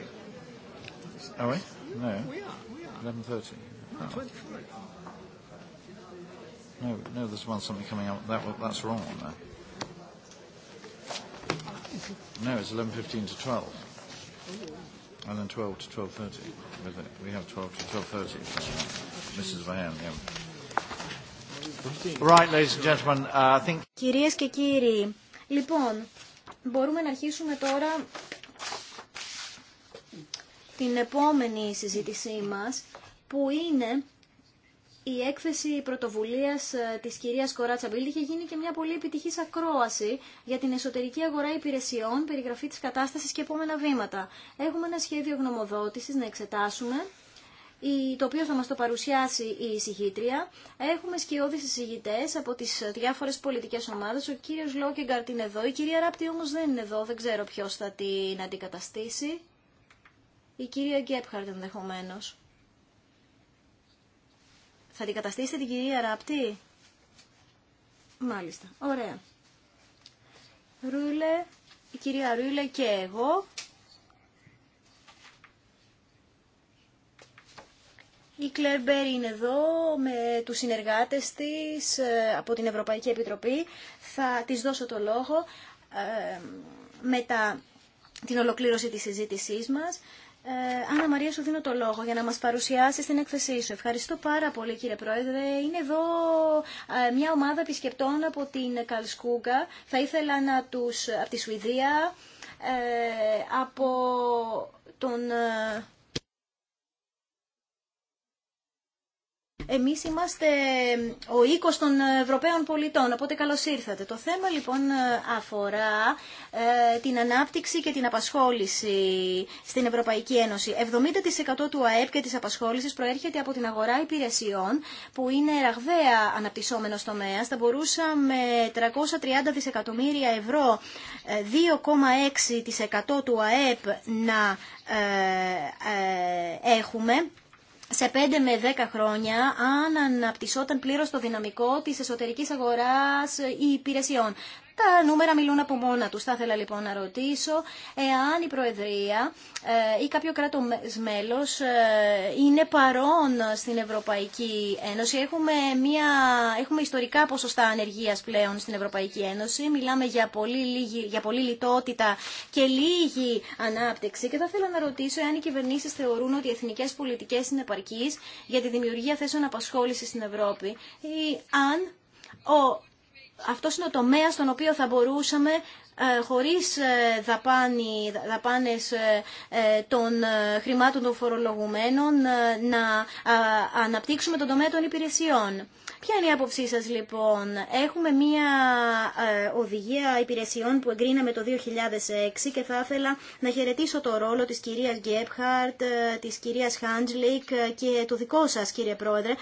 S1: are we? No. We are. We are. 11.30. No, No, no, there's one something coming up. That, that's wrong on there. No, it's 11.15 to 12. And then 12 to 12.30. With We have 12 to 12.30. Mrs. Vahan, yeah. Right, ladies and gentlemen, uh, I think...
S4: Κυρίες και κύριοι, λοιπόν, μπορούμε να αρχίσουμε τώρα την επόμενη συζήτησή μας, που είναι η έκθεση πρωτοβουλίας ε, της κυρίας Κοράτσα Μπίλτ. Είχε γίνει και μια πολύ επιτυχής ακρόαση για την εσωτερική αγορά υπηρεσιών, περιγραφή της κατάστασης και επόμενα βήματα. Έχουμε ένα σχέδιο γνωμοδότησης να εξετάσουμε το οποίο θα μας το παρουσιάσει η εισηγήτρια. Έχουμε σκιώδεις εισηγητές από τις διάφορες πολιτικές ομάδες. Ο κύριος Λόκεγκαρτ είναι εδώ, η κυρία Ράπτη όμως δεν είναι εδώ, δεν ξέρω ποιος θα την αντικαταστήσει η κυρία Γκέπχαρτ ενδεχομένω. Θα την καταστήσετε την κυρία Ράπτη. Μάλιστα. Ωραία. Ρούλε, η κυρία Ρούλε και εγώ. Η Κλέρ είναι εδώ με τους συνεργάτες της ε, από την Ευρωπαϊκή Επιτροπή. Θα της δώσω το λόγο ε, μετά την ολοκλήρωση της συζήτησής μας. Ε, Άννα Μαρία, σου δίνω το λόγο για να μας παρουσιάσεις την έκθεσή σου. Ευχαριστώ πάρα πολύ κύριε Πρόεδρε. Είναι εδώ ε, μια ομάδα επισκεπτών από την Καλσκούγκα. Θα ήθελα να τους, από τη Σουηδία, ε, από τον... Ε, Εμείς είμαστε ε, ο οίκος των Ευρωπαίων πολιτών, οπότε καλώς ήρθατε. Το θέμα λοιπόν ε, αφορά ε, την ανάπτυξη και την απασχόληση στην Ευρωπαϊκή Ένωση. 70% του ΑΕΠ και της απασχόλησης προέρχεται από την αγορά υπηρεσιών, που είναι ραγδαία αναπτυσσόμενος τομέας. Θα μπορούσαμε 330 δισεκατομμύρια ευρώ, 2,6% του ΑΕΠ να έχουμε σε 5 με 10 χρόνια αν αναπτυσσόταν πλήρως το δυναμικό της εσωτερικής αγοράς ε, ή υπηρεσιών. Τα νούμερα μιλούν από μόνα τους. Θα ήθελα λοιπόν να ρωτήσω εάν η Προεδρία ε, ή κάποιο κράτο μέλος ε, είναι παρόν στην Ευρωπαϊκή Ένωση. Έχουμε, μια, έχουμε ιστορικά ποσοστά ανεργίας πλέον στην Ευρωπαϊκή Ένωση. Μιλάμε για πολύ, λίγη, για πολύ λιτότητα και λίγη ανάπτυξη. Και θα ήθελα να ρωτήσω εάν οι κυβερνήσεις θεωρούν ότι οι εθνικές πολιτικές είναι επαρκείς για τη δημιουργία θέσεων απασχόλησης στην Ευρώπη ή αν ο αυτός είναι ο τομέας στον οποίο θα μπορούσαμε ε, χωρίς ε, δαπάνη, δαπάνες ε, των χρημάτων των φορολογουμένων να αναπτύξουμε τον τομέα των υπηρεσιών. Ποια είναι η άποψή σας λοιπόν. Έχουμε μία ε, οδηγία υπηρεσιών που εγκρίναμε το 2006 και θα ήθελα να χαιρετήσω το ρόλο της κυρίας Γκέπχαρτ, ε, της κυρίας Χάντζλικ ε, και του δικό σας κύριε Πρόεδρε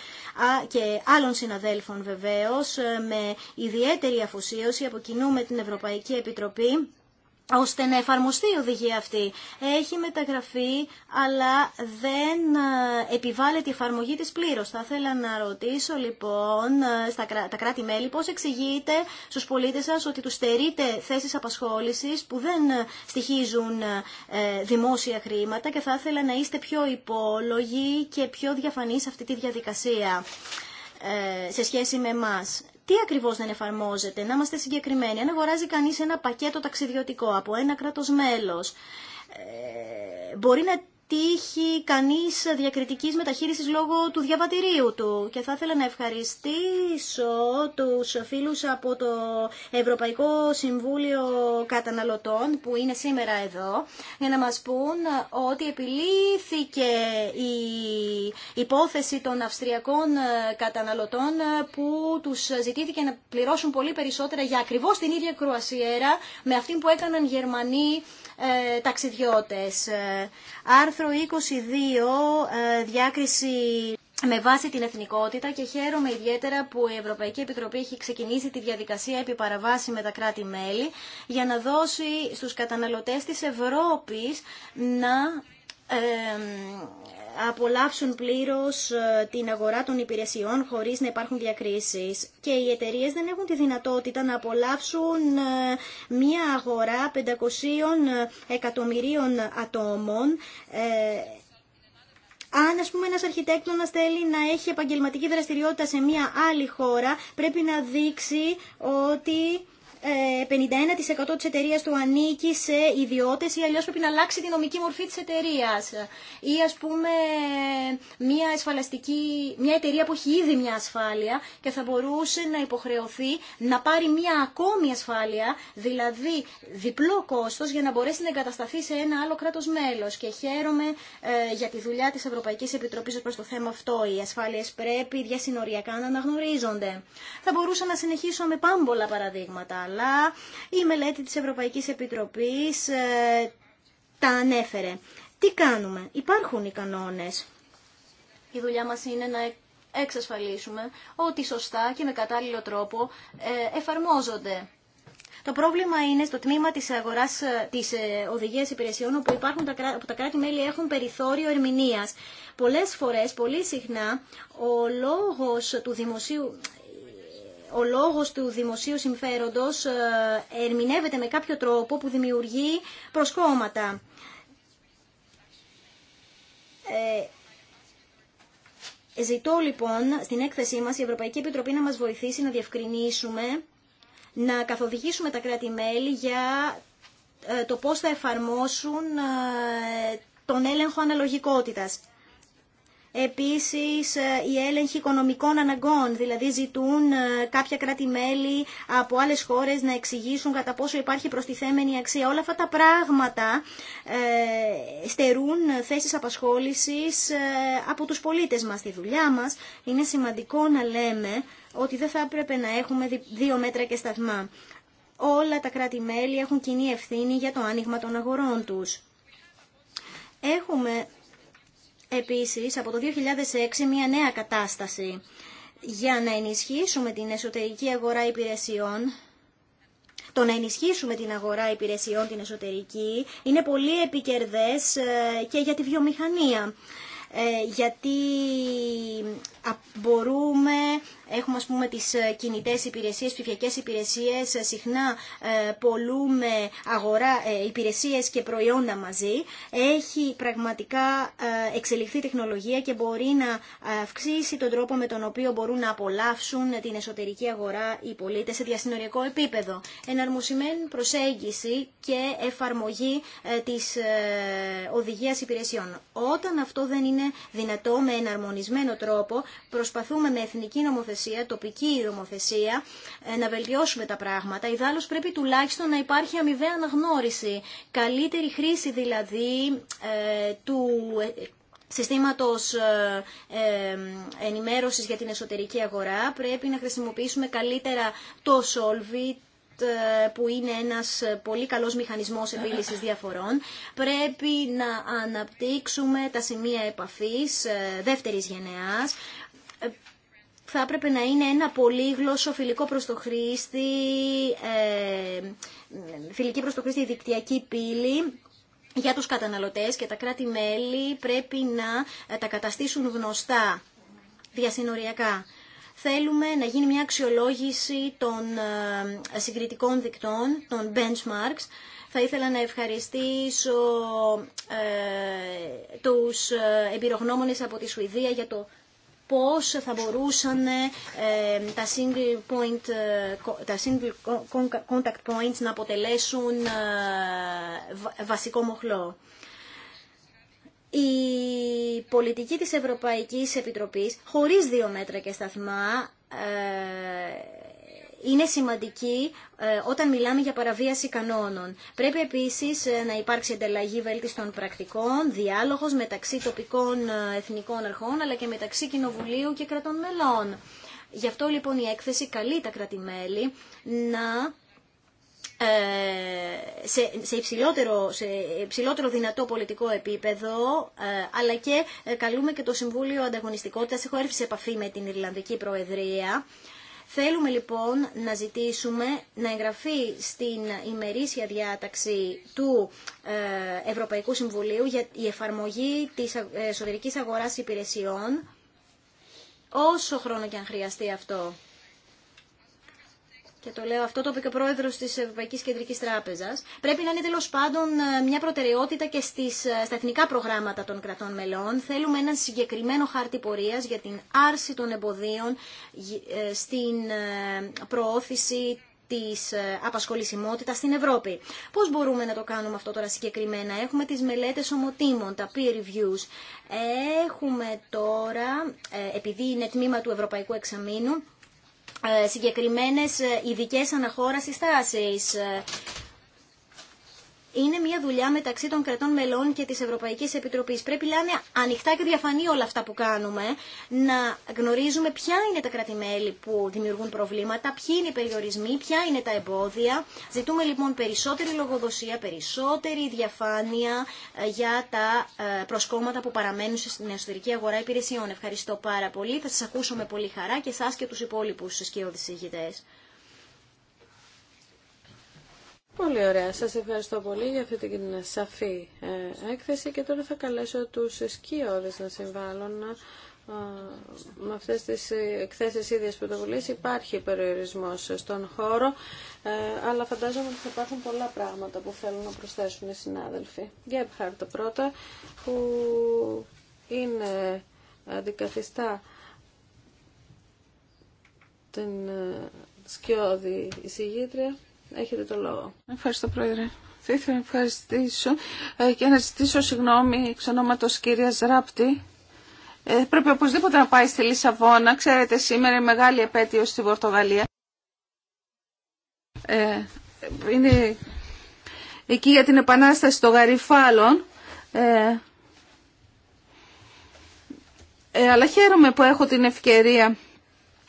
S4: και άλλων συναδέλφων βεβαίως με ιδιαίτερη αφοσίωση από κοινού με την Ευρωπαϊκή Επιτροπή ώστε να εφαρμοστεί η οδηγία αυτή. Έχει μεταγραφεί, αλλά δεν ε, επιβάλλεται η εφαρμογή της πλήρως. Θα ήθελα να ρωτήσω λοιπόν ε, στα, τα κράτη-μέλη πώς εξηγείτε στους πολίτες σας ότι τους στερείτε θέσεις απασχόλησης που δεν ε, στοιχίζουν δημόσια χρήματα και θα ήθελα να είστε πιο υπόλογοι και πιο διαφανείς σε αυτή τη διαδικασία σε σχέση με εμά τι ακριβώς δεν εφαρμόζεται, να είμαστε συγκεκριμένοι. Αν αγοράζει κανείς ένα πακέτο ταξιδιωτικό από ένα κράτος μέλος, ε, μπορεί να τύχει κανείς διακριτικής μεταχείρισης λόγω του διαβατηρίου του. Και θα ήθελα να ευχαριστήσω τους φίλους από το Ευρωπαϊκό Συμβούλιο Καταναλωτών που είναι σήμερα εδώ για να μας πούν ότι επιλύθηκε η υπόθεση των Αυστριακών καταναλωτών που τους ζητήθηκε να πληρώσουν πολύ περισσότερα για ακριβώς την ίδια κρουασιέρα με αυτή που έκαναν Γερμανοί ε, ταξιδιώτες. Ε, άρθρο 22, ε, διάκριση με βάση την εθνικότητα και χαίρομαι ιδιαίτερα που η Ευρωπαϊκή Επιτροπή έχει ξεκινήσει τη διαδικασία επί παραβάση με τα κράτη-μέλη για να δώσει στους καταναλωτές της Ευρώπης να απολαύσουν πλήρως ε, την αγορά των υπηρεσιών χωρίς να υπάρχουν διακρίσεις. Και οι εταιρείες δεν έχουν τη δυνατότητα να απολαύσουν ε, μια αγορά 500 ε, εκατομμυρίων ατόμων αν, ας πούμε, ένας αρχιτέκτονας θέλει να έχει επαγγελματική δραστηριότητα σε μια άλλη χώρα, πρέπει να δείξει ότι 51% ε, της εταιρείας του ανήκει σε ιδιώτες ή αλλιώς πρέπει να αλλάξει τη νομική μορφή της εταιρείας. Ή ας πούμε μια, ασφαλιστική, μια εταιρεία που έχει ήδη μια ασφάλεια και θα μπορούσε να υποχρεωθεί να πάρει μια ακόμη ασφάλεια, δηλαδή διπλό κόστος για να μπορέσει να εγκατασταθεί σε ένα άλλο κράτος μέλος. Και χαίρομαι ε, για τη δουλειά της Ευρωπαϊκής Επιτροπής προς το θέμα αυτό. Οι ασφάλειες πρέπει διασυνοριακά να αναγνωρίζονται. Θα μπορούσα να συνεχίσω με πάμπολα παραδείγματα αλλά η μελέτη της Ευρωπαϊκής Επιτροπής ε, τα ανέφερε. Τι κάνουμε. Υπάρχουν οι κανόνες. Η δουλειά μας είναι να ε, εξασφαλίσουμε ότι σωστά και με κατάλληλο τρόπο ε, εφαρμόζονται. Το πρόβλημα είναι στο τμήμα της αγοράς της οδηγίας υπηρεσιών όπου, υπάρχουν τα, όπου τα κράτη-μέλη έχουν περιθώριο ερμηνείας. Πολλές φορές, πολύ συχνά, ο λόγος του δημοσίου, ο λόγος του δημοσίου συμφέροντος ε, ερμηνεύεται με κάποιο τρόπο που δημιουργεί προσκόμματα. Ε, ζητώ λοιπόν στην έκθεσή μας η Ευρωπαϊκή Επιτροπή να μας βοηθήσει να διευκρινίσουμε, να καθοδηγήσουμε τα κράτη-μέλη για ε, το πώς θα εφαρμόσουν τον έλεγχο αναλογικότητας. Επίσης, η ε, ελεγχη οικονομικων οικονομικών αναγκών, δηλαδή ζητούν ε, κάποια κράτη-μέλη από άλλες χώρες να εξηγήσουν κατά πόσο υπάρχει προστιθέμενη αξία. Όλα αυτά τα πράγματα ε, στερούν θέσεις απασχόλησης από τους πολίτες μας. Στη δουλειά μας είναι σημαντικό να λέμε ότι δεν θα έπρεπε να έχουμε δύο μέτρα και σταθμά. Όλα τα κράτη-μέλη έχουν κοινή ευθύνη για το άνοιγμα των αγορών τους. Έχουμε επίσης από το 2006 μια νέα κατάσταση για να ενισχύσουμε την εσωτερική αγορά υπηρεσιών το να ενισχύσουμε την αγορά υπηρεσιών την εσωτερική είναι πολύ επικερδές ε, και για τη βιομηχανία. Ε, γιατί μπορούμε, έχουμε ας πούμε τις ε, κινητές υπηρεσίες, ψηφιακές υπηρεσίες, ε, συχνά ε, πολλούμε αγορά, υπηρεσίες και προϊόντα μαζί. Έχει πραγματικά εξελιχθεί τεχνολογία και μπορεί να αυξήσει τον τρόπο με τον οποίο μπορούν να απολαύσουν την εσωτερική αγορά οι πολίτες σε διασυνοριακό επίπεδο. Εναρμοσιμένη προσέγγιση και εφαρμογή της οδηγίας υπηρεσιών. Όταν αυτό δεν είναι δυνατό με εναρμονισμένο τρόπο, Προσπαθούμε με εθνική νομοθεσία, τοπική νομοθεσία, ε, να βελτιώσουμε τα πράγματα. Ιδάλλως, πρέπει τουλάχιστον να υπάρχει αμοιβαία αναγνώριση. Καλύτερη χρήση δηλαδή ε, του ε, συστήματος ενημέρωσης για την εσωτερική αγορά. Πρέπει να χρησιμοποιήσουμε καλύτερα το Solvit, που είναι ένας πολύ καλός μηχανισμός επίλυσης διαφορών. Πρέπει να αναπτύξουμε τα σημεία επαφής δεύτερης γενεάς θα έπρεπε να είναι ένα πολύγλωσσο φιλικό προς το χρήστη, ε, φιλική προς το χρήστη δικτυακή πύλη για τους καταναλωτές και τα κράτη-μέλη πρέπει να ε, τα καταστήσουν γνωστά διασυνοριακά. Θέλουμε να γίνει μια αξιολόγηση των ε, συγκριτικών δικτών, των benchmarks. Θα ήθελα να ευχαριστήσω ε, τους εμπειρογνώμονες από τη Σουηδία για το πώς θα μπορούσαν ε, τα single, point, ε, τα single contact points να αποτελέσουν ε, βασικό μοχλό. Η πολιτική της Ευρωπαϊκής Επιτροπής, χωρίς δύο μέτρα και σταθμά, είναι σημαντική ε, όταν μιλάμε για παραβίαση κανόνων. Πρέπει επίσης ε, να υπάρξει ανταλλαγή βέλτιστων πρακτικών, διάλογος μεταξύ τοπικών ε, εθνικών αρχών αλλά και μεταξύ κοινοβουλίου και κρατών μελών. Γι' αυτό λοιπόν η έκθεση καλεί τα κρατημέλη να σε, σε, υψηλότερο, σε υψηλότερο δυνατό πολιτικό επίπεδο, αλλά και καλούμε και το Συμβούλιο Ανταγωνιστικότητας. Έχω έρθει σε επαφή με την Ιρλανδική Προεδρία Θέλουμε λοιπόν να ζητήσουμε να εγγραφεί στην ημερήσια διάταξη του ε, Ευρωπαϊκού Συμβουλίου για η εφαρμογή της εσωτερικής αγοράς υπηρεσιών όσο χρόνο και αν χρειαστεί αυτό και το λέω αυτό το είπε και ο πρόεδρο της Ευρωπαϊκής Κεντρικής Τράπεζας, πρέπει να είναι τέλο πάντων ε, μια προτεραιότητα και στις, ε, στα εθνικά προγράμματα των κρατών μελών. Θέλουμε έναν συγκεκριμένο χάρτη πορείας για την άρση των εμποδίων ε, στην προώθηση της απασχολησιμότητας στην Ευρώπη. Πώς μπορούμε να το κάνουμε αυτό τώρα συγκεκριμένα. Έχουμε τι μελέτε ομοτήμων, τα peer reviews. Έχουμε τώρα, επειδή είναι τμήμα του Ευρωπαϊκού Εξαμήνου, ε, συγκεκριμένες ε, ειδικέ αναχώρασης τάσης. Ε, είναι μια δουλειά μεταξύ των κρατών μελών και της Ευρωπαϊκής Επιτροπής. Πρέπει να είναι ανοιχτά και διαφανή όλα αυτά που κάνουμε, να γνωρίζουμε ποια είναι τα κρατημέλη που δημιουργούν προβλήματα, ποιοι είναι οι περιορισμοί, ποια είναι τα εμπόδια. Ζητούμε λοιπόν περισσότερη λογοδοσία, περισσότερη διαφάνεια ε, για τα ε, προσκόμματα που παραμένουν στην εσωτερική αγορά υπηρεσιών. Ευχαριστώ πάρα πολύ. Θα σας ακούσω με πολύ χαρά και εσά και τους υπόλοιπους σκιώδης ηγητέ.
S2: Πολύ ωραία. Σας ευχαριστώ πολύ για αυτή την σαφή ε, έκθεση και τώρα θα καλέσω τους σκιώδες να συμβάλλουν ε, με αυτές τις εκθέσεις ίδιας πρωτοβουλίας υπάρχει περιορισμός στον χώρο, ε, αλλά φαντάζομαι ότι θα υπάρχουν πολλά πράγματα που θέλουν να προσθέσουν οι συνάδελφοι. Γκέμπχαρτ πρώτα, που είναι αντικαθιστά την σκιώδη
S3: εισηγήτρια. Έχετε το λόγο. Ευχαριστώ, Πρόεδρε. Θα ήθελα να ευχαριστήσω ε, και να ζητήσω συγγνώμη εξ ονόματο κυρίας Ράπτη. Ε, πρέπει οπωσδήποτε να πάει στη Λισαβόνα. Ξέρετε, σήμερα η μεγάλη επέτειο στη Βορτογαλία. Ε, είναι εκεί για την επανάσταση των Γαριφάλων. Ε, ε αλλά χαίρομαι που έχω την ευκαιρία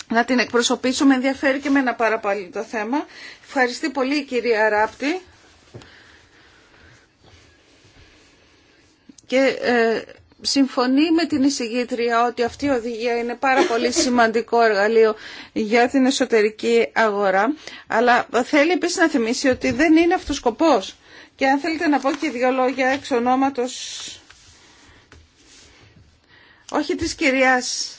S3: να την εκπροσωπήσω. Με ενδιαφέρει και εμένα πάρα πολύ το θέμα. Ευχαριστώ πολύ η κυρία Ράπτη. Και ε, συμφωνεί με την εισηγήτρια ότι αυτή η οδηγία είναι πάρα πολύ σημαντικό εργαλείο για την εσωτερική αγορά. Αλλά θέλει επίσης να θυμίσει ότι δεν είναι αυτός σκοπός. Και αν θέλετε να πω και δύο λόγια εξ ονόματος, όχι της κυρίας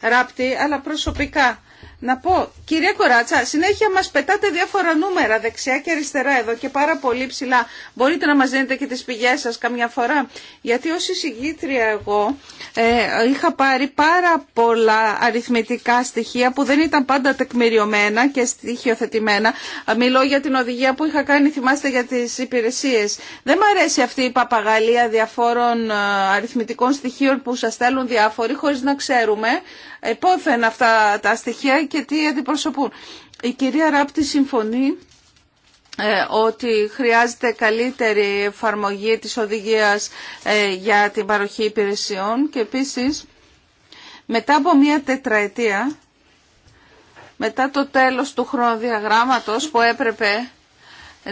S3: ράπτη, αλλά προσωπικά να πω, κυρία Κοράτσα, συνέχεια μας πετάτε διάφορα νούμερα δεξιά και αριστερά εδώ και πάρα πολύ ψηλά. Μπορείτε να μας δίνετε και τις πηγές σας καμιά φορά. Γιατί ως εισηγήτρια εγώ ε, είχα πάρει πάρα πολλά αριθμητικά στοιχεία που δεν ήταν πάντα τεκμηριωμένα και στοιχειοθετημένα. Μιλώ για την οδηγία που είχα κάνει, θυμάστε, για τις υπηρεσίες. Δεν μου αρέσει αυτή η παπαγαλία διαφόρων ε, αριθμητικών στοιχείων που σας στέλνουν διάφοροι χωρίς να ξέρουμε πόθεν αυτά τα στοιχεία και τι αντιπροσωπούν. Η κυρία Ράπτη συμφωνεί ε, ότι χρειάζεται καλύτερη εφαρμογή της οδηγίας ε, για την παροχή υπηρεσιών και επίσης μετά από μία τετραετία, μετά το τέλος του χρονοδιαγράμματος που έπρεπε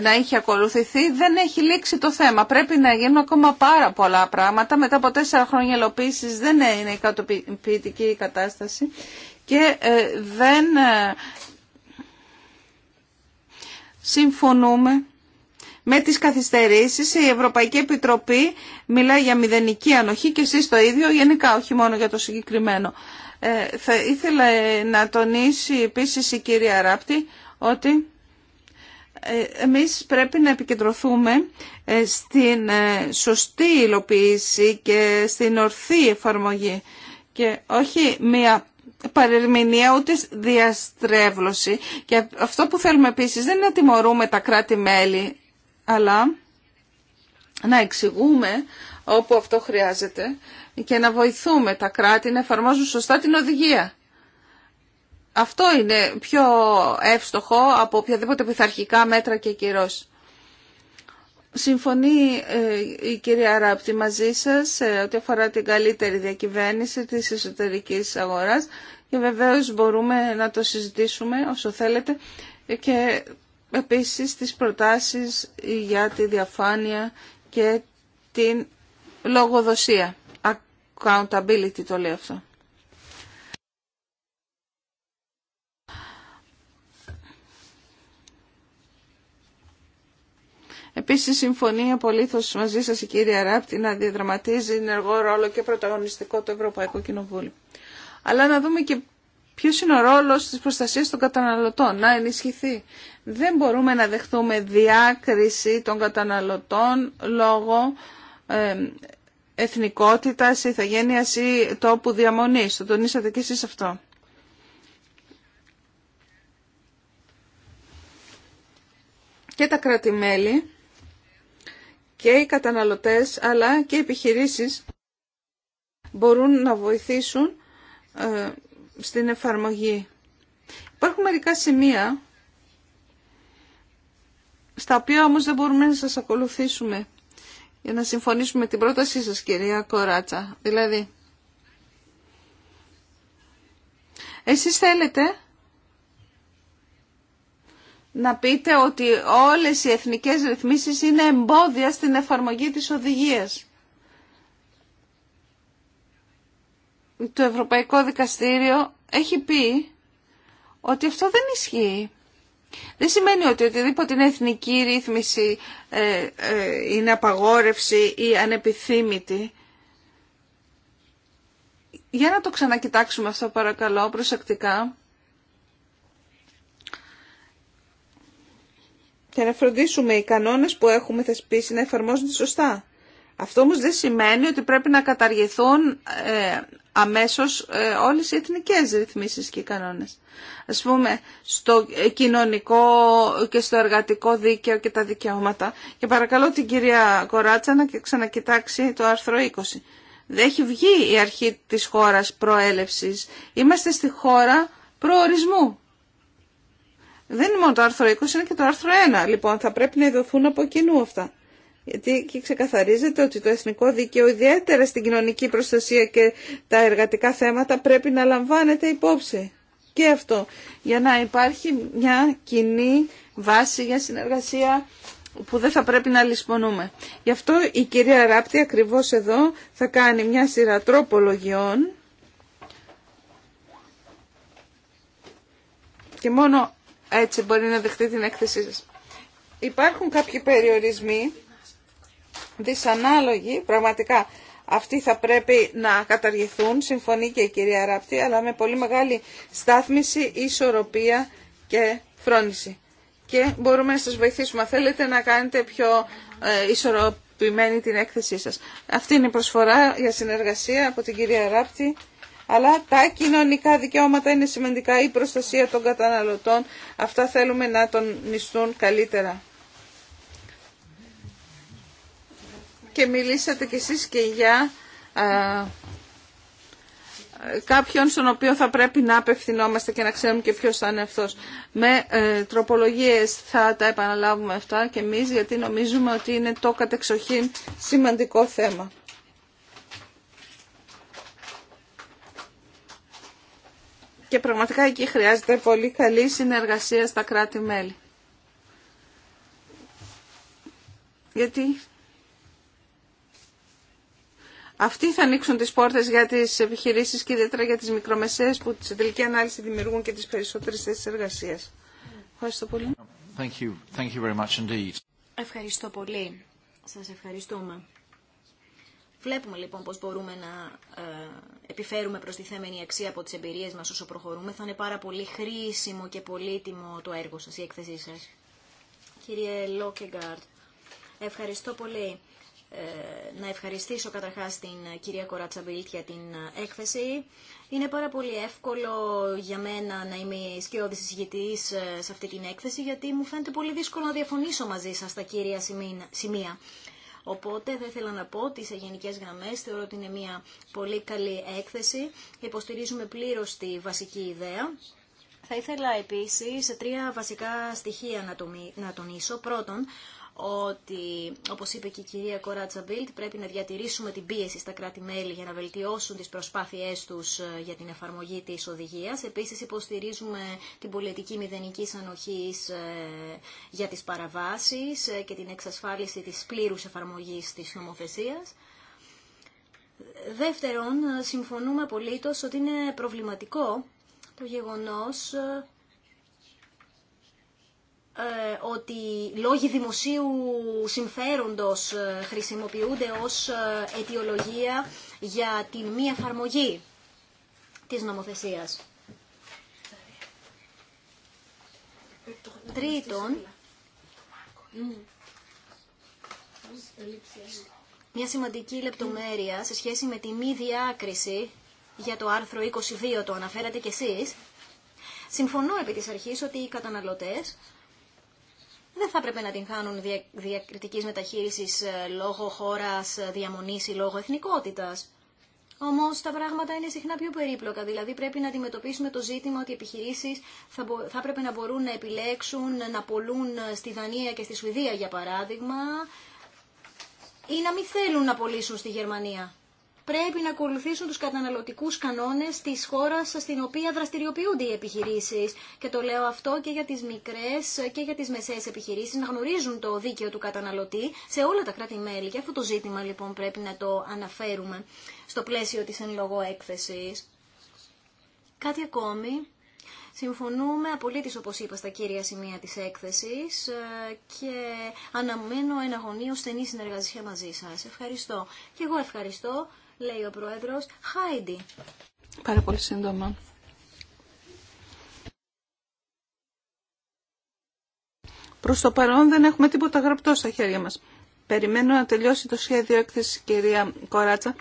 S3: να έχει ακολουθηθεί, δεν έχει λήξει το θέμα. Πρέπει να γίνουν ακόμα πάρα πολλά πράγματα. Μετά από τέσσερα χρόνια ελοπίσης δεν είναι ικατοποιητική η κατάσταση και ε, δεν ε, συμφωνούμε με τις καθυστερήσεις. Η Ευρωπαϊκή Επιτροπή μιλάει για μηδενική ανοχή και εσείς το ίδιο γενικά, όχι μόνο για το συγκεκριμένο. Ε, θα ήθελα να τονίσει επίσης η κυρία Ράπτη ότι ε, εμείς πρέπει να επικεντρωθούμε ε, στην ε, σωστή υλοποίηση και στην ορθή εφαρμογή και όχι μία παρερμηνία ούτε διαστρέβλωση. Και αυτό που θέλουμε επίσης δεν είναι να τιμωρούμε τα κράτη-μέλη, αλλά να εξηγούμε όπου αυτό χρειάζεται και να βοηθούμε τα κράτη να εφαρμόζουν σωστά την οδηγία. Αυτό είναι πιο εύστοχο από οποιαδήποτε πειθαρχικά μέτρα και κυρώσει. Συμφωνεί ε, η κυρία Ράπτη μαζί σας ε, ότι αφορά την καλύτερη διακυβέρνηση της εσωτερικής αγοράς και βεβαίως μπορούμε να το συζητήσουμε όσο θέλετε και επίσης τις προτάσεις για τη διαφάνεια και την λογοδοσία. Accountability το λέει αυτό. Επίσης, συμφωνεί απολύθως μαζί σας η κυρία Ράπτη να διαδραματίζει ενεργό ρόλο και πρωταγωνιστικό το Ευρωπαϊκό Κοινοβούλιο. Αλλά να δούμε και ποιο είναι ο ρόλος της προστασίας των καταναλωτών, να ενισχυθεί. Δεν μπορούμε να δεχτούμε διάκριση των καταναλωτών λόγω εθνικότητας, ηθαγένειας ή τόπου διαμονής. Το τονίσατε και εσείς αυτό. Και τα κράτη-μέλη και οι καταναλωτές αλλά και οι επιχειρήσεις μπορούν να βοηθήσουν ε, στην εφαρμογή. Υπάρχουν μερικά σημεία στα οποία όμως δεν μπορούμε να σας ακολουθήσουμε για να συμφωνήσουμε με την πρότασή σας κυρία Κοράτσα. Δηλαδή, εσείς θέλετε να πείτε ότι όλες οι εθνικές ρυθμίσεις είναι εμπόδια στην εφαρμογή της οδηγίας. Το Ευρωπαϊκό Δικαστήριο έχει πει ότι αυτό δεν ισχύει. Δεν σημαίνει ότι οτιδήποτε είναι εθνική ρύθμιση ε, ε, είναι απαγόρευση ή ανεπιθύμητη. Για να το ξανακοιτάξουμε αυτό παρακαλώ προσεκτικά. και να φροντίσουμε οι κανόνες που έχουμε θεσπίσει να εφαρμόζονται σωστά. Αυτό όμως δεν σημαίνει ότι πρέπει να καταργηθούν ε, αμέσως ε, όλες οι εθνικές ρυθμίσεις και οι κανόνες. Ας πούμε, στο κοινωνικό και στο εργατικό δίκαιο και τα δικαιώματα. Και παρακαλώ την κυρία Κοράτσα να ξανακοιτάξει το άρθρο 20. Δεν έχει βγει η αρχή της χώρας προέλευσης. Είμαστε στη χώρα προορισμού. Δεν είναι μόνο το άρθρο 20, είναι και το άρθρο 1. Λοιπόν, θα πρέπει να ειδωθούν από κοινού αυτά. Γιατί εκεί ξεκαθαρίζεται ότι το εθνικό δίκαιο, ιδιαίτερα στην κοινωνική προστασία και τα εργατικά θέματα, πρέπει να λαμβάνεται υπόψη. Και αυτό. Για να υπάρχει μια κοινή βάση για συνεργασία που δεν θα πρέπει να λησπονούμε. Γι' αυτό η κυρία Ράπτη ακριβώς εδώ θα κάνει μια σειρά τροπολογιών και μόνο έτσι μπορεί να δεχτεί την έκθεσή σας. Υπάρχουν κάποιοι περιορισμοί δυσανάλογοι, πραγματικά αυτοί θα πρέπει να καταργηθούν, συμφωνεί και η κυρία Ράπτη, αλλά με πολύ μεγάλη στάθμιση, ισορροπία και φρόνηση. Και μπορούμε να σας βοηθήσουμε, θέλετε, να κάνετε πιο ε, ισορροπημένη την έκθεσή σας. Αυτή είναι η προσφορά για συνεργασία από την κυρία Ράπτη αλλά τα κοινωνικά δικαιώματα είναι σημαντικά, η προστασία των καταναλωτών, αυτά θέλουμε να τον νηστούν καλύτερα. Και μιλήσατε κι εσείς και για α, κάποιον στον οποίο θα πρέπει να απευθυνόμαστε και να ξέρουμε και ποιος θα είναι αυτός. Με ε, τροπολογίες θα τα επαναλάβουμε αυτά και εμείς γιατί νομίζουμε ότι είναι το κατεξοχήν σημαντικό θέμα. και πραγματικά εκεί χρειάζεται πολύ καλή συνεργασία στα κράτη-μέλη. Γιατί αυτοί θα ανοίξουν τις πόρτες για τις επιχειρήσεις και ιδιαίτερα για τις μικρομεσαίες που σε τελική ανάλυση δημιουργούν και τις περισσότερες θέσεις εργασίας.
S4: Ευχαριστώ πολύ. Ευχαριστώ πολύ. Σας ευχαριστούμε. Βλέπουμε λοιπόν πώς μπορούμε να ε, επιφέρουμε τη θέμενη αξία από τις εμπειρίες μας όσο προχωρούμε. Θα είναι πάρα πολύ χρήσιμο και πολύτιμο το έργο σας, η έκθεσή σας. Κύριε Λόκεγκάρτ, ευχαριστώ πολύ. Ε, να ευχαριστήσω καταρχάς την κυρία Κορατσαμπίλτ για την έκθεση. Είναι πάρα πολύ εύκολο για μένα να είμαι σκιώδης εισηγητής ε, σε αυτή την έκθεση, γιατί μου φαίνεται πολύ δύσκολο να διαφωνήσω μαζί σας τα κύρια σημεία. Οπότε θα ήθελα να πω ότι σε γενικές γραμμές θεωρώ ότι είναι μια πολύ καλή έκθεση. Υποστηρίζουμε πλήρως τη βασική ιδέα. Θα ήθελα επίσης σε τρία βασικά στοιχεία να τονίσω. Πρώτον, ότι, όπως είπε και η κυρία Κοράτσα Μπίλτ, πρέπει να διατηρήσουμε την πίεση στα κράτη-μέλη για να βελτιώσουν τις προσπάθειές τους ε, για την εφαρμογή της οδηγία. Επίσης, υποστηρίζουμε την πολιτική μηδενικής ανοχής ε, για τις παραβάσεις ε, και την εξασφάλιση της πλήρους εφαρμογής της νομοθεσία. Δεύτερον, συμφωνούμε απολύτω ότι είναι προβληματικό το γεγονός ε, ότι λόγοι δημοσίου συμφέροντος ε, χρησιμοποιούνται ως ε, αιτιολογία για τη μη εφαρμογή της νομοθεσίας.
S5: Τρίτον,
S4: μια σημαντική λεπτομέρεια σε σχέση με τη μη διάκριση για το άρθρο 22, το αναφέρατε κι εσείς. Συμφωνώ επί της αρχής ότι οι καταναλωτές δεν θα έπρεπε να την χάνουν διακριτικής μεταχείρισης ε, λόγω χώρας ε, διαμονής ή λόγω εθνικότητας. Όμως τα πράγματα είναι συχνά πιο περίπλοκα. Δηλαδή πρέπει να αντιμετωπίσουμε το ζήτημα ότι οι επιχειρήσεις θα, μπο... θα πρέπει να μπορούν να επιλέξουν να πολλούν ε, στη Δανία και στη Σουηδία, για παράδειγμα, ή να μην θέλουν να πωλήσουν στη Γερμανία πρέπει να ακολουθήσουν τους καταναλωτικούς κανόνες της χώρας στην οποία δραστηριοποιούνται οι επιχειρήσεις. Και το λέω αυτό και για τις μικρές και για τις μεσαίες επιχειρήσεις να γνωρίζουν το δίκαιο του καταναλωτή σε όλα τα κράτη-μέλη. Και αυτό το ζήτημα λοιπόν πρέπει να το αναφέρουμε στο πλαίσιο της εν λόγω έκθεσης. Κάτι ακόμη. Συμφωνούμε απολύτως όπως είπα στα κύρια σημεία της έκθεσης ε, και αναμένω ένα γωνίο στενή συνεργασία μαζί σας. Ευχαριστώ. Και εγώ ευχαριστώ λέει ο Πρόεδρος. Χάιντι.
S3: Πάρα πολύ σύντομα. Προς το παρόν δεν έχουμε τίποτα γραπτό στα χέρια μας. Περιμένω να τελειώσει το σχέδιο έκθεση κυρία Κοράτσα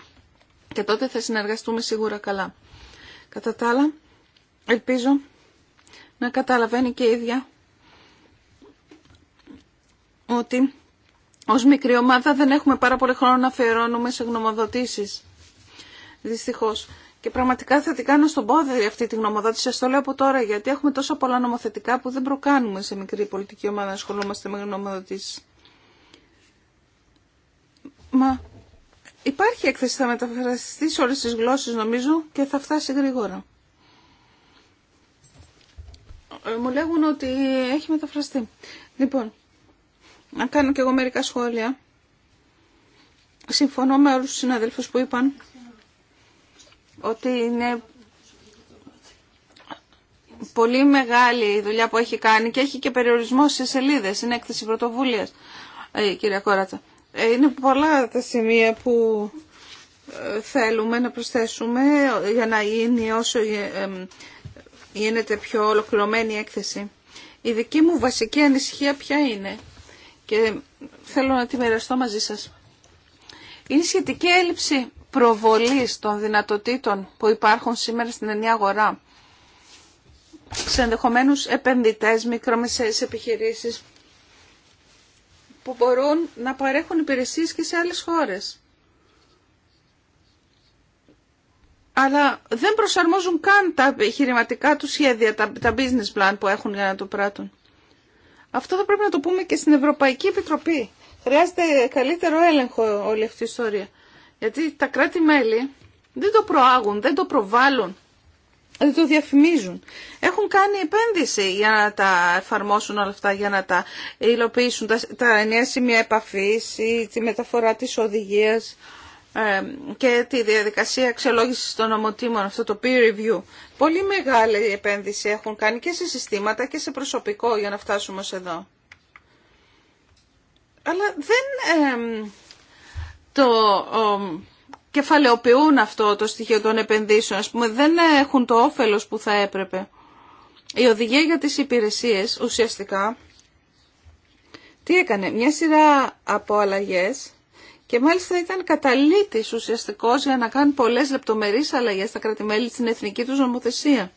S3: και τότε θα συνεργαστούμε σίγουρα καλά. Κατά τα άλλα, ελπίζω να καταλαβαίνει και η ίδια ότι ως μικρή ομάδα δεν έχουμε πάρα πολύ χρόνο να αφιερώνουμε σε γνωμοδοτήσεις. Δυστυχώς. Και πραγματικά θα την κάνω στον πόδι αυτή τη γνωμοδότηση. Σας το λέω από τώρα γιατί έχουμε τόσα πολλά νομοθετικά που δεν προκάνουμε σε μικρή πολιτική ομάδα να ασχολούμαστε με γνωμοδοτήσεις. Μα υπάρχει έκθεση, θα μεταφραστεί σε όλες τις γλώσσες νομίζω και θα φτάσει γρήγορα. Ε, μου λέγουν ότι έχει μεταφραστεί. Λοιπόν, να κάνω και εγώ μερικά σχόλια. Συμφωνώ με όλους τους συναδέλφους που είπαν ότι είναι πολύ μεγάλη η δουλειά που έχει κάνει και έχει και περιορισμό σε σελίδες. Είναι έκθεση πρωτοβουλίας, ε, κυρία Κόρατσα. Ε, είναι πολλά τα σημεία που ε, θέλουμε να προσθέσουμε για να γίνει όσο ε, γίνεται πιο ολοκληρωμένη η έκθεση. Η δική μου βασική ανησυχία ποια είναι και θέλω να τη μοιραστώ μαζί σας. Είναι σχετική έλλειψη προβολής των δυνατοτήτων που υπάρχουν σήμερα στην ενιαία αγορά σε ενδεχομένους επενδυτές, μικρομεσαίες επιχειρήσεις που μπορούν να παρέχουν υπηρεσίες και σε άλλες χώρες. Αλλά δεν προσαρμόζουν καν τα επιχειρηματικά του σχέδια, τα business plan που έχουν για να το πράττουν. Αυτό θα πρέπει να το πούμε και στην Ευρωπαϊκή Επιτροπή. Χρειάζεται καλύτερο έλεγχο όλη αυτή η ιστορία. Γιατί τα κράτη-μέλη δεν το προάγουν, δεν το προβάλλουν, δεν το διαφημίζουν. Έχουν κάνει επένδυση για να τα εφαρμόσουν όλα αυτά, για να τα υλοποιήσουν τα, τα ενιαία σημεία επαφής ή τη μεταφορά της οδηγίας και τη διαδικασία αξιολόγησης των νομοτήμων, αυτό το peer review. Πολύ μεγάλη επένδυση έχουν κάνει και σε συστήματα και σε προσωπικό για να φτάσουμε ως εδώ. Αλλά δεν το ε, κεφαλαιοποιούν αυτό το στοιχείο των επενδύσεων. Ας πούμε, δεν έχουν το όφελος που θα έπρεπε. Η οδηγία για τις υπηρεσίες ουσιαστικά τι έκανε. Μια σειρά από αλλαγές και μάλιστα ήταν καταλήτη ουσιαστικό για να κάνουν πολλέ λεπτομερεί αλλαγέ στα κρατημέλη στην εθνική του νομοθεσία.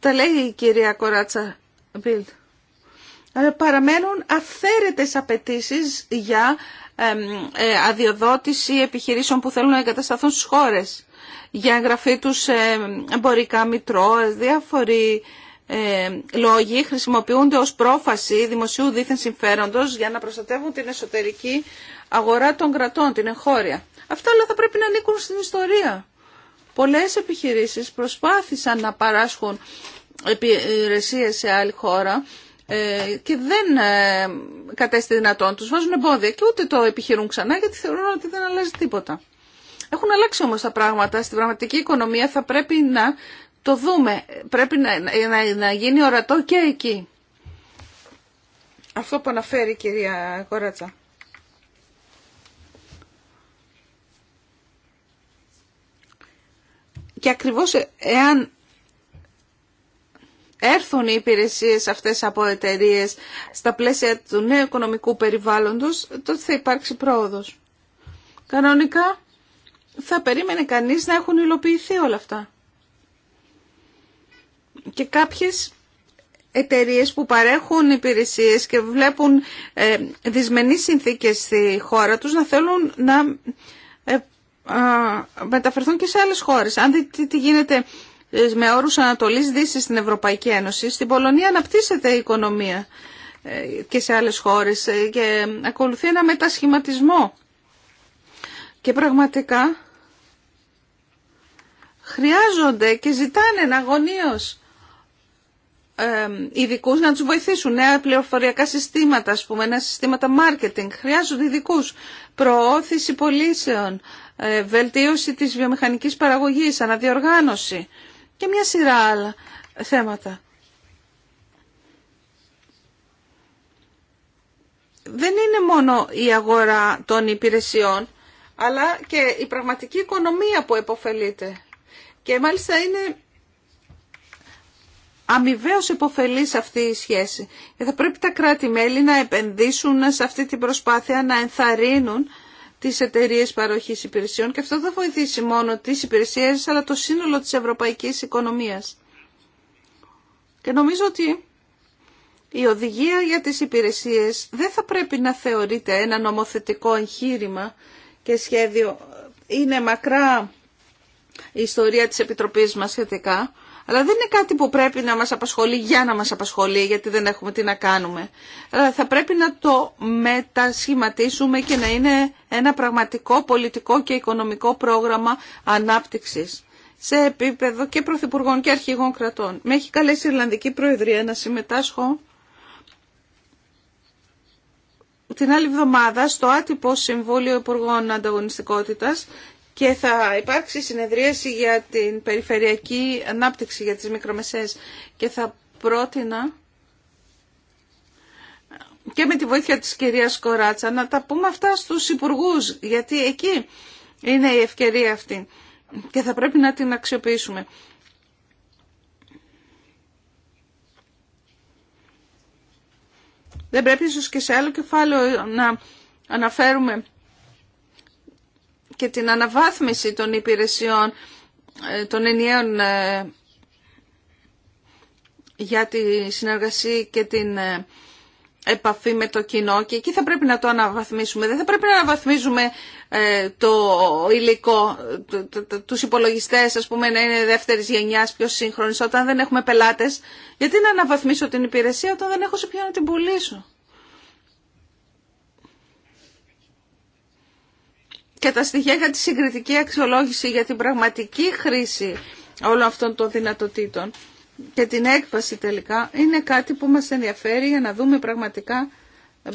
S3: Τα λέει η κυρία Κοράτσα Μπίλτ. Ε, παραμένουν αυθαίρετε απαιτήσει για ε, αδειοδότηση επιχειρήσεων που θέλουν να εγκατασταθούν στι χώρε. Για εγγραφή τους εμπορικά μητρώα, διάφοροι ε, λόγοι χρησιμοποιούνται ως πρόφαση δημοσίου δίθεν συμφέροντος για να προστατεύουν την εσωτερική αγορά των κρατών, την εγχώρια. Αυτά όλα θα πρέπει να ανήκουν στην ιστορία. Πολλές επιχειρήσεις προσπάθησαν να παράσχουν υπηρεσίες σε άλλη χώρα ε, και δεν ε, κατέστη δυνατόν τους. Βάζουν εμπόδια και ούτε το επιχειρούν ξανά γιατί θεωρούν ότι δεν αλλάζει τίποτα. Έχουν αλλάξει όμως τα πράγματα. Στην πραγματική οικονομία θα πρέπει να το δούμε. Πρέπει να, να, γίνει ορατό και εκεί. Αυτό που αναφέρει η κυρία Κοράτσα. Και ακριβώς εάν έρθουν οι υπηρεσίες αυτές από εταιρείε στα πλαίσια του νέου οικονομικού περιβάλλοντος, τότε θα υπάρξει πρόοδος. Κανονικά θα περίμενε κανείς να έχουν υλοποιηθεί όλα αυτά και κάποιες εταιρείες που παρέχουν υπηρεσίες και βλέπουν ε, δυσμενείς συνθήκες στη χώρα τους να θέλουν να ε, μεταφερθούν και σε άλλες χώρες. Αν δείτε τι γίνεται ε, με όρους Ανατολής Δύσης στην Ευρωπαϊκή Ένωση, στην Πολωνία αναπτύσσεται η οικονομία ε, και σε άλλες χώρες και ακολουθεί ένα μετασχηματισμό. Και πραγματικά χρειάζονται και ζητάνε αγωνίως ειδικού να του βοηθήσουν. Νέα πληροφοριακά συστήματα, ας πούμε, νέα συστήματα marketing. Χρειάζονται ειδικού. Προώθηση πολίσεων, ε, βελτίωση της βιομηχανικής παραγωγής, αναδιοργάνωση και μια σειρά άλλα θέματα. Δεν είναι μόνο η αγορά των υπηρεσιών, αλλά και η πραγματική οικονομία που επωφελείται. Και μάλιστα είναι αμοιβαίως σε αυτή η σχέση. Και θα πρέπει τα κράτη-μέλη να επενδύσουν σε αυτή την προσπάθεια, να ενθαρρύνουν τις εταιρείε παροχής υπηρεσιών και αυτό δεν βοηθήσει μόνο τις υπηρεσίες αλλά το σύνολο της ευρωπαϊκής οικονομίας. Και νομίζω ότι η οδηγία για τις υπηρεσίες δεν θα πρέπει να θεωρείται ένα νομοθετικό εγχείρημα και σχέδιο. Είναι μακρά η ιστορία της Επιτροπής μας σχετικά αλλά δεν είναι κάτι που πρέπει να μας απασχολεί για να μας απασχολεί, γιατί δεν έχουμε τι να κάνουμε. Αλλά ε, θα πρέπει να το μετασχηματίσουμε και να είναι ένα πραγματικό πολιτικό και οικονομικό πρόγραμμα ανάπτυξης σε επίπεδο και πρωθυπουργών και αρχηγών κρατών. Με έχει καλέσει η Ιρλανδική Προεδρία να συμμετάσχω την άλλη εβδομάδα στο άτυπο Συμβούλιο Υπουργών Ανταγωνιστικότητας και θα υπάρξει συνεδρίαση για την περιφερειακή ανάπτυξη για τις μικρομεσαίες και θα πρότεινα και με τη βοήθεια της κυρίας Κοράτσα να τα πούμε αυτά στους υπουργούς γιατί εκεί είναι η ευκαιρία αυτή και θα πρέπει να την αξιοποιήσουμε. Δεν πρέπει ίσως και σε άλλο κεφάλαιο να αναφέρουμε και την αναβάθμιση των υπηρεσιών ε, των ενιαίων ε, για τη συνεργασία και την ε, επαφή με το κοινό και εκεί θα πρέπει να το αναβαθμίσουμε. Δεν θα πρέπει να αναβαθμίζουμε το υλικό, τους υπολογιστές ας πούμε να είναι δεύτερης γενιάς πιο σύγχρονης όταν δεν έχουμε πελάτες. Γιατί να αναβαθμίσω την υπηρεσία όταν δεν έχω σε ποιο να την πουλήσω. και τα στοιχεία για τη συγκριτική αξιολόγηση για την πραγματική χρήση όλων αυτών των δυνατοτήτων και την έκβαση τελικά είναι κάτι που μας ενδιαφέρει για να δούμε πραγματικά ε,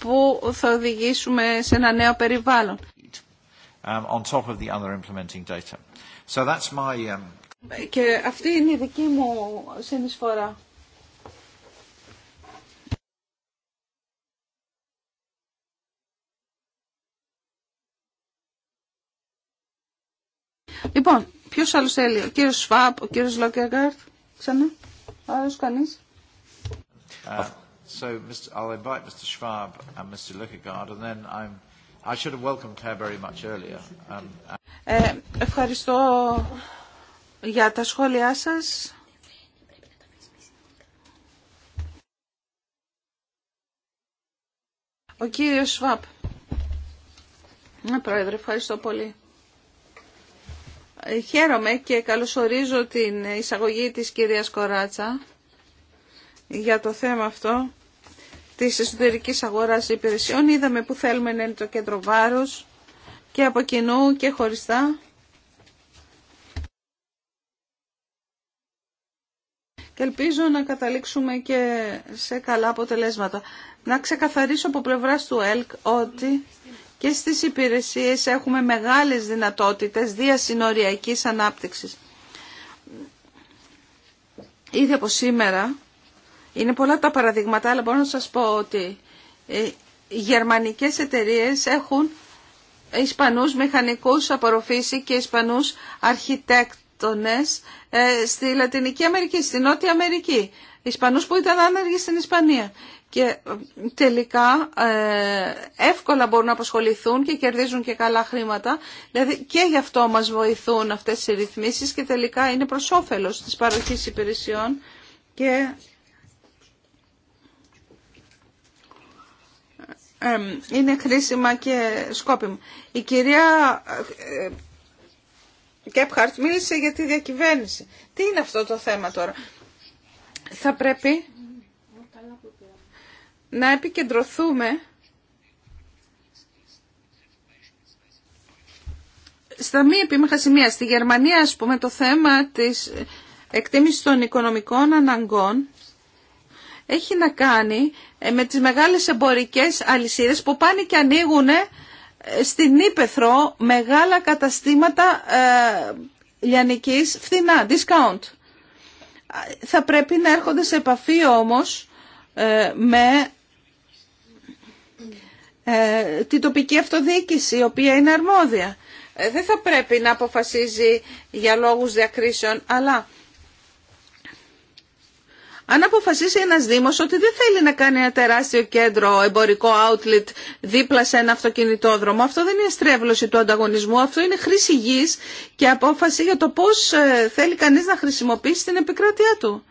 S3: που θα οδηγήσουμε σε ένα νέο περιβάλλον.
S1: Um, on top of the other implementing data. So that's my... Um,
S3: και αυτή είναι η δική μου συνεισφορά. Λοιπόν, ποιο άλλο θέλει, ο κύριο Σφαπ, ο κύριο Λόκεργαρτ, ξανά, άλλο κανεί.
S1: Uh, so Mr. I'll invite Mr. Schwab and Mr. Lückegaard, and then
S3: I'm. I should have welcomed her very much earlier. Um, ε, ευχαριστώ για τα σχόλιά σας. Ο κύριος Σβάπ. Ναι, Πρόεδρε, ευχαριστώ πολύ. Χαίρομαι και καλωσορίζω την εισαγωγή της κυρίας Κοράτσα για το θέμα αυτό της εσωτερικής αγοράς υπηρεσιών. Είδαμε που θέλουμε να είναι το κέντρο βάρους και από κοινού και χωριστά. Και ελπίζω να καταλήξουμε και σε καλά αποτελέσματα. Να ξεκαθαρίσω από πλευράς του ΕΛΚ ότι και στις υπηρεσίες έχουμε μεγάλες δυνατότητες διασυνοριακής ανάπτυξης. Ήδη από σήμερα, είναι πολλά τα παραδείγματα, αλλά μπορώ να σας πω ότι ε, οι γερμανικές εταιρείες έχουν Ισπανούς μηχανικούς απορροφήσει και Ισπανούς αρχιτέκτονες ε, στη Λατινική Αμερική, στη Νότια Αμερική. Ισπανούς που ήταν άνεργοι στην Ισπανία και ε, τελικά ε, εύκολα μπορούν να απασχοληθούν και κερδίζουν και καλά χρήματα. Δηλαδή και γι' αυτό μας βοηθούν αυτές οι ρυθμίσεις και τελικά είναι προς όφελος της παροχής υπηρεσιών και ε, είναι χρήσιμα και σκόπιμο. Η κυρία Κέπχαρτ μίλησε για τη διακυβέρνηση. Τι είναι αυτό το θέμα τώρα. Θα πρέπει να επικεντρωθούμε στα μη επίμαχα σημεία. Στη Γερμανία, ας πούμε, το θέμα της εκτίμησης των οικονομικών αναγκών έχει να κάνει ε, με τις μεγάλες εμπορικές αλυσίδες που πάνε και ανοίγουν ε, στην Ήπεθρο μεγάλα καταστήματα ε, λιανικής φθηνά, discount. Θα πρέπει να έρχονται σε επαφή όμως ε, με ε, την τοπική αυτοδιοίκηση, η οποία είναι αρμόδια. Ε, δεν θα πρέπει να αποφασίζει για λόγους διακρίσεων, αλλά αν αποφασίσει ένας Δήμος ότι δεν θέλει να κάνει ένα τεράστιο κέντρο εμπορικό outlet δίπλα σε ένα αυτοκινητόδρομο, αυτό δεν είναι στρέβλωση του ανταγωνισμού, αυτό είναι χρήση γης και απόφαση για το πώς ε, θέλει κανείς να χρησιμοποιήσει την επικράτειά του.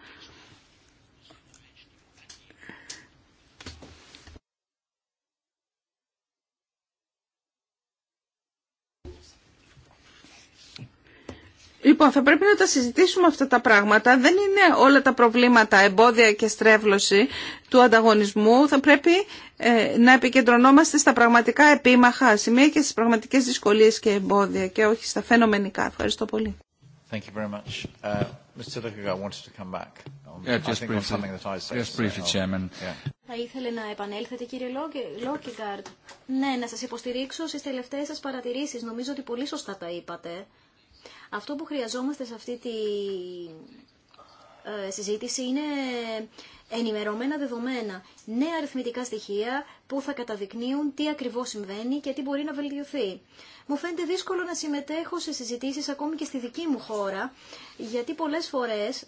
S3: Λοιπόν, θα πρέπει να τα συζητήσουμε αυτά τα πράγματα. Δεν είναι όλα τα προβλήματα εμπόδια και στρέβλωση του ανταγωνισμού. Θα πρέπει ε, να επικεντρωνόμαστε στα πραγματικά επίμαχα σημεία και στις πραγματικές δυσκολίες και εμπόδια και όχι στα φαινομενικά. Ευχαριστώ πολύ.
S4: Θα ήθελε να επανέλθετε, κύριε Λόκεγκάρτ. Ναι, να σας υποστηρίξω στις τελευταίες σας παρατηρήσεις. Νομίζω ότι πολύ σωστά τα είπατε. Αυτό που χρειαζόμαστε σε αυτή τη ε, συζήτηση είναι ενημερωμένα δεδομένα, νέα αριθμητικά στοιχεία που θα καταδεικνύουν τι ακριβώς συμβαίνει και τι μπορεί να βελτιωθεί. Μου φαίνεται δύσκολο να συμμετέχω σε συζητήσεις ακόμη και στη δική μου χώρα, γιατί πολλές φορές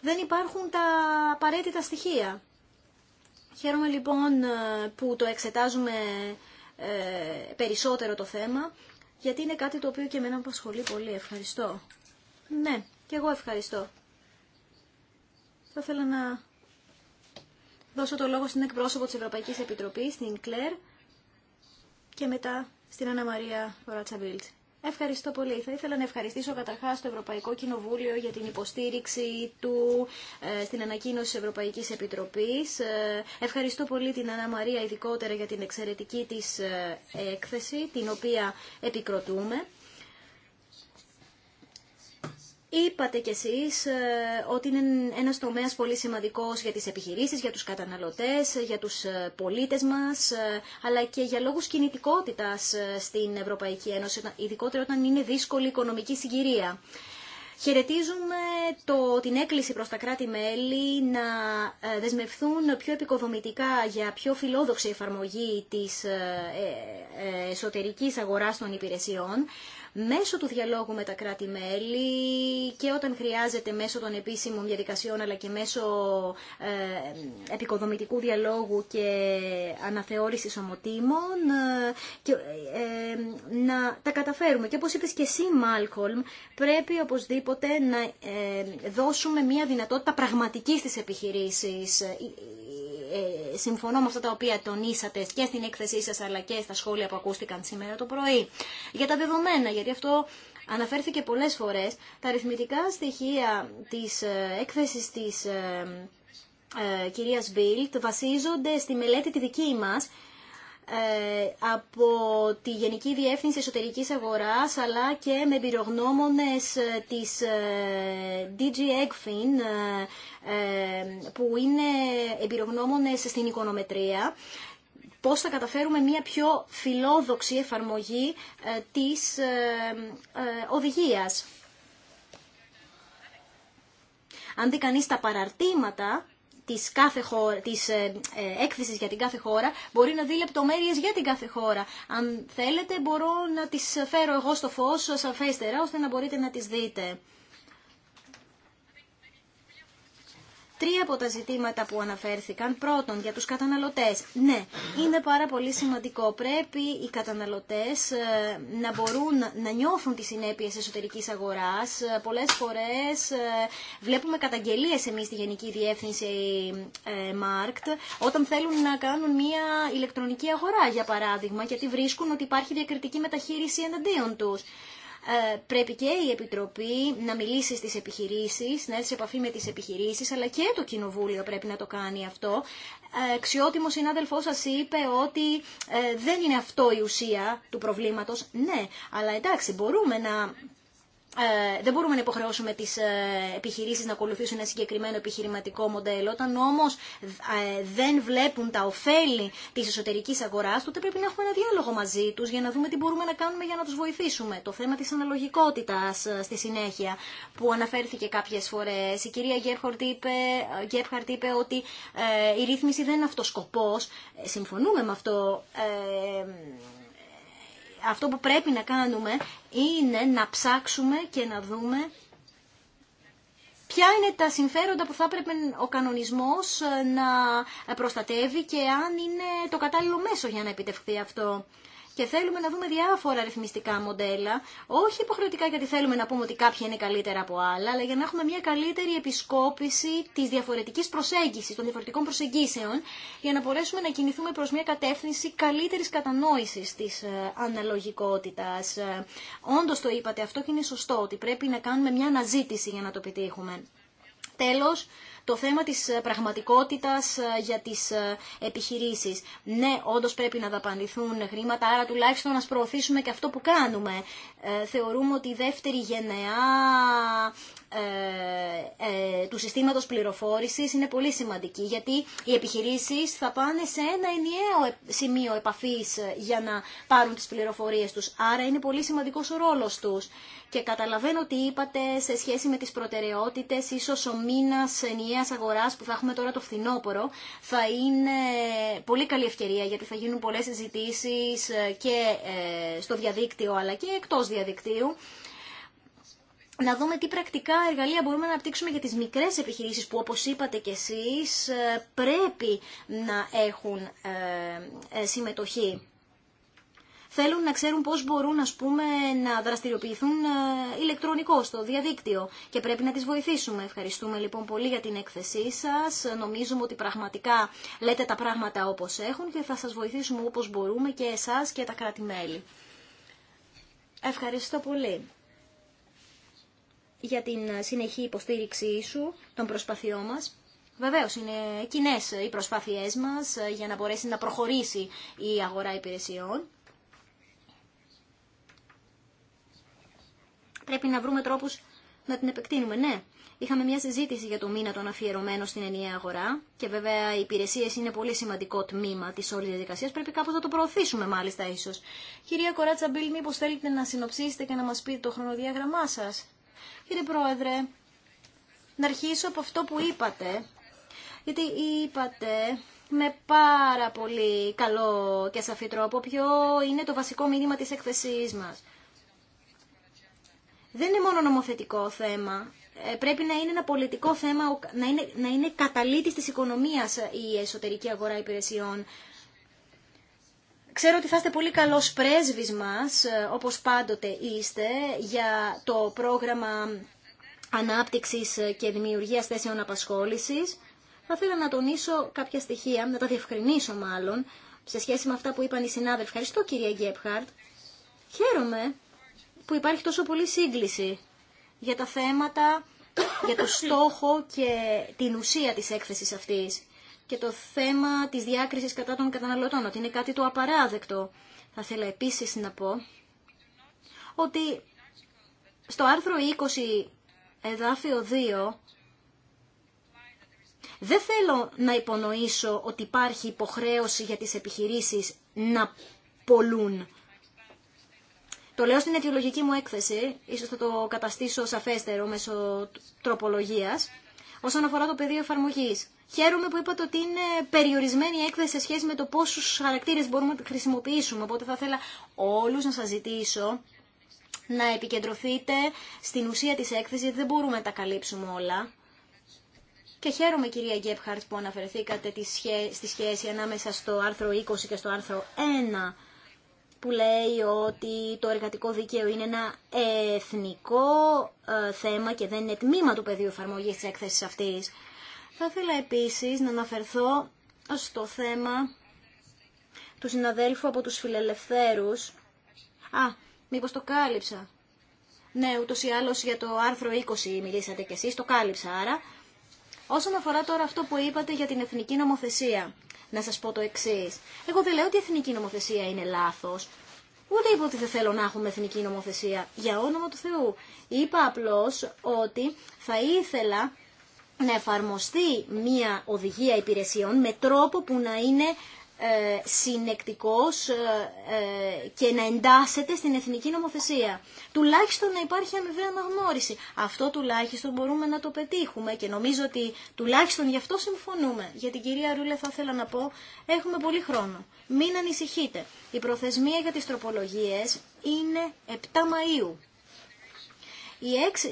S4: δεν υπάρχουν τα απαραίτητα στοιχεία. Χαίρομαι λοιπόν ε, που το εξετάζουμε ε, περισσότερο το θέμα, γιατί είναι κάτι το οποίο και εμένα μου απασχολεί πολύ. Ευχαριστώ. Ναι, και εγώ ευχαριστώ. Θα ήθελα να δώσω το λόγο στην εκπρόσωπο της Ευρωπαϊκής Επιτροπής, την Κλέρ, και μετά στην Αναμαρία Βαρατσαμπίλτ. Ευχαριστώ πολύ. Θα ήθελα να ευχαριστήσω καταρχά το Ευρωπαϊκό Κοινοβούλιο για την υποστήριξη του ε, στην ανακοίνωση τη Ευρωπαϊκή Επιτροπή. Ε, ευχαριστώ πολύ την Ανά Μαρία ειδικότερα για την εξαιρετική τη ε, έκθεση, την οποία επικροτούμε. Είπατε κι εσείς ε, ότι είναι ένας τομέας πολύ σημαντικός για τις επιχειρήσεις, για τους καταναλωτές, για τους ε, πολίτες μας, ε, αλλά και για λόγους κινητικότητας στην Ευρωπαϊκή Ένωση, ειδικότερα όταν είναι δύσκολη οικονομική συγκυρία. Χαιρετίζουμε το, την έκκληση προς τα κράτη-μέλη να δεσμευθούν πιο επικοδομητικά για πιο φιλόδοξη εφαρμογή της εσωτερικής αγοράς των υπηρεσιών μέσω του διαλόγου με τα κράτη-μέλη και όταν χρειάζεται μέσω των επίσημων διαδικασιών αλλά και μέσω ε, επικοδομητικού διαλόγου και αναθεώρησης ομοτήμων ε, και, ε, να τα καταφέρουμε. Και όπως είπες και εσύ Μάλκολμ, πρέπει οπωσδήποτε να δώσουμε μια δυνατότητα πραγματική στις επιχειρήσεις ε, συμφωνώ με αυτά τα οποία τονίσατε και στην έκθεσή σας αλλά και στα σχόλια που ακούστηκαν σήμερα το πρωί. Για τα δεδομένα, γιατί αυτό αναφέρθηκε πολλές φορές, τα αριθμητικά στοιχεία της ε, έκθεσης της ε, κυρίας Μπίλτ βασίζονται στη μελέτη τη δική μας ε, από τη Γενική Διεύθυνση Εσωτερικής Αγοράς αλλά και με εμπειρογνώμονες ε, της ε, DG που είναι εμπειρογνώμονες στην οικονομετρία πώς θα καταφέρουμε μια πιο φιλόδοξη εφαρμογή της οδηγίας. Αν δει κανείς τα παραρτήματα της, κάθε χώρα, ε, ε, έκθεσης για την κάθε χώρα μπορεί να δει λεπτομέρειες για την κάθε χώρα. Αν θέλετε μπορώ να τις φέρω εγώ στο φως σαφέστερα ώστε να μπορείτε να τις δείτε. Τρία από τα ζητήματα που αναφέρθηκαν. Πρώτον, για τους καταναλωτές. Ναι, είναι πάρα πολύ σημαντικό. Πρέπει οι καταναλωτές ε, να μπορούν να νιώθουν τις συνέπειες εσωτερικής αγοράς. Ε, πολλές φορές ε, βλέπουμε καταγγελίες εμείς στη Γενική Διεύθυνση Μάρκτ όταν θέλουν να κάνουν μια ηλεκτρονική αγορά, για παράδειγμα, γιατί βρίσκουν ότι υπάρχει διακριτική μεταχείριση εναντίον τους. Ε, πρέπει και η Επιτροπή να μιλήσει στις επιχειρήσεις, να έρθει σε επαφή με τις επιχειρήσεις, αλλά και το Κοινοβούλιο πρέπει να το κάνει αυτό. Ε, Ξιότιμο συνάδελφό σας είπε ότι ε, δεν είναι αυτό η ουσία του προβλήματος. Ναι, αλλά εντάξει, μπορούμε να ε, δεν μπορούμε να υποχρεώσουμε τις ε, επιχειρήσεις να ακολουθήσουν ένα συγκεκριμένο επιχειρηματικό μοντέλο. Όταν όμω ε, δεν βλέπουν τα ωφέλη της εσωτερική αγοράς, τότε πρέπει να έχουμε ένα διάλογο μαζί τους για να δούμε τι μπορούμε να κάνουμε για να τους βοηθήσουμε. Το θέμα της αναλογικότητας ε, στη συνέχεια που αναφέρθηκε κάποιε φορέ. Η κυρία Γκέπχαρτ είπε, ε, είπε ότι η ρύθμιση δεν είναι αυτός σκοπός. συμφωνούμε με αυτό αυτό που πρέπει να κάνουμε είναι να ψάξουμε και να δούμε ποια είναι τα συμφέροντα που θα έπρεπε ο κανονισμός ε, να προστατεύει και αν είναι το κατάλληλο μέσο για να επιτευχθεί αυτό και θέλουμε να δούμε διάφορα ρυθμιστικά μοντέλα, όχι υποχρεωτικά γιατί θέλουμε να πούμε ότι κάποια είναι καλύτερα από άλλα, αλλά για να έχουμε μια καλύτερη επισκόπηση τη διαφορετική προσέγγιση, των διαφορετικών προσεγγίσεων, για να μπορέσουμε να κινηθούμε προ μια κατεύθυνση καλύτερη κατανόηση τη ε, αναλογικότητα. Ε, Όντω το είπατε αυτό και είναι σωστό ότι πρέπει να κάνουμε μια αναζήτηση για να το πετύχουμε. Τέλος, το θέμα της ε, πραγματικότητας ε, για τις ε, επιχειρήσεις. Ναι, όντως πρέπει να δαπανηθούν χρήματα, άρα τουλάχιστον να προωθήσουμε και αυτό που κάνουμε. Θεωρούμε ότι η δεύτερη γενεά του συστήματος πληροφόρησης είναι πολύ σημαντική, γιατί οι επιχειρήσεις θα πάνε σε ένα ενιαίο σημείο επαφής για να πάρουν τις πληροφορίες τους. Άρα είναι πολύ σημαντικός ο ρόλος τους. Και καταλαβαίνω ότι είπατε σε σχέση με τις προτεραιότητες, ίσως ο μήνας μια αγορά που θα έχουμε τώρα το φθινόπωρο θα είναι πολύ καλή ευκαιρία γιατί θα γίνουν πολλέ συζητήσει ε, και ε, στο διαδίκτυο αλλά και εκτό διαδικτύου να δούμε τι πρακτικά εργαλεία μπορούμε να αναπτύξουμε για τις μικρές επιχειρήσεις που όπως είπατε κι εσείς ε, πρέπει να έχουν συμμετοχή θέλουν να ξέρουν πώς μπορούν ας πούμε, να δραστηριοποιηθούν ε, ηλεκτρονικό στο διαδίκτυο και πρέπει να τις βοηθήσουμε. Ευχαριστούμε λοιπόν πολύ για την έκθεσή σας. Νομίζουμε ότι πραγματικά λέτε τα πράγματα όπως έχουν και θα σας βοηθήσουμε όπως μπορούμε και εσάς και τα κράτη-μέλη. Ευχαριστώ πολύ για την συνεχή υποστήριξή σου των προσπαθειών μας. Βεβαίω, είναι κοινέ οι προσπάθειές μας για να μπορέσει να προχωρήσει η αγορά υπηρεσιών. Πρέπει να βρούμε τρόπου να την επεκτείνουμε, ναι. Είχαμε μια συζήτηση για το μήνα των αφιερωμένων στην ενιαία αγορά και βέβαια οι υπηρεσίε είναι πολύ σημαντικό τμήμα τη όλη διαδικασία. Πρέπει κάπω να το προωθήσουμε μάλιστα ίσω. Κυρία Κοράτσα Μπίλ, μήπω θέλετε να συνοψίσετε και να μα πείτε το χρονοδιάγραμμά σα. Κύριε Πρόεδρε, να αρχίσω από αυτό που είπατε. Γιατί είπατε με πάρα πολύ καλό και σαφή τρόπο ποιο είναι το βασικό μήνυμα της έκθεσής μας δεν είναι μόνο νομοθετικό θέμα. Ε, πρέπει να είναι ένα πολιτικό θέμα, να είναι, να είναι καταλήτης της οικονομίας ε, η εσωτερική αγορά υπηρεσιών. Ξέρω ότι θα είστε πολύ καλός πρέσβης μας, ε, όπως πάντοτε είστε, για το πρόγραμμα ανάπτυξης και δημιουργίας θέσεων απασχόλησης. Θα ήθελα να τονίσω κάποια στοιχεία, να τα διευκρινίσω μάλλον, σε σχέση με αυτά που είπαν οι συνάδελφοι. Ευχαριστώ κυρία Γκέπχαρτ. Χαίρομαι που υπάρχει τόσο πολύ σύγκληση για τα θέματα, για το στόχο και την ουσία της έκθεσης αυτής και το θέμα της διάκρισης κατά των καταναλωτών, ότι είναι κάτι το απαράδεκτο. Θα ήθελα επίσης να πω ότι στο άρθρο 20 εδάφιο 2 δεν θέλω να υπονοήσω ότι υπάρχει υποχρέωση για τις επιχειρήσεις να πολλούν το λέω στην αιτιολογική μου έκθεση, ίσως θα το καταστήσω σαφέστερο μέσω τροπολογίας, όσον αφορά το πεδίο εφαρμογής. Χαίρομαι που είπατε ότι είναι περιορισμένη η έκθεση σε σχέση με το πόσους χαρακτήρες μπορούμε να χρησιμοποιήσουμε, οπότε θα ήθελα όλους να σας ζητήσω να επικεντρωθείτε στην ουσία της έκθεσης, γιατί δεν μπορούμε να τα καλύψουμε όλα. Και χαίρομαι κυρία Γκέπχαρτ που αναφερθήκατε στη σχέση ανάμεσα στο άρθρο 20 και στο άρθρο 1 που λέει ότι το εργατικό δίκαιο είναι ένα εθνικό ε, θέμα και δεν είναι τμήμα του πεδίου εφαρμογή τη έκθεσης αυτής. Θα ήθελα επίσης να αναφερθώ στο θέμα του συναδέλφου από τους φιλελευθέρους. Α, μήπως το κάλυψα. Ναι, ούτως ή άλλως για το άρθρο 20 μιλήσατε κι εσείς, το κάλυψα άρα. Όσον αφορά τώρα αυτό που είπατε για την εθνική νομοθεσία, να σας πω το εξή. Εγώ δεν λέω ότι η εθνική νομοθεσία είναι λάθος, ούτε είπα ότι δεν θέλω να έχουμε εθνική νομοθεσία, για όνομα του Θεού. Είπα απλώς ότι θα ήθελα να εφαρμοστεί μία οδηγία υπηρεσιών με τρόπο που να είναι ε, συνεκτικός ε, ε, και να εντάσσεται στην εθνική νομοθεσία. Τουλάχιστον να υπάρχει αμοιβαία αναγνώριση. Αυτό τουλάχιστον μπορούμε να το πετύχουμε και νομίζω ότι τουλάχιστον γι' αυτό συμφωνούμε. Για την κυρία Ρούλε θα ήθελα να πω, έχουμε πολύ χρόνο. Μην ανησυχείτε. Η προθεσμία για τις τροπολογίες είναι 7 Μαΐου.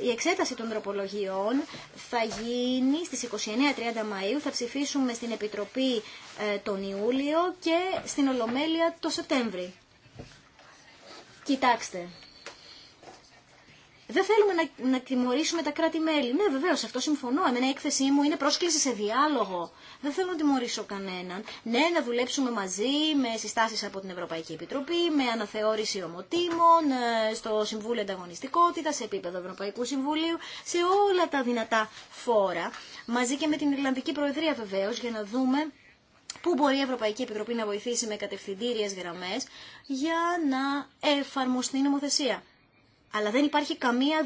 S4: Η εξέταση των τροπολογιών θα γίνει στις 29-30 Μαΐου, θα ψηφίσουμε στην Επιτροπή ε, τον Ιούλιο και στην Ολομέλεια το Σεπτέμβρη. Κοιτάξτε, δεν θέλουμε να, να τιμωρήσουμε τα κράτη-μέλη. Ναι, βεβαίω, αυτό συμφωνώ. Εμένα η έκθεσή μου είναι πρόσκληση σε διάλογο. Δεν θέλω να τιμωρήσω κανέναν. Ναι, να δουλέψουμε μαζί με συστάσει από την Ευρωπαϊκή Επιτροπή, με αναθεώρηση ομοτήμων, ε, στο Συμβούλιο Ανταγωνιστικότητα, σε επίπεδο Ευρωπαϊκού Συμβουλίου, σε όλα τα δυνατά φόρα. Μαζί και με την Ιρλανδική Προεδρία βεβαίω, για να δούμε πού μπορεί η Ευρωπαϊκή Επιτροπή να βοηθήσει με κατευθυντήριε γραμμέ για να εφαρμοστεί η νομοθεσία αλλά δεν υπάρχει καμία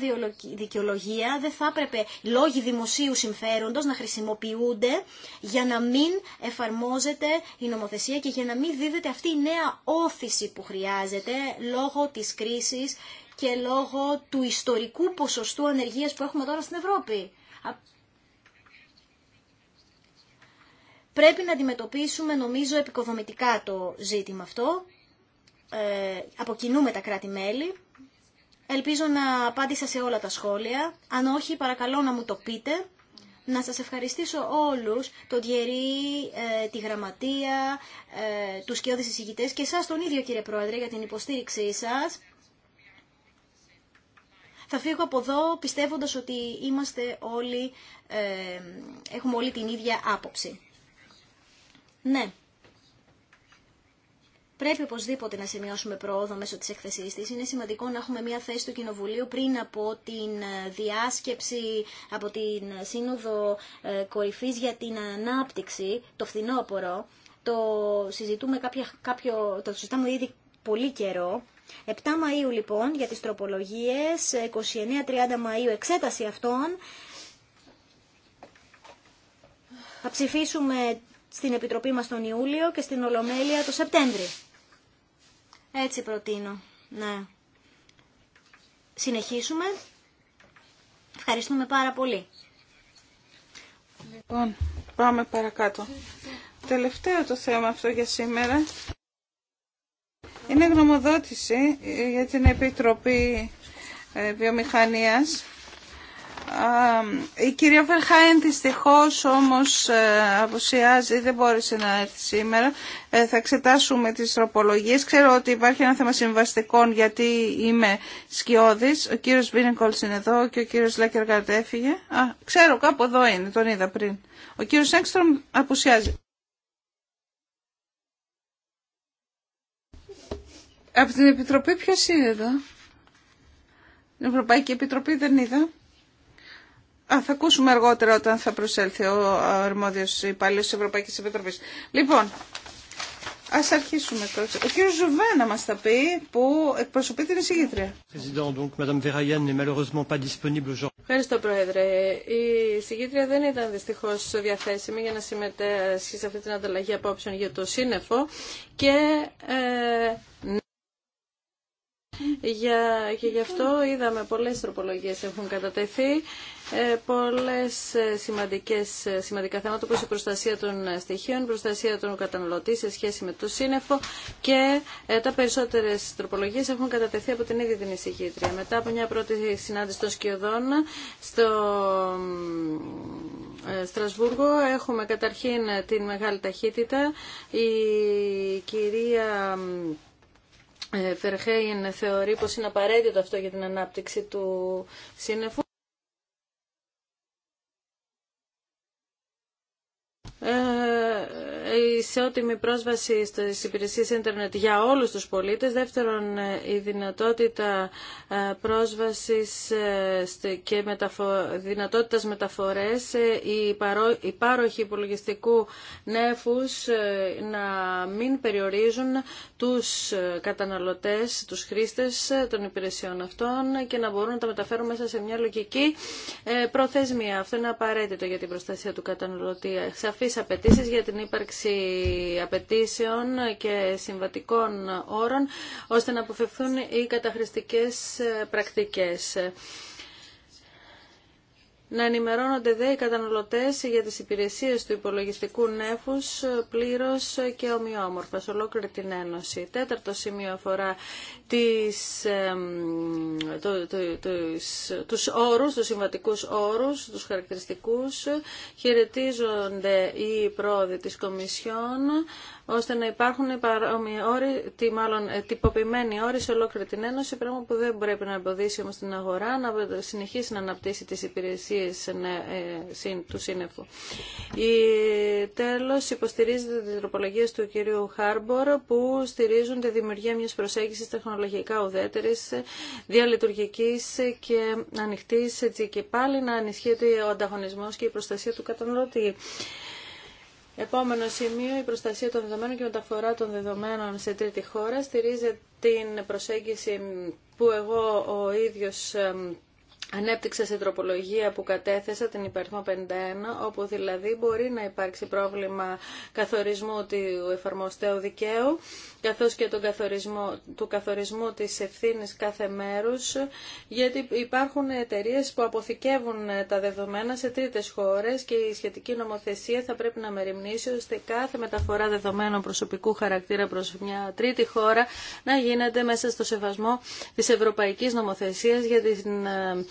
S4: δικαιολογία, δεν θα έπρεπε λόγοι δημοσίου συμφέροντος να χρησιμοποιούνται για να μην εφαρμόζεται η νομοθεσία και για να μην δίδεται αυτή η νέα όθηση που χρειάζεται λόγω της κρίσης και λόγω του ιστορικού ποσοστού ανεργίας που έχουμε τώρα στην Ευρώπη. Πρέπει να αντιμετωπίσουμε, νομίζω, επικοδομητικά το ζήτημα αυτό. Ε, αποκινούμε τα κράτη-μέλη Ελπίζω να απάντησα σε όλα τα σχόλια. Αν όχι, παρακαλώ να μου το πείτε. Να σας ευχαριστήσω όλους, τον Διερή, ε, τη Γραμματεία, ε, τους κοιόδης εισηγητές και εσάς τον ίδιο κύριε Πρόεδρε για την υποστήριξή σας. Θα φύγω από εδώ πιστεύοντας ότι είμαστε όλοι, ε, έχουμε όλοι την ίδια άποψη. Ναι. Πρέπει οπωσδήποτε να σημειώσουμε πρόοδο μέσω τη εκθεσή τη. Είναι σημαντικό να έχουμε μια θέση του Κοινοβουλίου πριν από την ε, διάσκεψη, από την Σύνοδο ε, Κορυφής για την Ανάπτυξη, το φθινόπωρο. Το συζητούμε κάποιο, το συζητάμε ήδη πολύ καιρό. 7 Μαΐου λοιπόν για τις τροπολογίες, 29-30 Μαΐου εξέταση αυτών. Θα ψηφίσουμε στην Επιτροπή μας τον Ιούλιο και στην Ολομέλεια το Σεπτέμβρη. Έτσι προτείνω. Ναι. Συνεχίσουμε. Ευχαριστούμε πάρα πολύ. Λοιπόν,
S3: πάμε παρακάτω. Τελευταίο το θέμα αυτό για σήμερα είναι γνωμοδότηση για την Επιτροπή ε, Βιομηχανίας η κυρία Φερχάιν δυστυχώ όμως ε, αποσιάζει, δεν μπόρεσε να έρθει σήμερα. Ε, θα εξετάσουμε τις τροπολογίες. Ξέρω ότι υπάρχει ένα θέμα συμβαστικών γιατί είμαι σκιώδης. Ο κύριος Μπίνεκολς είναι εδώ και ο κύριος Λέκεργαρτ έφυγε. Α, ξέρω κάπου εδώ είναι, τον είδα πριν. Ο κύριος Έγκστρομ αποσιάζει. Από την Επιτροπή ποιος είναι εδώ. Την Ευρωπαϊκή Επιτροπή δεν είδα. Α, θα ακούσουμε αργότερα όταν θα προσέλθει ο αρμόδιος υπαλλήλο τη Ευρωπαϊκή Επιτροπή. Λοιπόν, ας αρχίσουμε τώρα. Ο Ζουβέ να μας τα πει που εκπροσωπεί την εισηγήτρια. Ευχαριστώ Πρόεδρε.
S2: Η εισηγήτρια δεν ήταν δυστυχώς διαθέσιμη για να συμμετέχει σε αυτή την ανταλλαγή απόψεων για το σύννεφο και... Ε, για, και γι' αυτό είδαμε πολλές τροπολογίες έχουν κατατεθεί, ε, πολλές ε, σημαντικές, ε, σημαντικά θέματα όπως η προστασία των στοιχείων, η προστασία των καταναλωτή σε σχέση με το σύννεφο και τα περισσότερες τροπολογίες έχουν κατατεθεί από την ίδια την εισηγήτρια. Μετά από μια πρώτη συνάντηση των σκιωδών στο Στρασβούργο έχουμε καταρχήν την μεγάλη ταχύτητα. Η κυρία ε, Φερχέιν θεωρεί πως είναι απαραίτητο αυτό για την ανάπτυξη του σύννεφου. Ε, ισότιμη πρόσβαση στις υπηρεσίες ίντερνετ για όλους τους πολίτες. Δεύτερον, η δυνατότητα ε, πρόσβασης ε, και δυνατότητας μεταφορές, ε, η, υπολογιστικού νέφους να μην περιορίζουν τους καταναλωτές, τους χρήστες των υπηρεσιών αυτών και να μπορούν να τα μεταφέρουν μέσα σε μια λογική προθεσμία. Αυτό είναι απαραίτητο για την προστασία του καταναλωτή. Σαφείς απαιτήσει για την ύπαρξη μεταξύ απαιτήσεων και συμβατικών όρων, ώστε να αποφευχθούν οι καταχρηστικές πρακτικές να ενημερώνονται δε οι καταναλωτές για τις υπηρεσίες του υπολογιστικού νέφους πλήρως και ομοιόμορφα σε ολόκληρη την Ένωση. Τέταρτο σημείο αφορά τις, το, το, το, τους όρους, τους συμβατικούς όρους, τους χαρακτηριστικούς. Χαιρετίζονται οι πρόοδοι της Κομισιόν ώστε να υπάρχουν όροι, τι, μάλλον ε, τυποποιημένοι όροι σε ολόκληρη την Ένωση, πράγμα που δεν πρέπει να εμποδίσει όμως την αγορά να συνεχίσει να αναπτύσσει τις υπηρεσίες ε, του σύννεφου. Η, τέλος, υποστηρίζεται τις τροπολογίες του κυρίου Χάρμπορ που στηρίζουν τη δημιουργία μιας προσέγγισης τεχνολογικά ουδέτερης, διαλειτουργικής και ανοιχτής, έτσι και πάλι να ενισχύεται ο ανταγωνισμός και η προστασία του καταναλωτή. Επόμενο σημείο, η προστασία των δεδομένων και μεταφορά των δεδομένων σε τρίτη χώρα στηρίζει την προσέγγιση που εγώ ο ίδιος Ανέπτυξα σε τροπολογία που κατέθεσα την υπαριθμό 51, όπου δηλαδή μπορεί να υπάρξει πρόβλημα καθορισμού του εφαρμοστέου δικαίου, καθώς και τον καθορισμό, του καθορισμού της ευθύνης κάθε μέρους, γιατί υπάρχουν εταιρείε που αποθηκεύουν τα δεδομένα σε τρίτες χώρες και η σχετική νομοθεσία θα πρέπει να μεριμνήσει ώστε κάθε μεταφορά δεδομένων προσωπικού χαρακτήρα προς μια τρίτη χώρα να γίνεται μέσα στο σεβασμό της ευρωπαϊκής νομοθεσίας για την ε,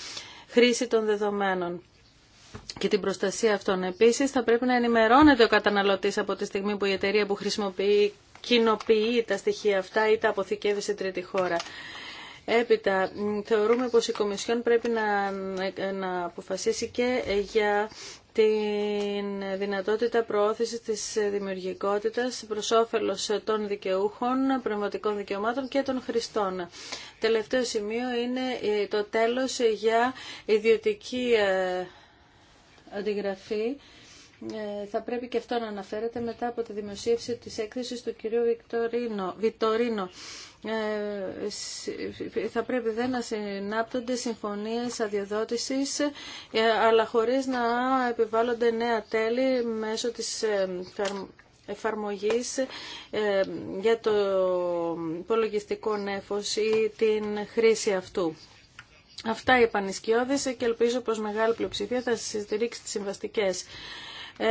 S2: χρήση των δεδομένων και την προστασία αυτών. Επίσης, θα πρέπει να ενημερώνεται ο καταναλωτής από τη στιγμή που η εταιρεία που χρησιμοποιεί κοινοποιεί τα στοιχεία αυτά ή τα αποθηκεύει σε τρίτη χώρα. Έπειτα, θεωρούμε πως η Κομισιόν πρέπει να, να αποφασίσει και για την δυνατότητα προώθησης της δημιουργικότητας προς όφελος των δικαιούχων, πνευματικών δικαιωμάτων και των χρηστών. Τελευταίο σημείο είναι ε, το τέλος για ιδιωτική ε, αντιγραφή. Ε, θα πρέπει και αυτό να αναφέρεται μετά από τη δημοσίευση της έκθεσης του κυρίου Βιτορίνο. Ε, θα πρέπει δεν να συνάπτονται συμφωνίες αδειοδότησης ε, αλλά χωρίς να επιβάλλονται νέα τέλη μέσω της ε, εφαρμογής για το υπολογιστικό νέφος ή την χρήση αυτού. Αυτά είπαν οι και ελπίζω πως μεγάλη πλειοψηφία θα συστηρίξει τις συμβαστικές. Ε,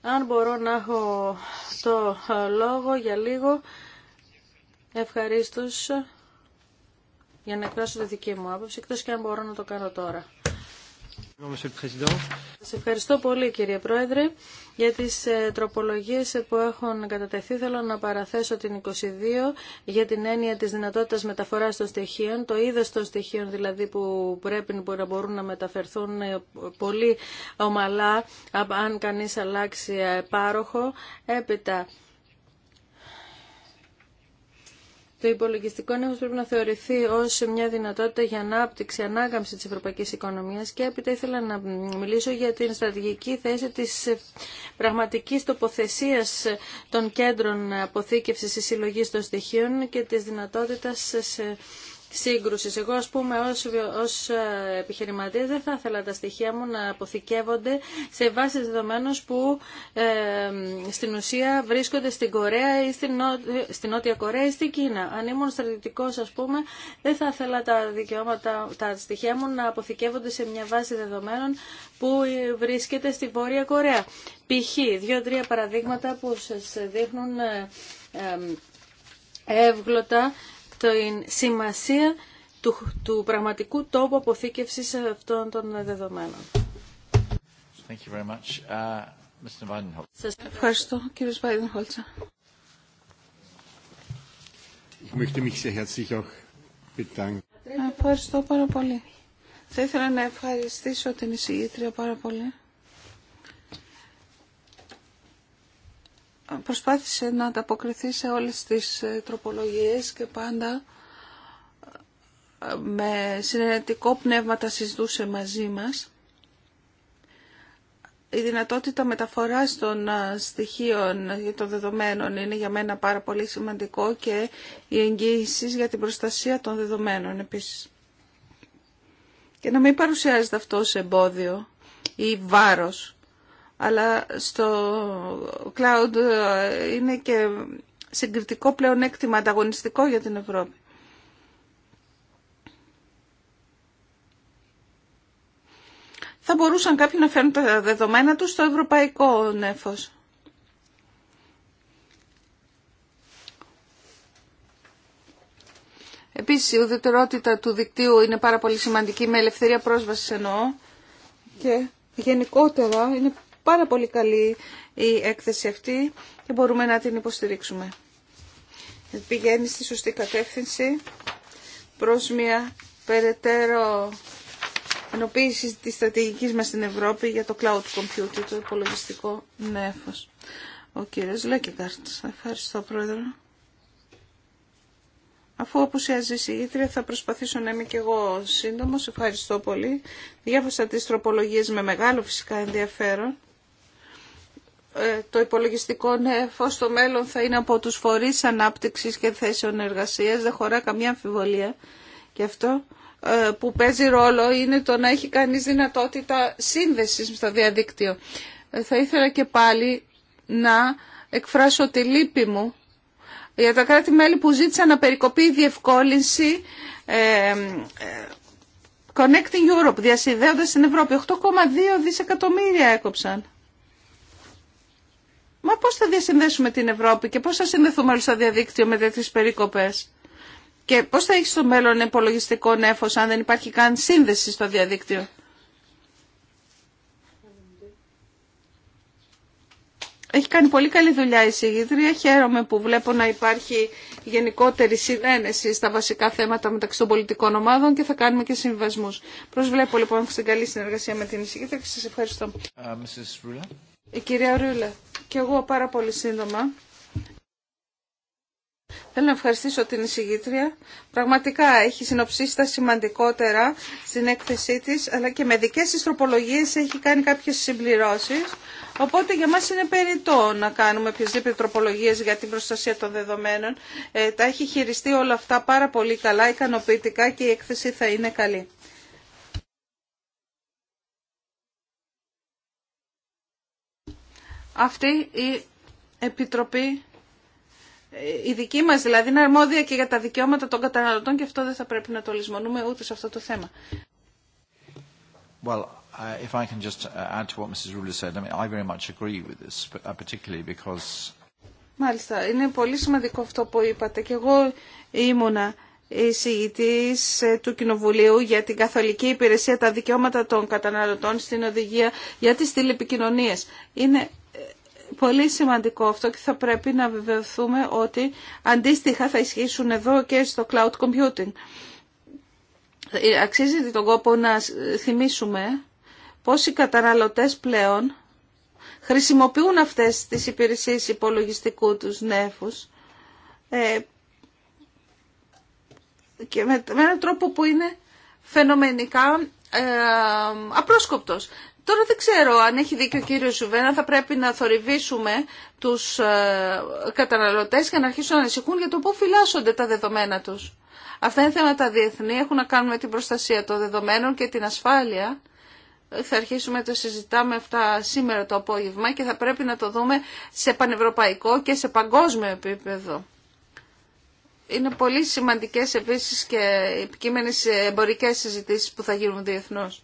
S2: αν μπορώ να έχω το λόγο για λίγο... Ευχαρίστω για να εκφράσω τη δική μου άποψη, εκτός και αν μπορώ να το κάνω τώρα. Σας ευχαριστώ πολύ κύριε Πρόεδρε για τις ε, τροπολογίες που έχουν κατατεθεί. Θέλω να παραθέσω την 22 για την έννοια της δυνατότητας μεταφοράς των στοιχείων, το είδος των στοιχείων δηλαδή που πρέπει να μπορούν να μεταφερθούν ε, πολύ ομαλά αν κανείς αλλάξει ε, πάροχο. Έπειτα Το υπολογιστικό νέος πρέπει να θεωρηθεί ω μια δυνατότητα για ανάπτυξη, ανάκαμψη τη ευρωπαϊκή οικονομία και έπειτα ήθελα να μιλήσω για την στρατηγική θέση τη πραγματική τοποθεσία των κέντρων αποθήκευση ή συλλογή των στοιχείων και τη δυνατότητα εγώ ας πούμε ως, ως ε, δεν θα ήθελα τα στοιχεία μου να αποθηκεύονται σε βάση δεδομένων που ε, στην ουσία βρίσκονται στην Κορέα ή στην, στην Νότια Κορέα ή στην Κίνα. Αν ήμουν στρατητικός, ας πούμε δεν θα ήθελα τα δικαιώματα, τα στοιχεία μου να αποθηκεύονται σε μια βάση δεδομένων που ε, βρίσκεται στη Βόρεια Κορέα. Π.χ. δύο-τρία παραδείγματα που σας δείχνουν εύγλωτα την σημασία του, του πραγματικού τόπου αποθήκευση αυτών των δεδομένων.
S1: Thank you very much. Uh,
S3: ευχαριστώ, κύριε Βάιντενχολτσα. Ευχαριστώ πάρα πολύ. Θα ήθελα να ευχαριστήσω την εισηγήτρια πάρα πολύ. προσπάθησε να ανταποκριθεί σε όλες τις ε, τροπολογίες και πάντα ε, με συνενετικό πνεύμα τα συζητούσε μαζί μας. Η δυνατότητα μεταφοράς των ε, στοιχείων για των δεδομένων είναι για μένα πάρα πολύ σημαντικό και οι εγγύησεις για την προστασία των δεδομένων επίσης. Και να μην παρουσιάζεται αυτό σε εμπόδιο ή βάρος αλλά στο cloud ε, είναι και συγκριτικό πλεονέκτημα ανταγωνιστικό για την Ευρώπη. Θα μπορούσαν κάποιοι να φέρουν τα δεδομένα τους στο ευρωπαϊκό νέφος. Επίσης, η ουδετερότητα του δικτύου είναι πάρα πολύ σημαντική, με ελευθερία πρόσβασης εννοώ. Και γενικότερα είναι πάρα πολύ καλή η έκθεση αυτή και μπορούμε να την υποστηρίξουμε. Πηγαίνει στη σωστή κατεύθυνση προς μια περαιτέρω ενοποίηση της στρατηγικής μας στην Ευρώπη για το cloud computing, το υπολογιστικό νέφος. Ο κύριος Λέκεγκαρτ. Ευχαριστώ πρόεδρε. Αφού απουσιάζει η συγγήτρια θα προσπαθήσω να είμαι και εγώ σύντομος. Ευχαριστώ πολύ. Διάβασα τις τροπολογίες με μεγάλο φυσικά ενδιαφέρον. Ε, το υπολογιστικό νεφό ναι, στο μέλλον θα είναι από τους φορείς ανάπτυξης και θέσεων εργασίας, δεν χωρά καμία αμφιβολία. Και αυτό ε, που παίζει ρόλο είναι το να έχει κανείς δυνατότητα σύνδεσης στο διαδίκτυο. Ε, θα ήθελα και πάλι να εκφράσω τη λύπη μου για τα κράτη-μέλη που ζήτησαν να περικοπεί η διευκόλυνση Connecting Europe, διασυνδέοντας την Ευρώπη. 8,2 δισεκατομμύρια έκοψαν. Μα πώς θα διασυνδέσουμε την Ευρώπη και πώς θα συνδεθούμε όλοι στο διαδίκτυο με τέτοιες περίκοπες. Και πώς θα έχει στο μέλλον υπολογιστικό νέφος αν δεν υπάρχει καν σύνδεση στο διαδίκτυο. Έχει κάνει πολύ καλή δουλειά η συγγήτρια. Χαίρομαι που βλέπω να υπάρχει γενικότερη συνένεση στα βασικά θέματα μεταξύ των πολιτικών ομάδων και θα κάνουμε και συμβασμού. Προσβλέπω λοιπόν στην καλή συνεργασία με την συγγήτρια και σα ευχαριστώ.
S1: Ε,
S3: η κυρία Ρούλα. Και εγώ πάρα πολύ σύντομα. Θέλω να ευχαριστήσω την εισηγήτρια. Πραγματικά έχει συνοψίσει τα σημαντικότερα στην έκθεσή της, αλλά και με δικές της τροπολογίες έχει κάνει κάποιες συμπληρώσεις. Οπότε για μας είναι περιττό να κάνουμε οποιασδήποτε τροπολογίες για την προστασία των δεδομένων. Ε, τα έχει χειριστεί όλα αυτά πάρα πολύ καλά, ικανοποιητικά και η έκθεση θα είναι καλή. αυτή η Επιτροπή, η δική μας δηλαδή, είναι αρμόδια και για τα δικαιώματα των καταναλωτών και αυτό δεν θα πρέπει να το λησμονούμε ούτε σε αυτό το θέμα. Μάλιστα, είναι πολύ σημαντικό αυτό που είπατε και εγώ ήμουνα εισηγητής ε, του Κοινοβουλίου για την Καθολική Υπηρεσία τα Δικαιώματα των Καταναλωτών στην Οδηγία για τις Τηλεπικοινωνίες. Είναι πολύ σημαντικό αυτό και θα πρέπει να βεβαιωθούμε ότι αντίστοιχα θα ισχύσουν εδώ και στο cloud computing. Αξίζει τον κόπο να θυμίσουμε πώς οι καταναλωτές πλέον χρησιμοποιούν αυτές τις υπηρεσίες υπολογιστικού τους νέφους ε, και με, έναν τρόπο που είναι φαινομενικά ε, απρόσκοπτος. Τώρα δεν ξέρω αν έχει δίκιο ο κύριος Ζουβένα, θα πρέπει να θορυβήσουμε τους ε, καταναλωτές και να αρχίσουν να ανησυχούν για το πού φυλάσσονται τα δεδομένα τους. Αυτά είναι θέματα διεθνή, έχουν να κάνουν με την προστασία των δεδομένων και την ασφάλεια. Θα αρχίσουμε να το συζητάμε αυτά σήμερα το απόγευμα και θα πρέπει να το δούμε σε πανευρωπαϊκό και σε παγκόσμιο επίπεδο. Είναι πολύ σημαντικές επίσης και επικείμενες εμπορικές συζητήσεις που θα γίνουν διεθνώς.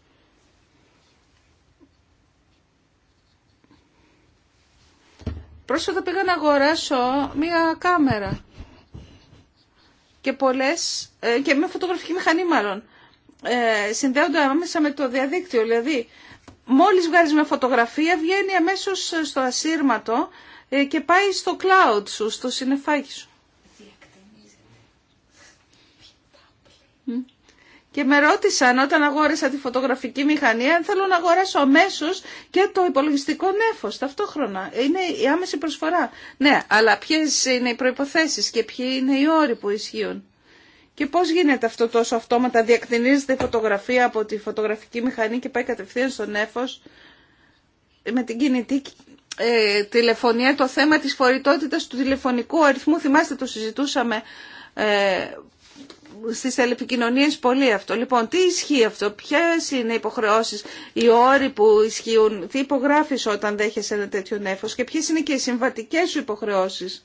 S3: Πρόσφατα πήγα να αγοράσω μία κάμερα και πολλές, ε, και μία φωτογραφική μηχανή μάλλον, ε, συνδέονται άμεσα με το διαδίκτυο. Δηλαδή, μόλις βγάζεις μια φωτογραφία, βγαίνει αμέσως στο ασύρματο ε, και πάει στο cloud σου, στο συνεφάκι σου. Και με ρώτησαν όταν αγόρασα τη φωτογραφική μηχανή αν θέλω να αγοράσω αμέσω και το υπολογιστικό νεφο. ταυτόχρονα. Είναι η άμεση προσφορά. Ναι, αλλά ποιε είναι οι προποθέσει και ποιοι είναι οι όροι που ισχύουν. Και πώ γίνεται αυτό τόσο αυτόματα, διακτηνίζεται η φωτογραφία από τη φωτογραφική μηχανή και πάει κατευθείαν στο νέφος με την κινητή ε, τηλεφωνία το θέμα τη φορητότητα του τηλεφωνικού αριθμού. Θυμάστε το συζητούσαμε ε, στις τηλεπικοινωνίες πολύ αυτό. Λοιπόν, τι ισχύει αυτό, ποιε είναι οι υποχρεώσεις, οι όροι που ισχύουν, τι υπογράφεις όταν δέχεσαι ένα τέτοιο νέφος και ποιε είναι και οι συμβατικές σου υποχρεώσεις.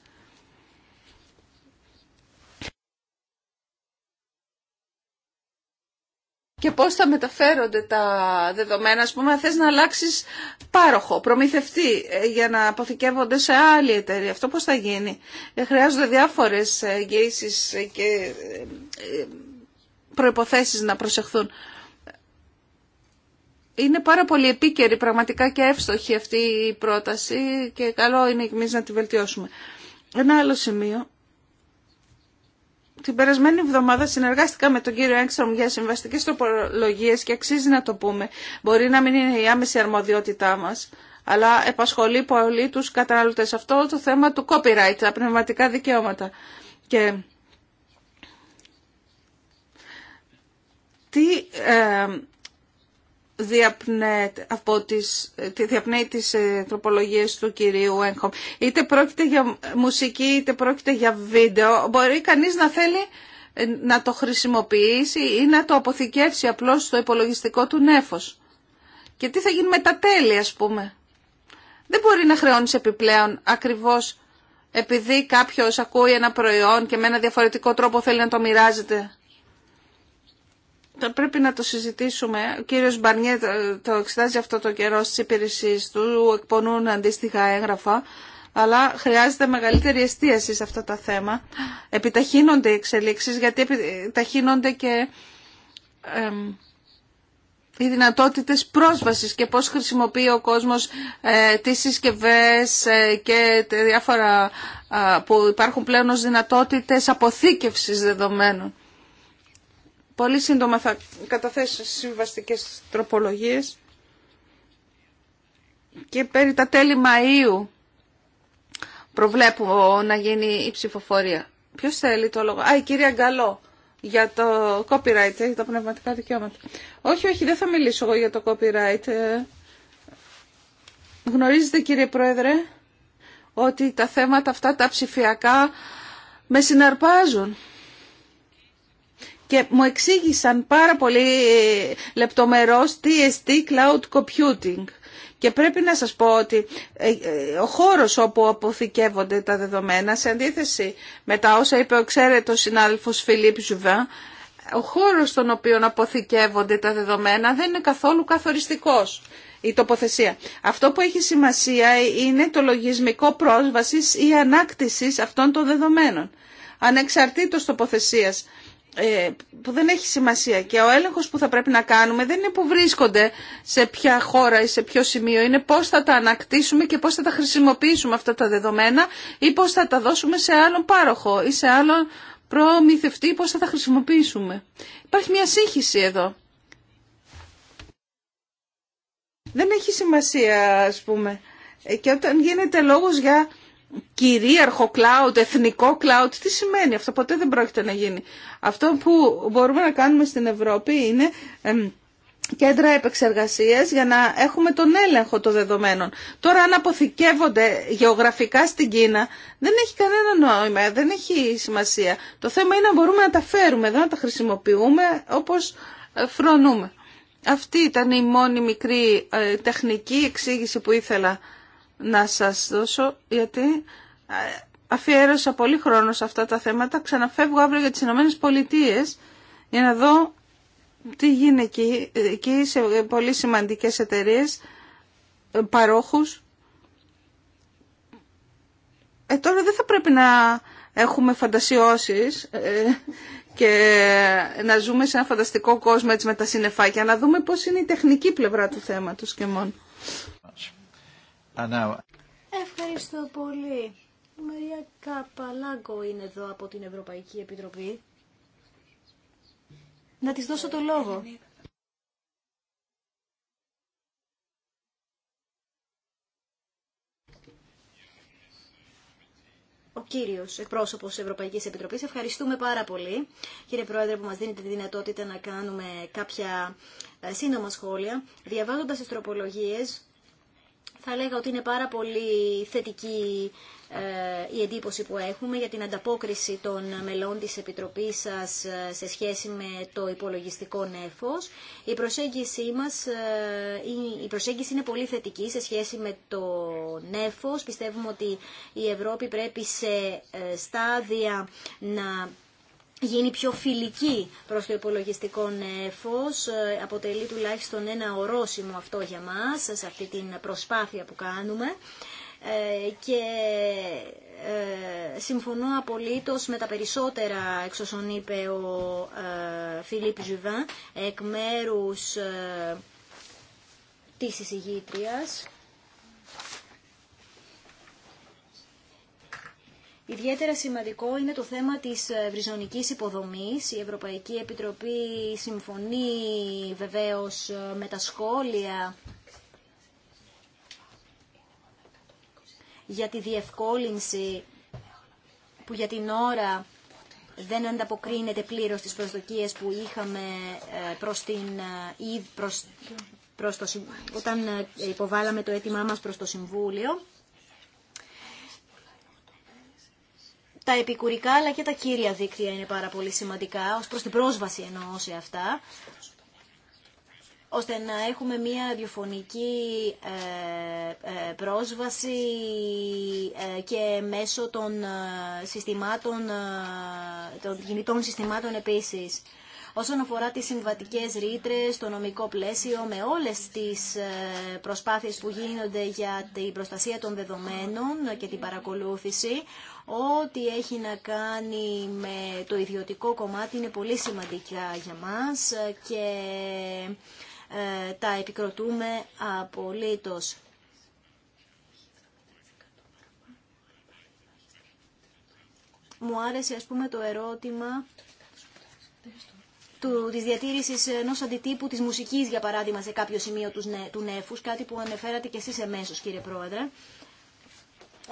S3: και πώς θα μεταφέρονται τα δεδομένα, ας πούμε, θες να αλλάξεις πάροχο, προμηθευτή, ε, για να αποθηκεύονται σε άλλη εταιρεία. Αυτό πώς θα γίνει. Ε, χρειάζονται διάφορες εγγύησεις και ε, προϋποθέσεις να προσεχθούν. Είναι πάρα πολύ επίκαιρη πραγματικά και εύστοχη αυτή η πρόταση και καλό είναι εμείς να τη βελτιώσουμε. Ένα άλλο σημείο την περασμένη εβδομάδα συνεργάστηκα με τον κύριο Έγκστρομ για συμβαστικές τροπολογίες και αξίζει να το πούμε. Μπορεί να μην είναι η άμεση αρμοδιότητά μας, αλλά επασχολεί πολύ τους καταναλωτές αυτό το θέμα του copyright, τα πνευματικά δικαιώματα. Και τι ε, διαπνέει από τις, διαπνέει τις ε, τροπολογίες του κυρίου Έγχομ. Είτε πρόκειται για μουσική, είτε πρόκειται για βίντεο. Μπορεί κανείς να θέλει ε, να το χρησιμοποιήσει ή να το αποθηκεύσει απλώς στο υπολογιστικό του νέφος. Και τι θα γίνει με τα τέλη, ας πούμε. Δεν μπορεί να χρεώνεις επιπλέον ακριβώς επειδή κάποιος ακούει ένα προϊόν και με ένα διαφορετικό τρόπο θέλει να το μοιράζεται θα πρέπει να το συζητήσουμε. Ο κύριος Μπαρνιέ το εξετάζει αυτό το καιρό στις υπηρεσίες του, εκπονούν αντίστοιχα έγγραφα, αλλά χρειάζεται μεγαλύτερη εστίαση σε αυτό το θέμα. Επιταχύνονται οι εξελίξεις, γιατί επιταχύνονται και οι δυνατότητες πρόσβασης και πώς χρησιμοποιεί ο κόσμος ε, τις συσκευές ε, και τα διάφορα που υπάρχουν πλέον ως δυνατότητες αποθήκευσης δεδομένων. Πολύ σύντομα θα καταθέσω συμβαστικές τροπολογίες και περί τα τέλη Μαΐου προβλέπω να γίνει η ψηφοφορία. Ποιος θέλει το λόγο. Α, η κυρία Γκαλό για το copyright, για τα πνευματικά δικαιώματα. Όχι, όχι, δεν θα μιλήσω εγώ για το copyright. Ε, γνωρίζετε κύριε Πρόεδρε ότι τα θέματα αυτά τα ψηφιακά με συναρπάζουν και μου εξήγησαν πάρα πολύ λεπτομερώς TST Cloud Computing. Και πρέπει να σας πω ότι ε, ε, ο χώρος όπου αποθηκεύονται τα δεδομένα, σε αντίθεση με τα όσα είπε ο ξέρετο συνάδελφος Φιλίπ Ζουβά, ο χώρος στον οποίο αποθηκεύονται τα δεδομένα δεν είναι καθόλου καθοριστικός η τοποθεσία. Αυτό που έχει σημασία είναι το λογισμικό πρόσβασης ή ανάκτησης αυτών των δεδομένων, ανεξαρτήτως τοποθεσίας. Ε, που δεν έχει σημασία και ο έλεγχος που θα πρέπει να κάνουμε δεν είναι που βρίσκονται σε ποια χώρα ή σε ποιο σημείο, είναι πώς θα τα ανακτήσουμε και πώς θα τα χρησιμοποιήσουμε αυτά τα δεδομένα ή πώς θα τα δώσουμε σε άλλον πάροχο ή σε άλλον προμηθευτή, πώς θα τα χρησιμοποιήσουμε. Υπάρχει μια σύγχυση εδώ. Δεν έχει σημασία, ας πούμε. Ε, και όταν γίνεται λόγος για κυρίαρχο cloud, εθνικό cloud. Τι σημαίνει αυτό, ποτέ δεν πρόκειται να γίνει. Αυτό που μπορούμε να κάνουμε στην Ευρώπη είναι κέντρα επεξεργασία για να έχουμε τον έλεγχο των δεδομένων. Τώρα αν αποθηκεύονται γεωγραφικά στην Κίνα δεν έχει κανένα νόημα, δεν έχει σημασία. Το θέμα είναι να μπορούμε να τα φέρουμε εδώ, να τα χρησιμοποιούμε όπως ε, φρονούμε. Αυτή ήταν η μόνη μικρή ε, τεχνική εξήγηση που ήθελα να σας δώσω, γιατί ε, αφιέρωσα πολύ χρόνο σε αυτά τα θέματα. Ξαναφεύγω αύριο για τις Ηνωμένε Πολιτείες για να δω τι γίνεται εκεί, εκεί σε πολύ σημαντικές εταιρείες, ε, παρόχους. Ε, τώρα δεν θα πρέπει να έχουμε φαντασιώσεις ε, και να ζούμε σε ένα φανταστικό κόσμο έτσι με τα συννεφάκια, να δούμε πώς είναι η τεχνική πλευρά του θέματος και μόνο.
S4: Ευχαριστώ πολύ. Η Μαρία Καπαλάγκο είναι εδώ από την Ευρωπαϊκή Επιτροπή. Να της δώσω το λόγο. ο κύριος εκπρόσωπο της Ευρωπαϊκή Επιτροπή. Ευχαριστούμε πάρα πολύ, κύριε Πρόεδρε, που μας δίνετε τη δυνατότητα να κάνουμε κάποια ε, σύντομα σχόλια. Διαβάζοντας τις τροπολογίες θα λέγα ότι είναι πάρα πολύ θετική ε, η εντύπωση που έχουμε για την ανταπόκριση των μελών της Επιτροπής σας ε, σε σχέση με το υπολογιστικό νέφος. Η προσέγγιση, μας, ε, η προσέγγιση είναι πολύ θετική σε σχέση με το νέφος. Πιστεύουμε ότι η Ευρώπη πρέπει σε στάδια να γίνει πιο φιλική προς το υπολογιστικό νέφος. Ε, αποτελεί τουλάχιστον ένα ορόσημο αυτό για μας, σε αυτή την προσπάθεια που κάνουμε. Ε, και ε, συμφωνώ απολύτως με τα περισσότερα, εξ είπε ο Φιλίπ Ζουβά, εκ μέρους της εισηγήτριας. Ιδιαίτερα σημαντικό είναι το θέμα της ε, βριζονικής υποδομής. Η Ευρωπαϊκή Επιτροπή συμφωνεί βεβαίως ε, με τα σχόλια για τη διευκόλυνση που για την ώρα δεν ανταποκρίνεται πλήρως στις προσδοκίες που είχαμε ε, προς, την, προς, προς το, όταν υποβάλαμε το αίτημά μας προς το Συμβούλιο. τα επικουρικά αλλά και τα κύρια δίκτυα είναι πάρα πολύ σημαντικά, ως προς την πρόσβαση εννοώ σε αυτά, ώστε να έχουμε μία ε, ε, πρόσβαση ε, και μέσω των ε, συστημάτων, των κινητών συστημάτων επίσης. Όσον αφορά τις συμβατικές ρήτρε, το νομικό πλαίσιο, με όλες τις ε, προσπάθειες που γίνονται για την προστασία των δεδομένων και την παρακολούθηση, ό,τι έχει να κάνει με το ιδιωτικό κομμάτι είναι πολύ σημαντικά για μας και ε, τα επικροτούμε απολύτως. Μου άρεσε ας πούμε το ερώτημα του, της διατήρησης ενός αντιτύπου της μουσικής, για παράδειγμα, σε κάποιο σημείο του, νε, του νεφους, κάτι που ανεφέρατε και εσείς εμέσως, κύριε Πρόεδρε.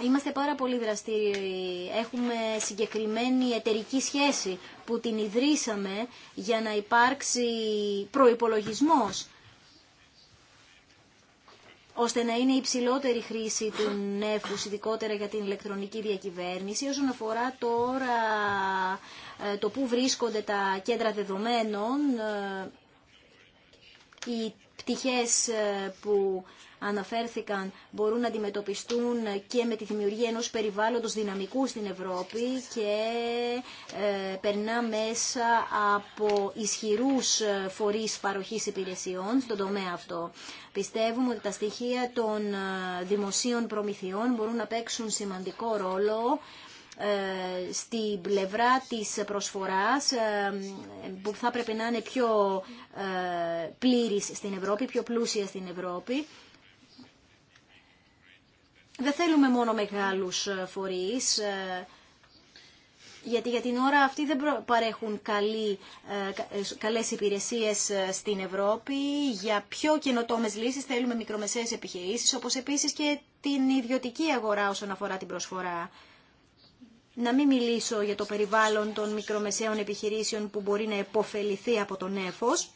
S4: Είμαστε πάρα πολύ δραστήριοι. Έχουμε συγκεκριμένη εταιρική σχέση που την ιδρύσαμε για να υπάρξει προϋπολογισμός ώστε να είναι υψηλότερη χρήση του νεφους, ειδικότερα για την ηλεκτρονική διακυβέρνηση. Όσον αφορά τώρα ε, το πού βρίσκονται τα κέντρα δεδομένων, ε, οι πτυχές ε, που αναφέρθηκαν μπορούν να αντιμετωπιστούν και με τη δημιουργία ενός περιβάλλοντος δυναμικού στην Ευρώπη και περνά μέσα από ισχυρούς φορείς παροχής υπηρεσιών στον τομέα αυτό. Πιστεύουμε ότι τα στοιχεία των δημοσίων προμηθειών μπορούν να παίξουν σημαντικό ρόλο ε, στην πλευρά της προσφοράς ε, που θα πρέπει να είναι πιο ε, πλήρης στην Ευρώπη, πιο πλούσια στην Ευρώπη. Δεν θέλουμε μόνο μεγάλους φορείς, γιατί για την ώρα αυτοί δεν παρέχουν καλή, καλές υπηρεσίες στην Ευρώπη. Για πιο καινοτόμες λύσεις θέλουμε μικρομεσαίες επιχειρήσεις, όπως επίσης και την ιδιωτική αγορά όσον αφορά την προσφορά να μην μιλήσω για το περιβάλλον των μικρομεσαίων επιχειρήσεων που μπορεί να επωφεληθεί από τον έφος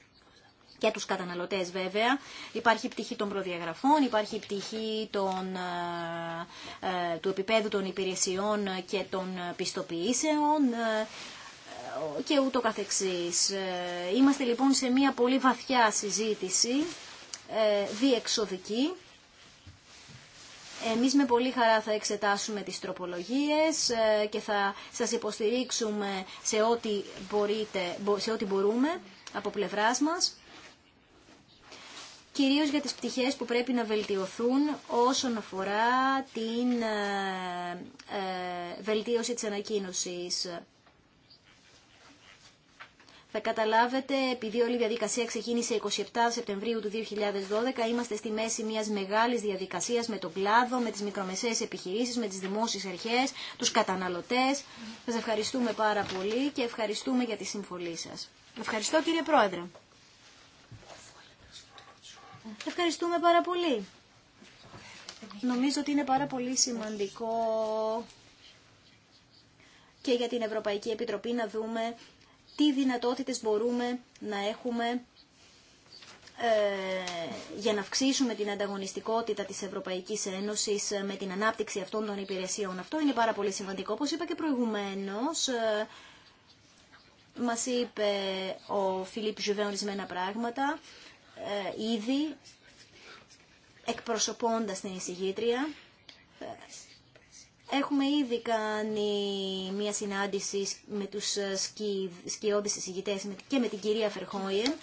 S4: και τους καταναλωτές βέβαια. Υπάρχει πτυχή των προδιαγραφών, υπάρχει πτυχή ε, ε, του επίπεδου των υπηρεσιών και των πιστοποιήσεων ε, και ούτω καθεξής. Είμαστε λοιπόν σε μια πολύ βαθιά συζήτηση, διεξοδική, εμείς με πολύ χαρά θα εξετάσουμε τις τροπολογίες ε, και θα σας υποστηρίξουμε σε ό,τι, σε ό,τι μπορούμε από πλευράς μας κυρίως για τις πτυχές που πρέπει να βελτιωθούν όσον αφορά την ε, ε, βελτίωση της ανακοίνωσης. Θα καταλάβετε, επειδή όλη η διαδικασία ξεκίνησε 27 Σεπτεμβρίου του 2012, είμαστε στη μέση μιας μεγάλης διαδικασίας με τον κλάδο, με τις μικρομεσαίες επιχειρήσεις, με τις δημόσιες αρχές, τους καταναλωτές. Σας ευχαριστούμε πάρα πολύ και ευχαριστούμε για τη συμφωλή σας. Ευχαριστώ κύριε Πρόεδρε. Ευχαριστούμε πάρα πολύ. Νομίζω ότι είναι πάρα πολύ σημαντικό και για την Ευρωπαϊκή Επιτροπή να δούμε τι δυνατότητες μπορούμε να έχουμε ε, για να αυξήσουμε την ανταγωνιστικότητα της Ευρωπαϊκής Ένωσης ε, με την ανάπτυξη αυτών των υπηρεσιών. Αυτό είναι πάρα πολύ σημαντικό. Όπως είπα και προηγουμένως, ε, μας είπε ο Φιλίπ Ζουβέ ορισμένα πράγματα, ήδη εκπροσωπώντας την εισηγήτρια. Έχουμε ήδη κάνει μία συνάντηση με τους ε, σκι, σκιώδεις εισηγητές και με την κυρία Φερχόιεν.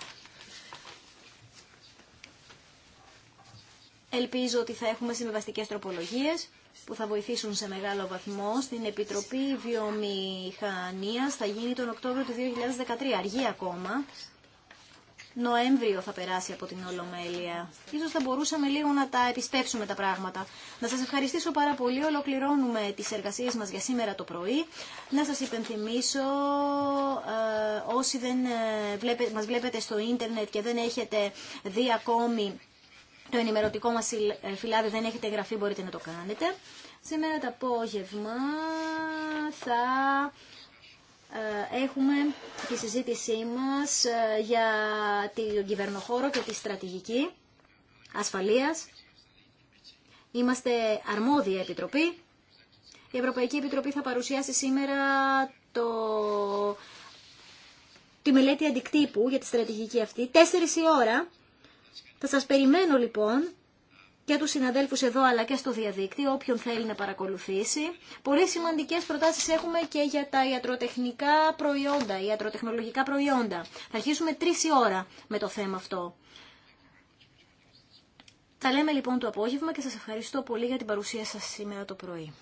S4: Ελπίζω ότι θα έχουμε συμβαστικές τροπολογίες που θα βοηθήσουν σε μεγάλο βαθμό στην Επιτροπή Βιομηχανίας. Θα γίνει τον Οκτώβριο του 2013, αργή ακόμα, Νοέμβριο θα περάσει από την Ολομέλεια. Ίσως θα μπορούσαμε λίγο να τα επιστέψουμε τα πράγματα. Να σας ευχαριστήσω πάρα πολύ. Ολοκληρώνουμε τις εργασίες μας για σήμερα το πρωί. Να σας υπενθυμίσω ε, όσοι δεν ε, βλέπετε, μας βλέπετε στο ίντερνετ και δεν έχετε δει ακόμη το ενημερωτικό μας ε, φυλάδι, δεν έχετε εγγραφή, μπορείτε να το κάνετε. Σήμερα το απόγευμα θα ε, έχουμε τη συζήτησή μας ε, για τον κυβερνοχώρο και τη στρατηγική ασφαλείας. Είμαστε αρμόδια επιτροπή. Η Ευρωπαϊκή Επιτροπή θα παρουσιάσει σήμερα το... τη μελέτη αντικτύπου για τη στρατηγική αυτή. Τέσσερις η ώρα. Θα σας περιμένω λοιπόν και τους συναδέλφους εδώ αλλά και στο διαδίκτυο, όποιον θέλει να παρακολουθήσει. Πολύ σημαντικές προτάσεις έχουμε και για τα ιατροτεχνικά προϊόντα, ιατροτεχνολογικά προϊόντα. Θα αρχίσουμε τρεις η ώρα με το θέμα αυτό. Θα λέμε λοιπόν το απόγευμα και σας ευχαριστώ πολύ για την παρουσία σας σήμερα το πρωί.